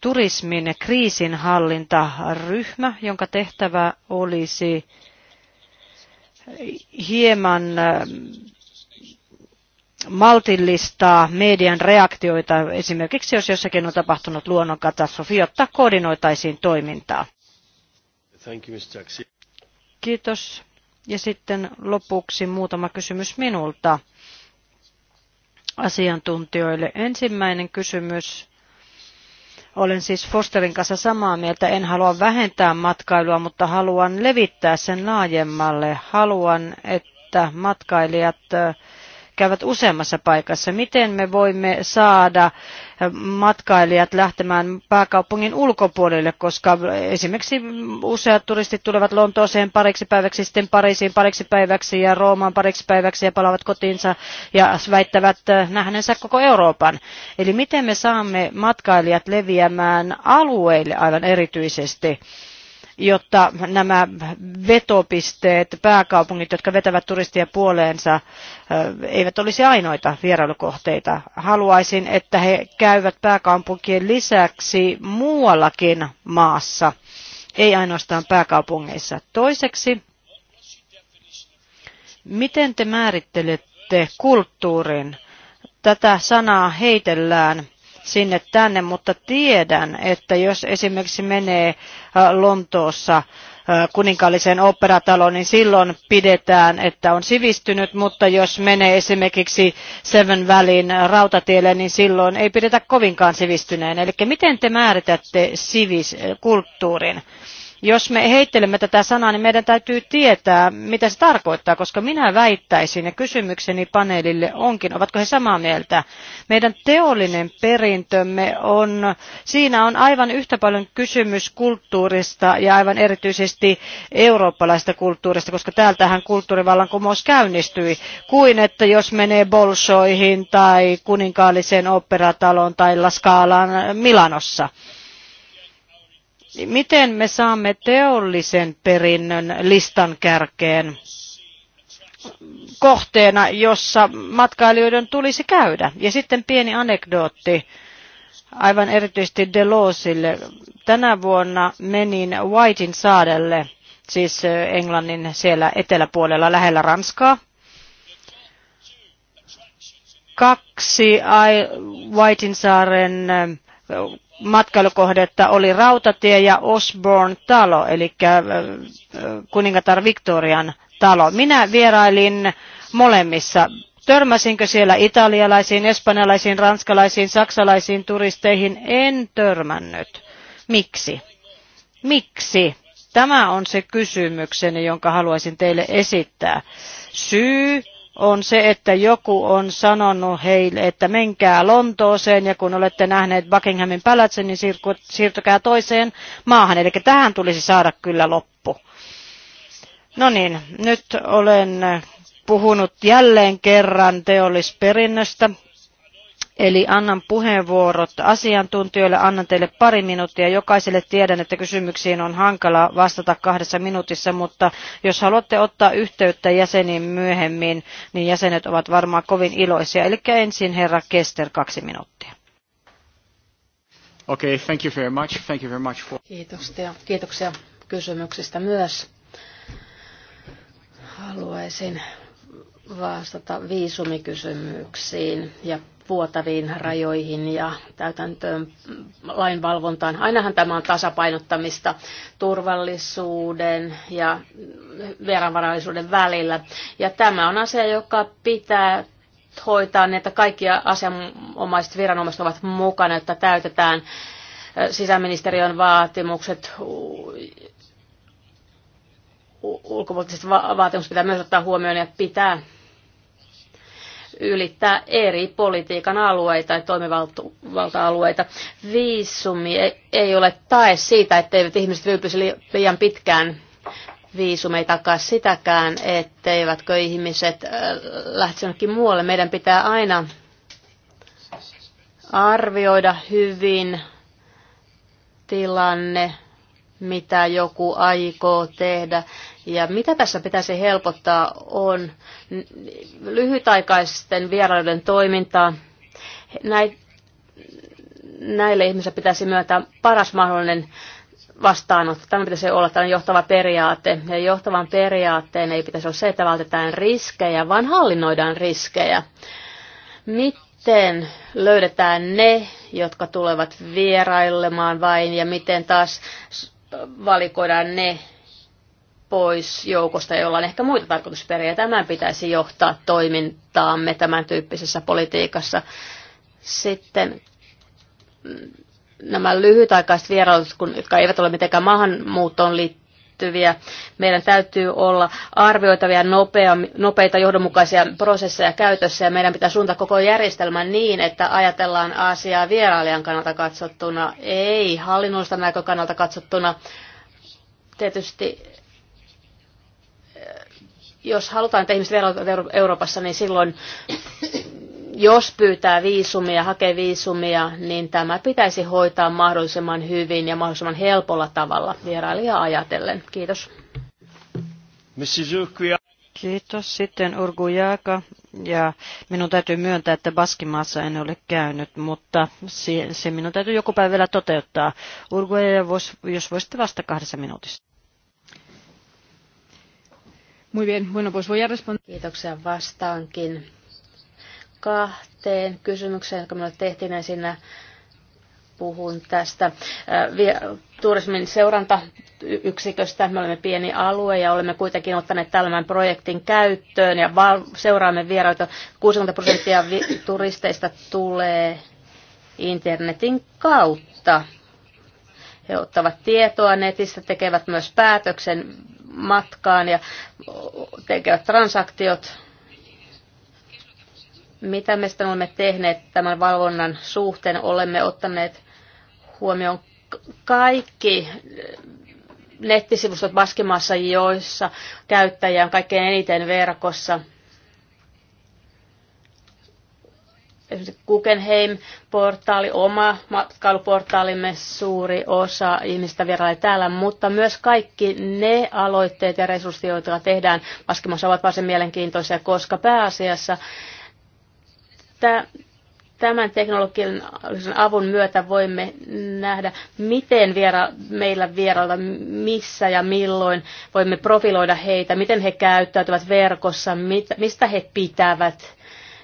turismin kriisinhallintaryhmä, jonka tehtävä olisi hieman ähm, maltillistaa median reaktioita, esimerkiksi jos jossakin on tapahtunut luonnonkatastrofi, jotta koordinoitaisiin toimintaa. Kiitos. Ja sitten lopuksi muutama kysymys minulta asiantuntijoille. Ensimmäinen kysymys olen siis Fosterin kanssa samaa mieltä. En halua vähentää matkailua, mutta haluan levittää sen laajemmalle. Haluan, että matkailijat käyvät useammassa paikassa. Miten me voimme saada matkailijat lähtemään pääkaupungin ulkopuolelle, koska esimerkiksi useat turistit tulevat Lontooseen pariksi päiväksi, sitten Pariisiin pariksi päiväksi ja Roomaan pariksi päiväksi ja palaavat kotiinsa ja väittävät äh, nähneensä koko Euroopan. Eli miten me saamme matkailijat leviämään alueille aivan erityisesti? jotta nämä vetopisteet, pääkaupungit, jotka vetävät turistia puoleensa, eivät olisi ainoita vierailukohteita. Haluaisin, että he käyvät pääkaupunkien lisäksi muuallakin maassa, ei ainoastaan pääkaupungeissa. Toiseksi, miten te määrittelette kulttuurin? Tätä sanaa heitellään sinne tänne, mutta tiedän, että jos esimerkiksi menee Lontoossa kuninkaalliseen operataloon, niin silloin pidetään, että on sivistynyt, mutta jos menee esimerkiksi Seven Valleyin rautatielle, niin silloin ei pidetä kovinkaan sivistyneen. Eli miten te määritätte sivis kulttuurin? Jos me heittelemme tätä sanaa, niin meidän täytyy tietää, mitä se tarkoittaa, koska minä väittäisin, ja kysymykseni paneelille onkin, ovatko he samaa mieltä. Meidän teollinen perintömme on, siinä on aivan yhtä paljon kysymys kulttuurista ja aivan erityisesti eurooppalaista kulttuurista, koska täältähän kulttuurivallankumous käynnistyi, kuin että jos menee Bolsoihin tai kuninkaalliseen operataloon tai Laskaalaan Milanossa. Niin miten me saamme teollisen perinnön listan kärkeen kohteena, jossa matkailijoiden tulisi käydä? Ja sitten pieni anekdootti aivan erityisesti Delosille. Tänä vuonna menin Whitein saadelle, siis Englannin siellä eteläpuolella lähellä Ranskaa. Kaksi Whitein saaren matkailukohdetta oli rautatie ja Osborne-talo, eli äh, äh, kuningatar Victorian talo. Minä vierailin molemmissa. Törmäsinkö siellä italialaisiin, espanjalaisiin, ranskalaisiin, saksalaisiin turisteihin? En törmännyt. Miksi? Miksi? Tämä on se kysymykseni, jonka haluaisin teille esittää. Syy on se, että joku on sanonut heille, että menkää Lontooseen ja kun olette nähneet Buckinghamin palatsen, niin siirtykää toiseen maahan. Eli tähän tulisi saada kyllä loppu. No niin, nyt olen puhunut jälleen kerran teollisperinnöstä. Eli annan puheenvuorot asiantuntijoille, annan teille pari minuuttia. Jokaiselle tiedän, että kysymyksiin on hankala vastata kahdessa minuutissa, mutta jos haluatte ottaa yhteyttä jäseniin myöhemmin, niin jäsenet ovat varmaan kovin iloisia. Eli ensin herra Kester, kaksi minuuttia. Okay, thank you very much. Thank you very much for... Kiitoksia. Kiitoksia kysymyksistä myös. Haluaisin vastata viisumikysymyksiin ja vuotaviin rajoihin ja täytäntöön lainvalvontaan. Ainahan tämä on tasapainottamista turvallisuuden ja veranvaraisuuden välillä. Ja tämä on asia, joka pitää hoitaa niin, että kaikki asianomaiset viranomaiset ovat mukana, että täytetään sisäministeriön vaatimukset ulkopuoliset vaatimukset pitää myös ottaa huomioon ja pitää ylittää eri politiikan alueita ja toimivalta-alueita. Viisumi e- ei ole tae siitä, etteivät ihmiset viipyisi liian pitkään viisumeita, takaa sitäkään, etteivätkö ihmiset lähtisi jonnekin muualle. Meidän pitää aina arvioida hyvin tilanne, mitä joku aikoo tehdä ja mitä tässä pitäisi helpottaa on lyhytaikaisten vierailujen toimintaa. Näille ihmisille pitäisi myöntää paras mahdollinen vastaanotto. Tämä pitäisi olla tällainen johtava periaate. Ja johtavan periaatteen ei pitäisi olla se, että vältetään riskejä, vaan hallinnoidaan riskejä. Miten löydetään ne, jotka tulevat vierailemaan vain, ja miten taas valikoidaan ne, pois joukosta, jolla on ehkä muita tarkoitusperiä. Tämän pitäisi johtaa toimintaamme tämän tyyppisessä politiikassa. Sitten mm, nämä lyhytaikaiset vierailut, jotka eivät ole mitenkään maahanmuuttoon liittyviä, meidän täytyy olla arvioitavia nopea, nopeita johdonmukaisia prosesseja käytössä ja meidän pitää suuntaa koko järjestelmä niin, että ajatellaan asiaa vierailijan kannalta katsottuna, ei hallinnollista näkökannalta katsottuna. Tietysti jos halutaan, että ihmiset verotetaan Euroopassa, niin silloin jos pyytää viisumia, hakee viisumia, niin tämä pitäisi hoitaa mahdollisimman hyvin ja mahdollisimman helpolla tavalla vierailija ajatellen. Kiitos. Kiitos. Sitten Urgujaaka. Ja minun täytyy myöntää, että Baskimaassa en ole käynyt, mutta se minun täytyy joku päivä vielä toteuttaa. Urgujaaka, jos voisitte vasta kahdessa minuutissa. Muy bien, bueno, pues voy a responder. Kiitoksia vastaankin kahteen kysymykseen, jotka minulle tehtiin ensinnä puhun tästä äh, turismin seurantayksiköstä. Me olemme pieni alue ja olemme kuitenkin ottaneet tämän projektin käyttöön ja seuraamme vierailta. 60 prosenttia turisteista tulee internetin kautta. He ottavat tietoa netistä, tekevät myös päätöksen matkaan ja tekevät transaktiot. Mitä me sitten olemme tehneet tämän valvonnan suhteen? Olemme ottaneet huomioon kaikki eh, nettisivustot Baskimaassa, joissa käyttäjä on kaikkein eniten verkossa – esimerkiksi Guggenheim-portaali, oma matkailuportaalimme, suuri osa ihmistä vierailee täällä, mutta myös kaikki ne aloitteet ja resurssit, joita tehdään Paskimossa, ovat varsin mielenkiintoisia, koska pääasiassa tämän teknologian avun myötä voimme nähdä, miten viera, meillä vierailta, missä ja milloin voimme profiloida heitä, miten he käyttäytyvät verkossa, mit, mistä he pitävät –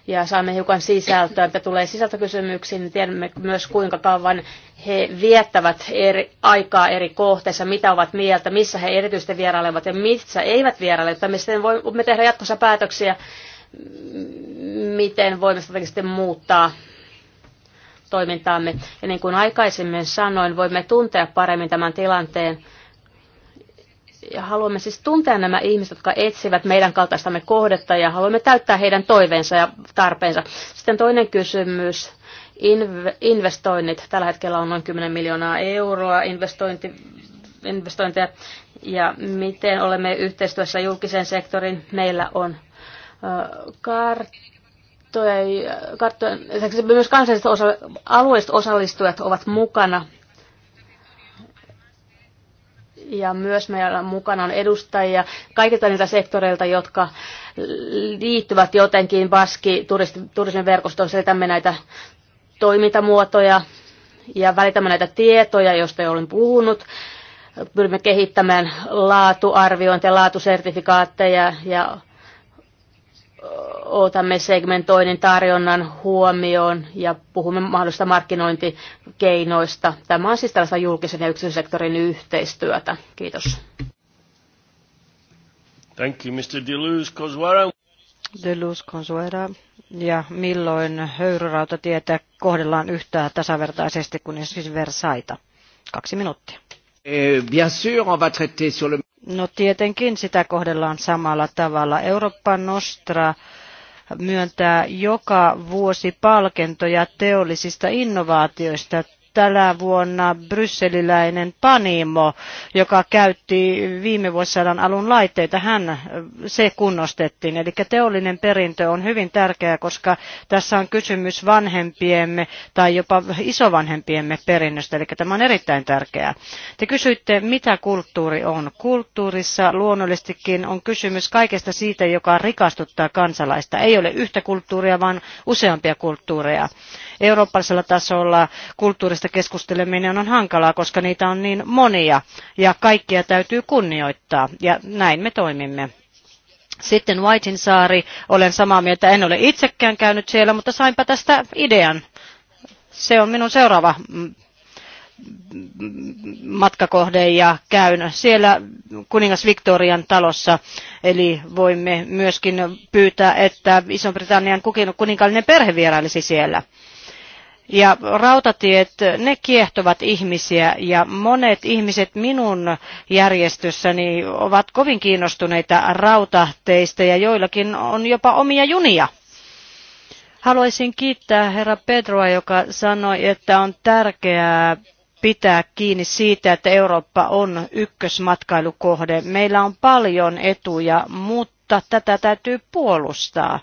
ja saamme hiukan sisältöä. Mitä tulee sisältökysymyksiin, niin tiedämme myös kuinka kauan he viettävät eri, aikaa eri kohteissa, mitä ovat mieltä, missä he erityisesti vierailevat ja missä eivät vieraile, jotta me voimme tehdä jatkossa päätöksiä, miten voimme strategisesti muuttaa toimintaamme. Ja niin kuin aikaisemmin sanoin, voimme tuntea paremmin tämän tilanteen ja haluamme siis tuntea nämä ihmiset, jotka etsivät meidän kaltaistamme kohdetta ja haluamme täyttää heidän toiveensa ja tarpeensa. Sitten toinen kysymys, investoinnit. Tällä hetkellä on noin 10 miljoonaa euroa investointi, investointeja ja miten olemme yhteistyössä julkisen sektorin. Meillä on karttoja, Kartto, myös kansalliset osa, alueelliset osallistujat ovat mukana ja myös meillä on mukana on edustajia kaikilta niiltä sektoreilta, jotka liittyvät jotenkin Baski turismin verkostoon. Selitämme näitä toimintamuotoja ja välitämme näitä tietoja, joista olen puhunut. Pyrimme kehittämään laatuarviointia, laatusertifikaatteja ja otamme segmentoinnin tarjonnan huomioon ja puhumme mahdollisista markkinointikeinoista. Tämä on siis tällaista julkisen ja yksityisen sektorin yhteistyötä. Kiitos. Thank you, Mr. Deleuze Cosuera. Deleuze Cosuera, Ja milloin höyryrautatiettä kohdellaan yhtä tasavertaisesti kuin esimerkiksi Versaita? Kaksi minuuttia. Eh, bien sûr, on va traiter sur le... No tietenkin sitä kohdellaan samalla tavalla. Eurooppa Nostra myöntää joka vuosi palkintoja teollisista innovaatioista tänä vuonna brysseliläinen panimo, joka käytti viime vuosisadan alun laitteita, hän, äh, se kunnostettiin. Eli teollinen perintö on hyvin tärkeä, koska tässä on kysymys vanhempiemme tai jopa isovanhempiemme perinnöstä, eli tämä on erittäin tärkeää. Te kysyitte, mitä kulttuuri on. Kulttuurissa luonnollisestikin on kysymys kaikesta siitä, joka rikastuttaa kansalaista. Ei ole yhtä kulttuuria, vaan useampia kulttuureja eurooppalaisella tasolla kulttuurista keskusteleminen on hankalaa, koska niitä on niin monia ja kaikkia täytyy kunnioittaa ja näin me toimimme. Sitten Whitein saari, olen samaa mieltä, en ole itsekään käynyt siellä, mutta sainpa tästä idean. Se on minun seuraava matkakohde ja käyn siellä kuningas Victorian talossa. Eli voimme myöskin pyytää, että Iso-Britannian kuninkaallinen perhe vierailisi siellä. Ja rautatiet, ne kiehtovat ihmisiä ja monet ihmiset minun järjestössäni ovat kovin kiinnostuneita rautateistä ja joillakin on jopa omia junia. Haluaisin kiittää herra Pedroa, joka sanoi, että on tärkeää pitää kiinni siitä, että Eurooppa on ykkösmatkailukohde. Meillä on paljon etuja, mutta tätä täytyy puolustaa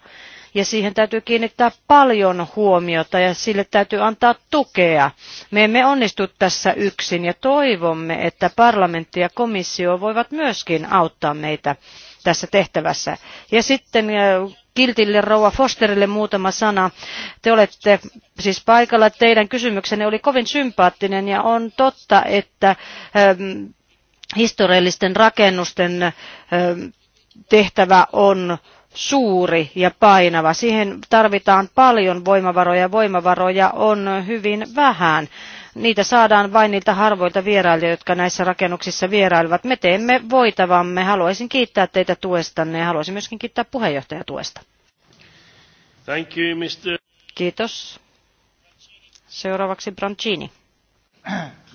ja siihen täytyy kiinnittää paljon huomiota ja sille täytyy antaa tukea. Me emme onnistu tässä yksin ja toivomme, että parlamentti ja komissio voivat myöskin auttaa meitä tässä tehtävässä. Ja sitten äh, Kiltille Rouva Fosterille muutama sana. Te olette siis paikalla. Teidän kysymyksenne oli kovin sympaattinen ja on totta, että ähm, historiallisten rakennusten ähm, tehtävä on suuri ja painava. Siihen tarvitaan paljon voimavaroja. Voimavaroja on hyvin vähän. Niitä saadaan vain niiltä harvoilta vierailijoilta, jotka näissä rakennuksissa vierailevat. Me teemme voitavamme. Haluaisin kiittää teitä tuestanne ja haluaisin myöskin kiittää puheenjohtaja tuesta. Thank you, Mr. Kiitos. Seuraavaksi Brancini. Brancini.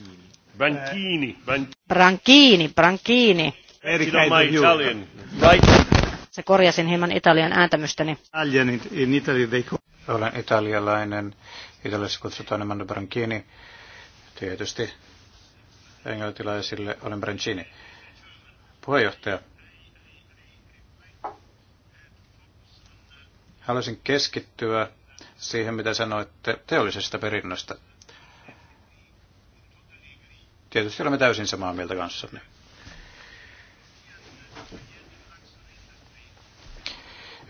Brancini. Brancini. Brancini. Brancini. Brancini. Brancini. Brancini. Brancini. Se korjasin hieman italian ääntämystäni. Olen italialainen. Italiassa kutsutaan Emmanuel Tietysti englantilaisille olen Brancini. Puheenjohtaja. Haluaisin keskittyä siihen, mitä sanoitte teollisesta perinnöstä. Tietysti olemme täysin samaa mieltä kanssanne.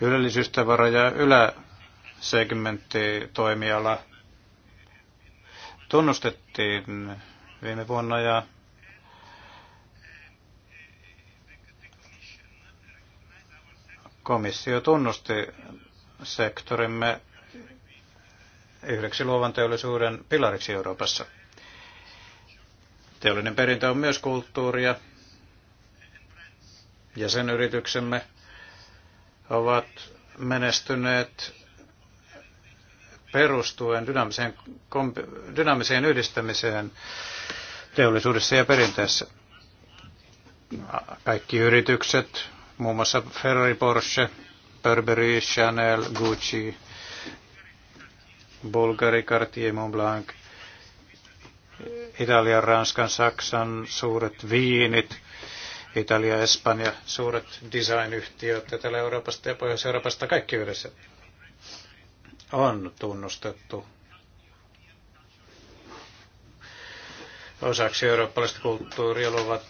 ylellisyystavara ja yläsegmentti toimiala tunnustettiin viime vuonna ja komissio tunnusti sektorimme yhdeksi luovan teollisuuden pilariksi Euroopassa. Teollinen perintö on myös kulttuuria ja sen yrityksemme ovat menestyneet perustuen dynaamiseen, dynaamiseen yhdistämiseen teollisuudessa ja perinteessä. Kaikki yritykset, muun muassa Ferrari, Porsche, Burberry, Chanel, Gucci, Bulgari, Cartier, Montblanc, Italian, Ranskan, Saksan suuret viinit, Italia, Espanja, suuret designyhtiöt Etelä-Euroopasta ja Pohjois-Euroopasta kaikki yhdessä on tunnustettu osaksi eurooppalaista kulttuuria luovat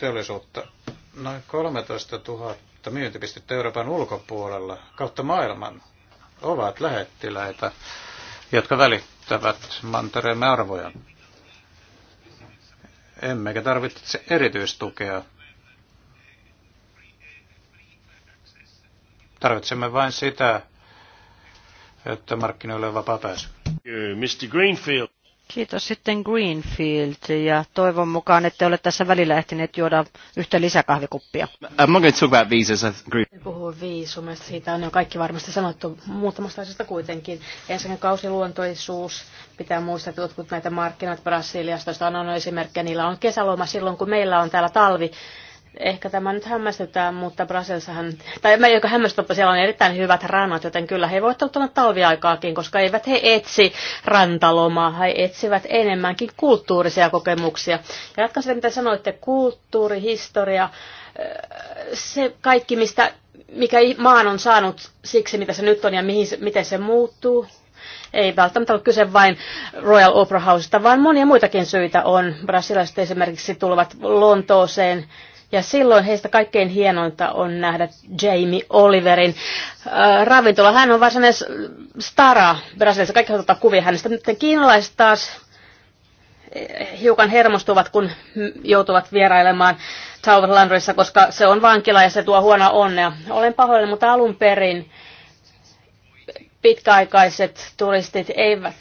teollisuutta. Noin 13 000 myyntipistettä Euroopan ulkopuolella kautta maailman ovat lähettiläitä, jotka välittävät mantereemme arvoja. Emmekä tarvitse erityistukea Tarvitsemme vain sitä, että markkinoille on vapaa pääsy. Eh, Mr. Greenfield. Kiitos sitten Greenfield ja toivon mukaan, että ole tässä välillä ehtineet juoda yhtä lisäkahvikuppia. I'm not going to talk about visas. En puhu viisumista, siitä on jo kaikki varmasti sanottu muutamasta asiasta kuitenkin. Ensinnäkin kausiluontoisuus, pitää muistaa, että jotkut näitä markkinat Brasiliasta, on esimerkkejä, niillä on kesäloma silloin, kun meillä on täällä talvi Ehkä tämä nyt hämmästytään, mutta Brasiliassahan, tai mä joka että siellä on erittäin hyvät rannat, joten kyllä he voivat olla talviaikaakin, koska eivät he etsi rantalomaa, he etsivät enemmänkin kulttuurisia kokemuksia. Ja jatkan sitä, mitä sanoitte, kulttuuri, historia, eh, se kaikki, mistä, mikä maan on saanut siksi, mitä se nyt on ja mihin, miten se muuttuu, ei välttämättä ole kyse vain Royal Opera Houseista, vaan monia muitakin syitä on. Brasilaiset esimerkiksi tulevat Lontooseen ja silloin heistä kaikkein hienointa on nähdä Jamie Oliverin äh, ravintola. Hän on varsinainen stara Brasiliassa. Kaikki ottaa kuvia hänestä. Nyt kiinalaiset taas eh, hiukan hermostuvat, kun joutuvat vierailemaan Landrissa, koska se on vankila ja se tuo huono onnea. Olen pahoillani, mutta alun perin pitkäaikaiset turistit eivät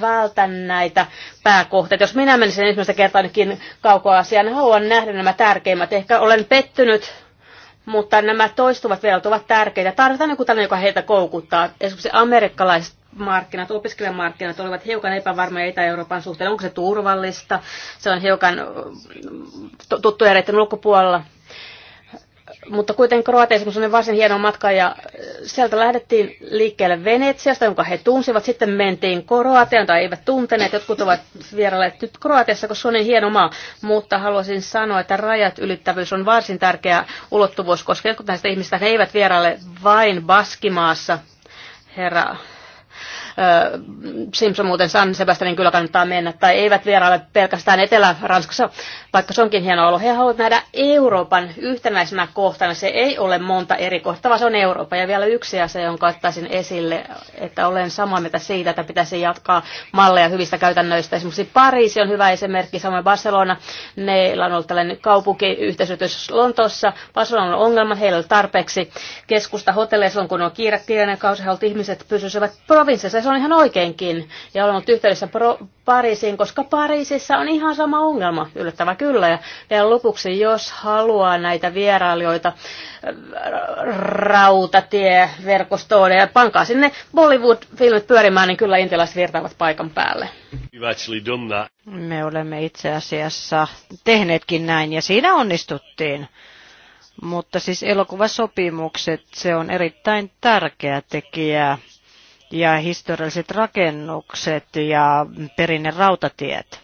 vältän näitä pääkohteita. Jos minä menisin ensimmäistä kertaa ainakin kaukoa asiaan, niin haluan nähdä nämä tärkeimmät. Ehkä olen pettynyt, mutta nämä toistuvat velat ovat tärkeitä. Tarvitaan joku tällainen, joka heitä koukuttaa. Esimerkiksi amerikkalaiset markkinat, opiskelijamarkkinat olivat hiukan epävarmoja Itä-Euroopan suhteen. Onko se turvallista? Se on hiukan tuttuja reitten ulkopuolella. Mutta kuitenkin Kroatiassa, on varsin hieno matka ja äh, sieltä lähdettiin liikkeelle Venetsiasta, jonka he tunsivat. Sitten mentiin Kroatiaan tai eivät tunteneet. Jotkut ovat vierailleet nyt Kroatiassa, koska se on niin hieno maa. Mutta haluaisin sanoa, että rajat ylittävyys on varsin tärkeä ulottuvuus, koska jotkut näistä ihmistä he eivät vieraille vain Baskimaassa. Herra Simpson muuten San Sebastianin kyllä kannattaa mennä, tai eivät vieraille pelkästään Etelä-Ranskassa, vaikka se onkin hieno olo. He haluavat nähdä Euroopan yhtenäisenä kohtana. Se ei ole monta eri kohtaa, vaan se on Eurooppa. Ja vielä yksi asia, jonka ottaisin esille, että olen samaa mieltä siitä, että pitäisi jatkaa malleja hyvistä käytännöistä. Esimerkiksi Pariisi on hyvä esimerkki, samoin Barcelona. Neillä on ollut tällainen kaupunkiyhteisyritys Lontossa, Barcelona on ongelma, heillä on tarpeeksi keskusta hotelleissa on, kun on kiire, kiireinen kausi, ihmiset pysyisivät provinsseissa se on ihan oikeinkin. Ja olen ollut yhteydessä Pro- Pariisiin, koska Pariisissa on ihan sama ongelma, yllättävä kyllä. Ja vielä lopuksi, jos haluaa näitä vierailijoita äh, rautatieverkostoon ja pankaa sinne Bollywood-filmit pyörimään, niin kyllä intialaiset virtaavat paikan päälle. Me olemme itse asiassa tehneetkin näin ja siinä onnistuttiin. Mutta siis elokuvasopimukset, se on erittäin tärkeä tekijä ja historialliset rakennukset ja perinen rautatiet.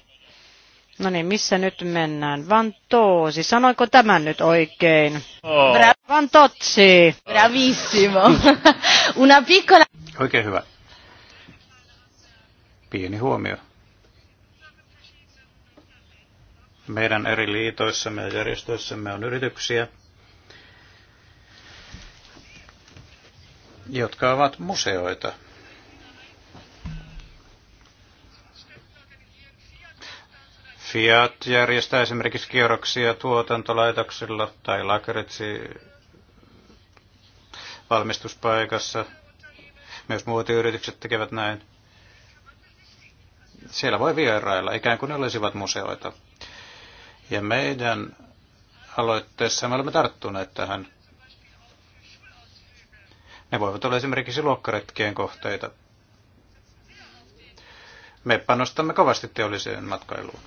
No niin, missä nyt mennään? Vantoosi. sanoiko tämän nyt oikein? Oh. Bra- Vantotsi. Bravissimo. Una piccola... Oikein hyvä. Pieni huomio. Meidän eri liitoissamme ja järjestöissämme on yrityksiä, jotka ovat museoita. Fiat järjestää esimerkiksi kierroksia tuotantolaitoksilla tai Lakeritsi valmistuspaikassa. Myös muut yritykset tekevät näin. Siellä voi vierailla, ikään kuin ne olisivat museoita. Ja meidän aloitteessa me olemme tarttuneet tähän. Ne voivat olla esimerkiksi luokkaretkien kohteita. Me panostamme kovasti teolliseen matkailuun.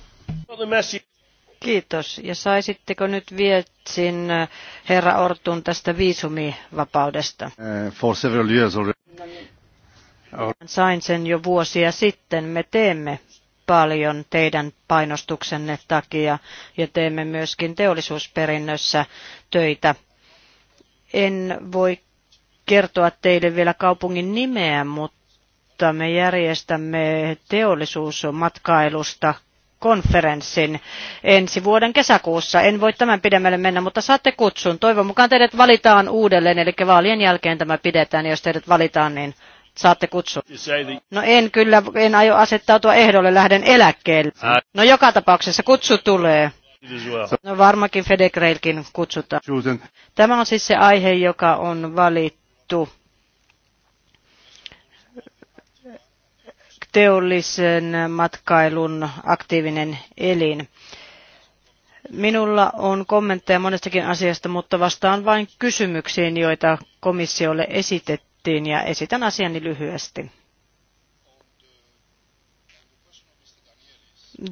Kiitos. Ja saisitteko nyt vietsin äh, herra Ortun tästä viisumivapaudesta? Eh, for several years already. Sain sen jo vuosia sitten. Me teemme paljon teidän painostuksenne takia ja teemme myöskin teollisuusperinnössä töitä. En voi kertoa teille vielä kaupungin nimeä, mutta me järjestämme teollisuusmatkailusta konferenssin ensi vuoden kesäkuussa. En voi tämän pidemmälle mennä, mutta saatte kutsun. Toivon mukaan teidät valitaan uudelleen, eli vaalien jälkeen tämä pidetään, ja jos teidät valitaan, niin saatte kutsun. No en kyllä, en aio asettautua ehdolle, lähden eläkkeelle. No joka tapauksessa kutsu tulee. No varmakin Fedegreilkin kutsutaan. Tämä on siis se aihe, joka on valittu teollisen matkailun aktiivinen elin. Minulla on kommentteja monestakin asiasta, mutta vastaan vain kysymyksiin, joita komissiolle esitettiin ja esitän asiani lyhyesti.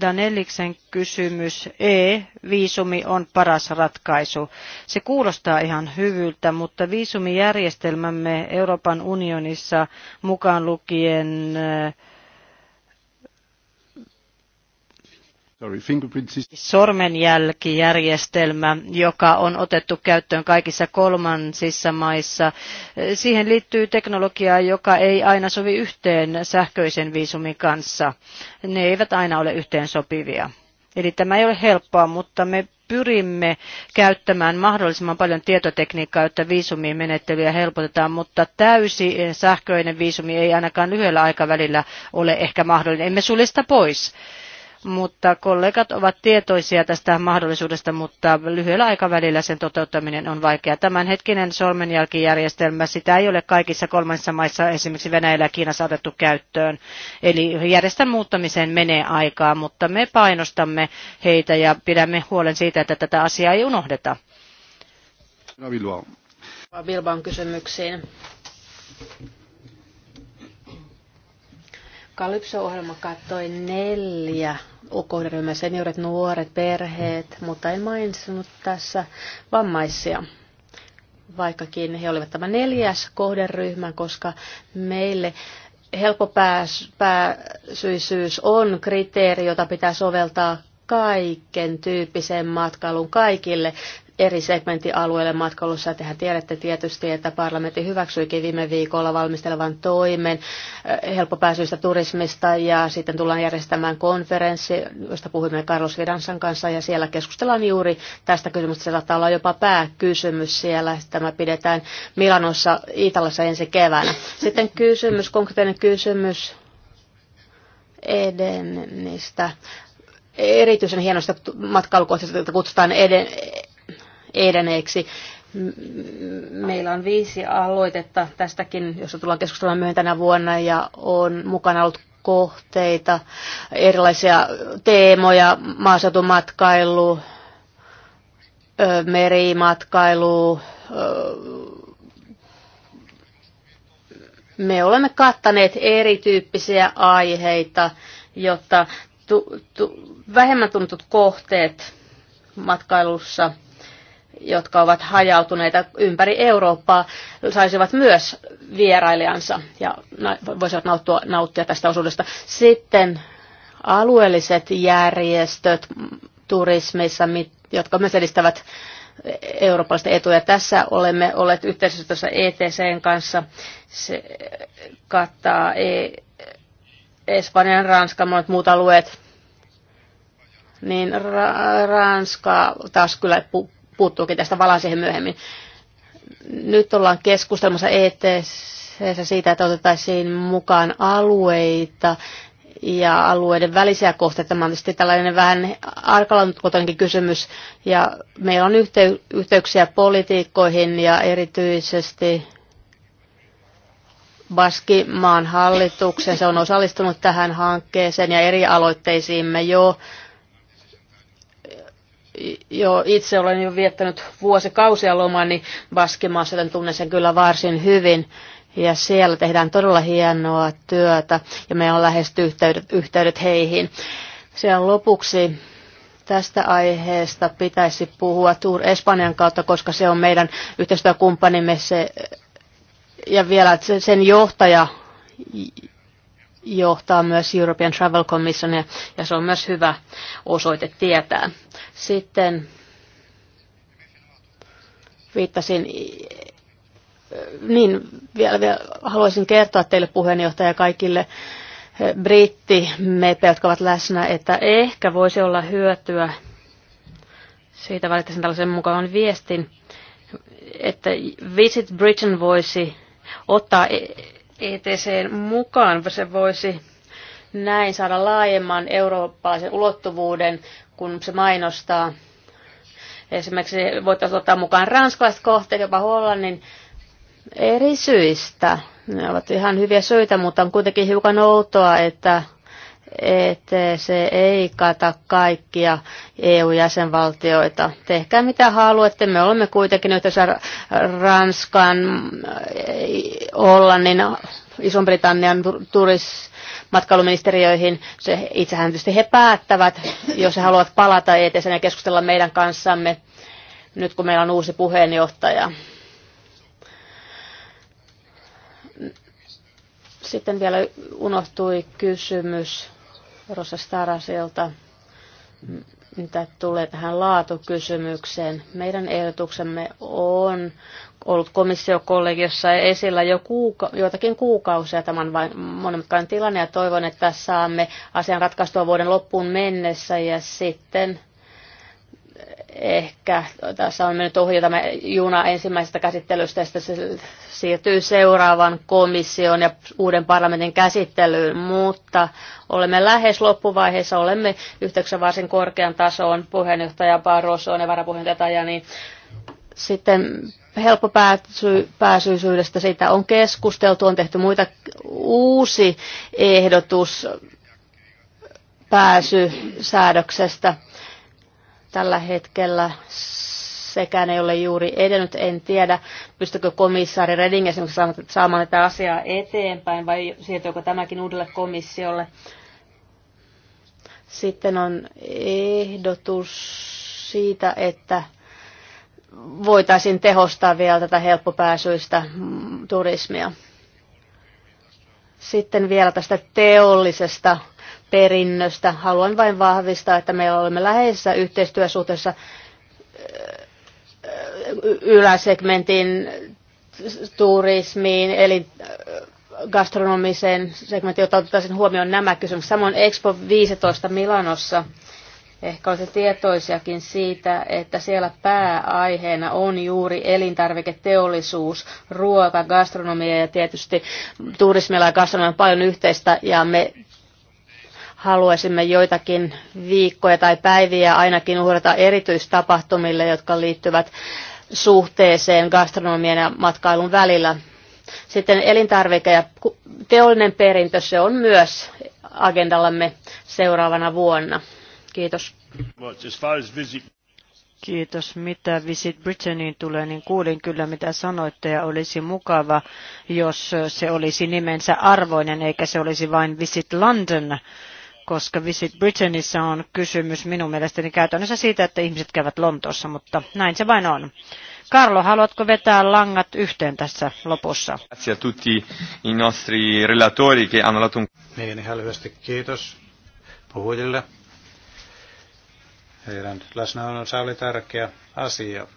Daneliksen kysymys. E-viisumi on paras ratkaisu. Se kuulostaa ihan hyvyltä, mutta viisumijärjestelmämme Euroopan unionissa mukaan lukien äh, sormenjälkijärjestelmä, joka on otettu käyttöön kaikissa kolmansissa maissa. Siihen liittyy teknologiaa, joka ei aina sovi yhteen sähköisen viisumin kanssa. Ne eivät aina ole yhteen sopivia. Eli tämä ei ole helppoa, mutta me pyrimme käyttämään mahdollisimman paljon tietotekniikkaa, jotta viisumien menettelyä helpotetaan, mutta täysi sähköinen viisumi ei ainakaan lyhyellä aikavälillä ole ehkä mahdollinen. Emme sulista pois mutta kollegat ovat tietoisia tästä mahdollisuudesta, mutta lyhyellä aikavälillä sen toteuttaminen on vaikea. Tämänhetkinen sormenjälkijärjestelmä, sitä ei ole kaikissa kolmansissa maissa, esimerkiksi Venäjällä ja Kiinassa otettu käyttöön. Eli järjestelmän muuttamiseen menee aikaa, mutta me painostamme heitä ja pidämme huolen siitä, että tätä asiaa ei unohdeta. Bilbaan kysymyksiin. Kalypso-ohjelma kattoi neljä kohderyhmää, seniorit, nuoret, perheet, mutta en mainitsenut tässä vammaisia vaikkakin he olivat tämä neljäs kohderyhmä, koska meille pääsyisyys on kriteeri, jota pitää soveltaa kaiken tyyppiseen matkailuun kaikille eri segmenttialueille matkailussa. Tehän tiedätte tietysti, että parlamentti hyväksyikin viime viikolla valmistelevan toimen eh, helppopääsyistä turismista ja sitten tullaan järjestämään konferenssi, josta puhuimme Carlos Vidansan kanssa ja siellä keskustellaan juuri tästä kysymystä. Se saattaa olla jopa pääkysymys siellä. Tämä pidetään Milanossa Italassa ensi keväänä. Sitten kysymys, konkreettinen kysymys edennistä. erityisen hienosta matkailukohteesta, jota kutsutaan eden, edeneeksi. Meillä on viisi aloitetta tästäkin, jossa tullaan keskustelemaan myöhemmin tänä vuonna ja on mukana ollut kohteita, erilaisia teemoja, maaseutumatkailu, merimatkailu. Me olemme kattaneet erityyppisiä aiheita, jotta tu, tu, vähemmän tuntut kohteet matkailussa – jotka ovat hajautuneita ympäri Eurooppaa, saisivat myös vierailijansa ja voisivat nauttua, nauttia tästä osuudesta. Sitten alueelliset järjestöt turismissa, jotka myös edistävät eurooppalaista etuja. Tässä olemme olleet yhteistyössä ETCn kanssa. Se kattaa e, Espanjan, Ranskan, monet muut alueet. Niin Ranska taas kyllä puuttuukin tästä, valaan siihen myöhemmin. Nyt ollaan keskustelmassa ETS siitä, että otettaisiin mukaan alueita ja alueiden välisiä kohteita. Tämä on tietysti tällainen vähän arkalankotoinenkin kysymys. Ja meillä on yhtey- yhteyksiä politiikkoihin ja erityisesti Baskimaan hallituksen. Se on osallistunut tähän hankkeeseen ja eri aloitteisiimme jo jo itse olen jo viettänyt vuosikausia lomani niin Baskimaassa, joten tunnen sen kyllä varsin hyvin. Ja siellä tehdään todella hienoa työtä ja meillä on lähes yhteydet, yhteydet heihin. Siellä lopuksi tästä aiheesta pitäisi puhua Tour Espanjan kautta, koska se on meidän yhteistyökumppanimme se, ja vielä sen johtaja johtaa myös European Travel Commission ja se on myös hyvä osoite tietää. Sitten viittasin, niin vielä, vielä haluaisin kertoa teille puheenjohtaja kaikille brittimepe, jotka ovat läsnä, että ehkä voisi olla hyötyä, siitä välittäisin tällaisen mukavan viestin, että Visit Britain voisi ottaa e- ETCn mukaan. Se voisi näin saada laajemman eurooppalaisen ulottuvuuden, kun se mainostaa. Esimerkiksi voitaisiin ottaa mukaan ranskalaiset kohteet, jopa Hollannin eri syistä. Ne ovat ihan hyviä syitä, mutta on kuitenkin hiukan outoa, että että se ei kata kaikkia EU-jäsenvaltioita. Tehkää mitä haluatte. Me olemme kuitenkin nyt tässä Ranskan, Hollannin, eh, iso britannian turismatkailuministeriöihin. Se, itsehän tietysti he päättävät, jos he haluavat palata eteeseen ja keskustella meidän kanssamme nyt kun meillä on uusi puheenjohtaja. Sitten vielä unohtui kysymys Starasilta, mitä tulee tähän laatukysymykseen. Meidän ehdotuksemme on ollut komissiokollegiossa esillä jo kuuka- joitakin kuukausia tämän vain monimutkainen tilanne ja toivon, että saamme asian ratkaistua vuoden loppuun mennessä ja sitten ehkä tässä on mennyt ohjata tämä juna ensimmäisestä käsittelystä ja se siirtyy seuraavan komission ja uuden parlamentin käsittelyyn, mutta olemme lähes loppuvaiheessa, olemme yhteyksessä varsin korkean tasoon puheenjohtaja Barrosoon ja varapuheenjohtaja Tajani. Sitten pääsyisyydestä siitä on keskusteltu, on tehty muita uusi ehdotus pääsysäädöksestä Tällä hetkellä sekään ei ole juuri edennyt. En tiedä, pystykö komissaari Reding esimerkiksi saamaan tätä asiaa eteenpäin vai siirtyykö tämäkin uudelle komissiolle. Sitten on ehdotus siitä, että voitaisiin tehostaa vielä tätä helppopääsyistä turismia. Sitten vielä tästä teollisesta perinnöstä. Haluan vain vahvistaa, että meillä olemme läheisessä yhteistyösuhteessa äh, äh, yläsegmentin turismiin, eli äh, gastronomiseen segmenttiin, jota otettaisiin huomioon nämä kysymykset. Samoin Expo 15 Milanossa. Ehkä olette tietoisiakin siitä, että siellä pääaiheena on juuri elintarviketeollisuus, ruoka, gastronomia ja tietysti turismilla ja gastronomia on paljon yhteistä ja me haluaisimme joitakin viikkoja tai päiviä ainakin uhrata erityistapahtumille, jotka liittyvät suhteeseen gastronomian ja matkailun välillä. Sitten elintarvike ja teollinen perintö, se on myös agendallamme seuraavana vuonna. Kiitos. Kiitos. Mitä Visit Britanniin tulee, niin kuulin kyllä mitä sanoitte ja olisi mukava, jos se olisi nimensä arvoinen eikä se olisi vain Visit London koska Visit Britainissa on kysymys minun mielestäni käytännössä siitä, että ihmiset käyvät Lontoossa, mutta näin se vain on. Carlo, haluatko vetää langat yhteen tässä lopussa? Grazie a tutti i nostri relatori che hanno dato un... Niin, ihan lyhyesti kiitos puhujille. Heidän läsnäolonsa oli tärkeä asia.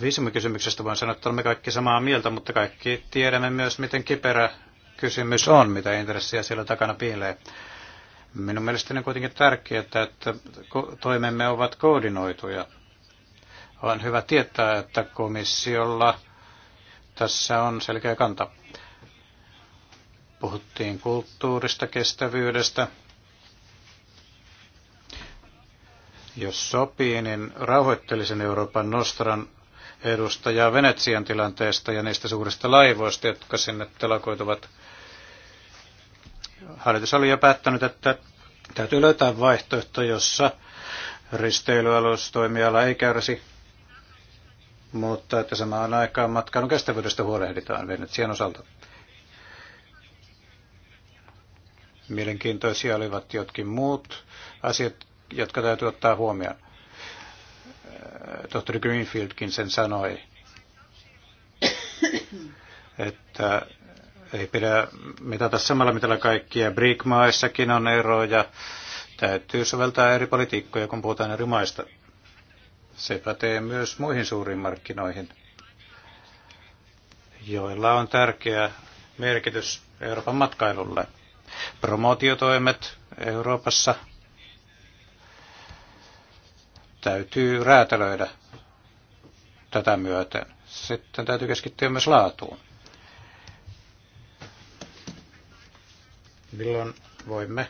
Viisumikysymyksestä voin sanoa, että olemme kaikki samaa mieltä, mutta kaikki tiedämme myös, miten kiperä kysymys on, mitä intressiä siellä takana piilee. Minun mielestäni on kuitenkin tärkeää, että toimemme ovat koordinoituja. On hyvä tietää, että komissiolla tässä on selkeä kanta. Puhuttiin kulttuurista, kestävyydestä. Jos sopii, niin rauhoittelisin Euroopan Nostran edustajaa Venetsian tilanteesta ja niistä suurista laivoista, jotka sinne telakoituvat. Hallitus oli jo päättänyt, että täytyy löytää vaihtoehto, jossa risteilyalustoimiala ei kärsi, mutta että samaan aikaan matkailun kestävyydestä huolehditaan Venetsian osalta. Mielenkiintoisia olivat jotkin muut asiat, jotka täytyy ottaa huomioon tohtori Greenfieldkin sen sanoi, että ei pidä mitata samalla mitalla kaikkia. BRIC-maissakin on eroja. Täytyy soveltaa eri politiikkoja, kun puhutaan eri maista. Se pätee myös muihin suuriin markkinoihin, joilla on tärkeä merkitys Euroopan matkailulle. Promotiotoimet Euroopassa täytyy räätälöidä tätä myöten. Sitten täytyy keskittyä myös laatuun. Milloin voimme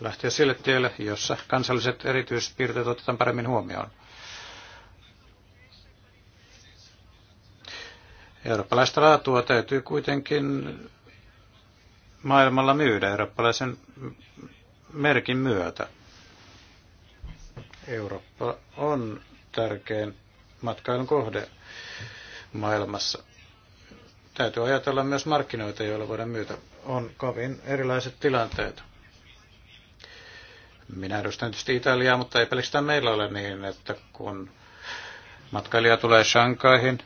lähteä sille tielle, jossa kansalliset erityispiirteet otetaan paremmin huomioon. Eurooppalaista laatua täytyy kuitenkin maailmalla myydä eurooppalaisen merkin myötä. Eurooppa on tärkein matkailun kohde maailmassa. Täytyy ajatella myös markkinoita, joilla voidaan myytä. On kovin erilaiset tilanteet. Minä edustan tietysti Italiaa, mutta ei pelkästään meillä ole niin, että kun matkailija tulee Shankaihin,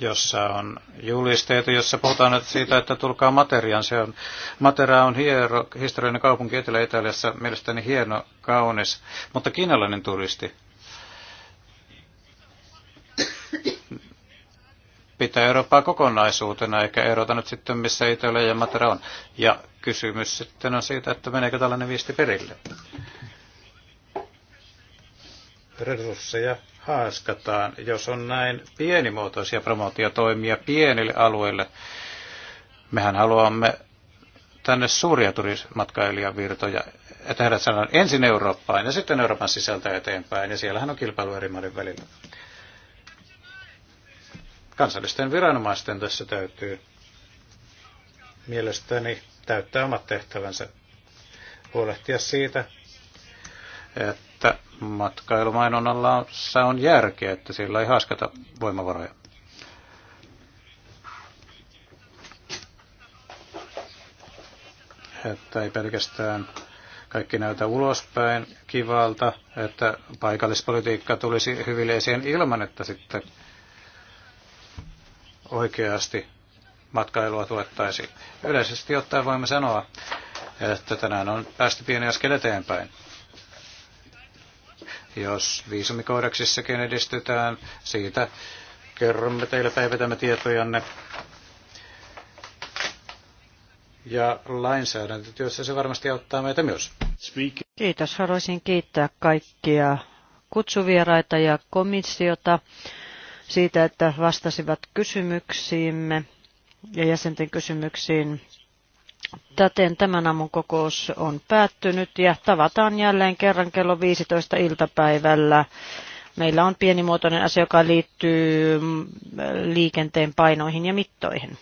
jossa on julisteita, jossa puhutaan nyt siitä, että tulkaa materiaan. Se on, Matera on hiero, historiallinen kaupunki Etelä-Italiassa, mielestäni hieno, kaunis, mutta kiinalainen turisti pitää Eurooppaa kokonaisuutena, eikä erota nyt sitten, missä Italia ja Matera on. Ja kysymys sitten on siitä, että meneekö tällainen viesti perille. Resursseja haaskataan, jos on näin pienimuotoisia promootiotoimia pienille alueille. Mehän haluamme tänne suuria turismatkailijavirtoja että heidät saadaan ensin Eurooppaan ja sitten Euroopan sisältä eteenpäin, ja siellähän on kilpailu eri maiden välillä. Kansallisten viranomaisten tässä täytyy mielestäni täyttää omat tehtävänsä, huolehtia siitä, että Matkailumainonnalla on järkeä, että sillä ei haskata voimavaroja. Että ei pelkästään kaikki näytä ulospäin kivalta, että paikallispolitiikka tulisi hyville esiin ilman, että sitten oikeasti matkailua tuettaisiin. Yleisesti ottaen voimme sanoa, että tänään on päästy pieni askel eteenpäin. Jos viisumikoodeksissakin edistytään, siitä kerromme teille päivitämme tietojanne. Ja lainsäädäntötyössä se varmasti auttaa meitä myös. Kiitos. Haluaisin kiittää kaikkia kutsuvieraita ja komissiota siitä, että vastasivat kysymyksiimme ja jäsenten kysymyksiin. Täten tämän aamun kokous on päättynyt ja tavataan jälleen kerran kello 15 iltapäivällä. Meillä on pienimuotoinen asia, joka liittyy mm, liikenteen painoihin ja mittoihin.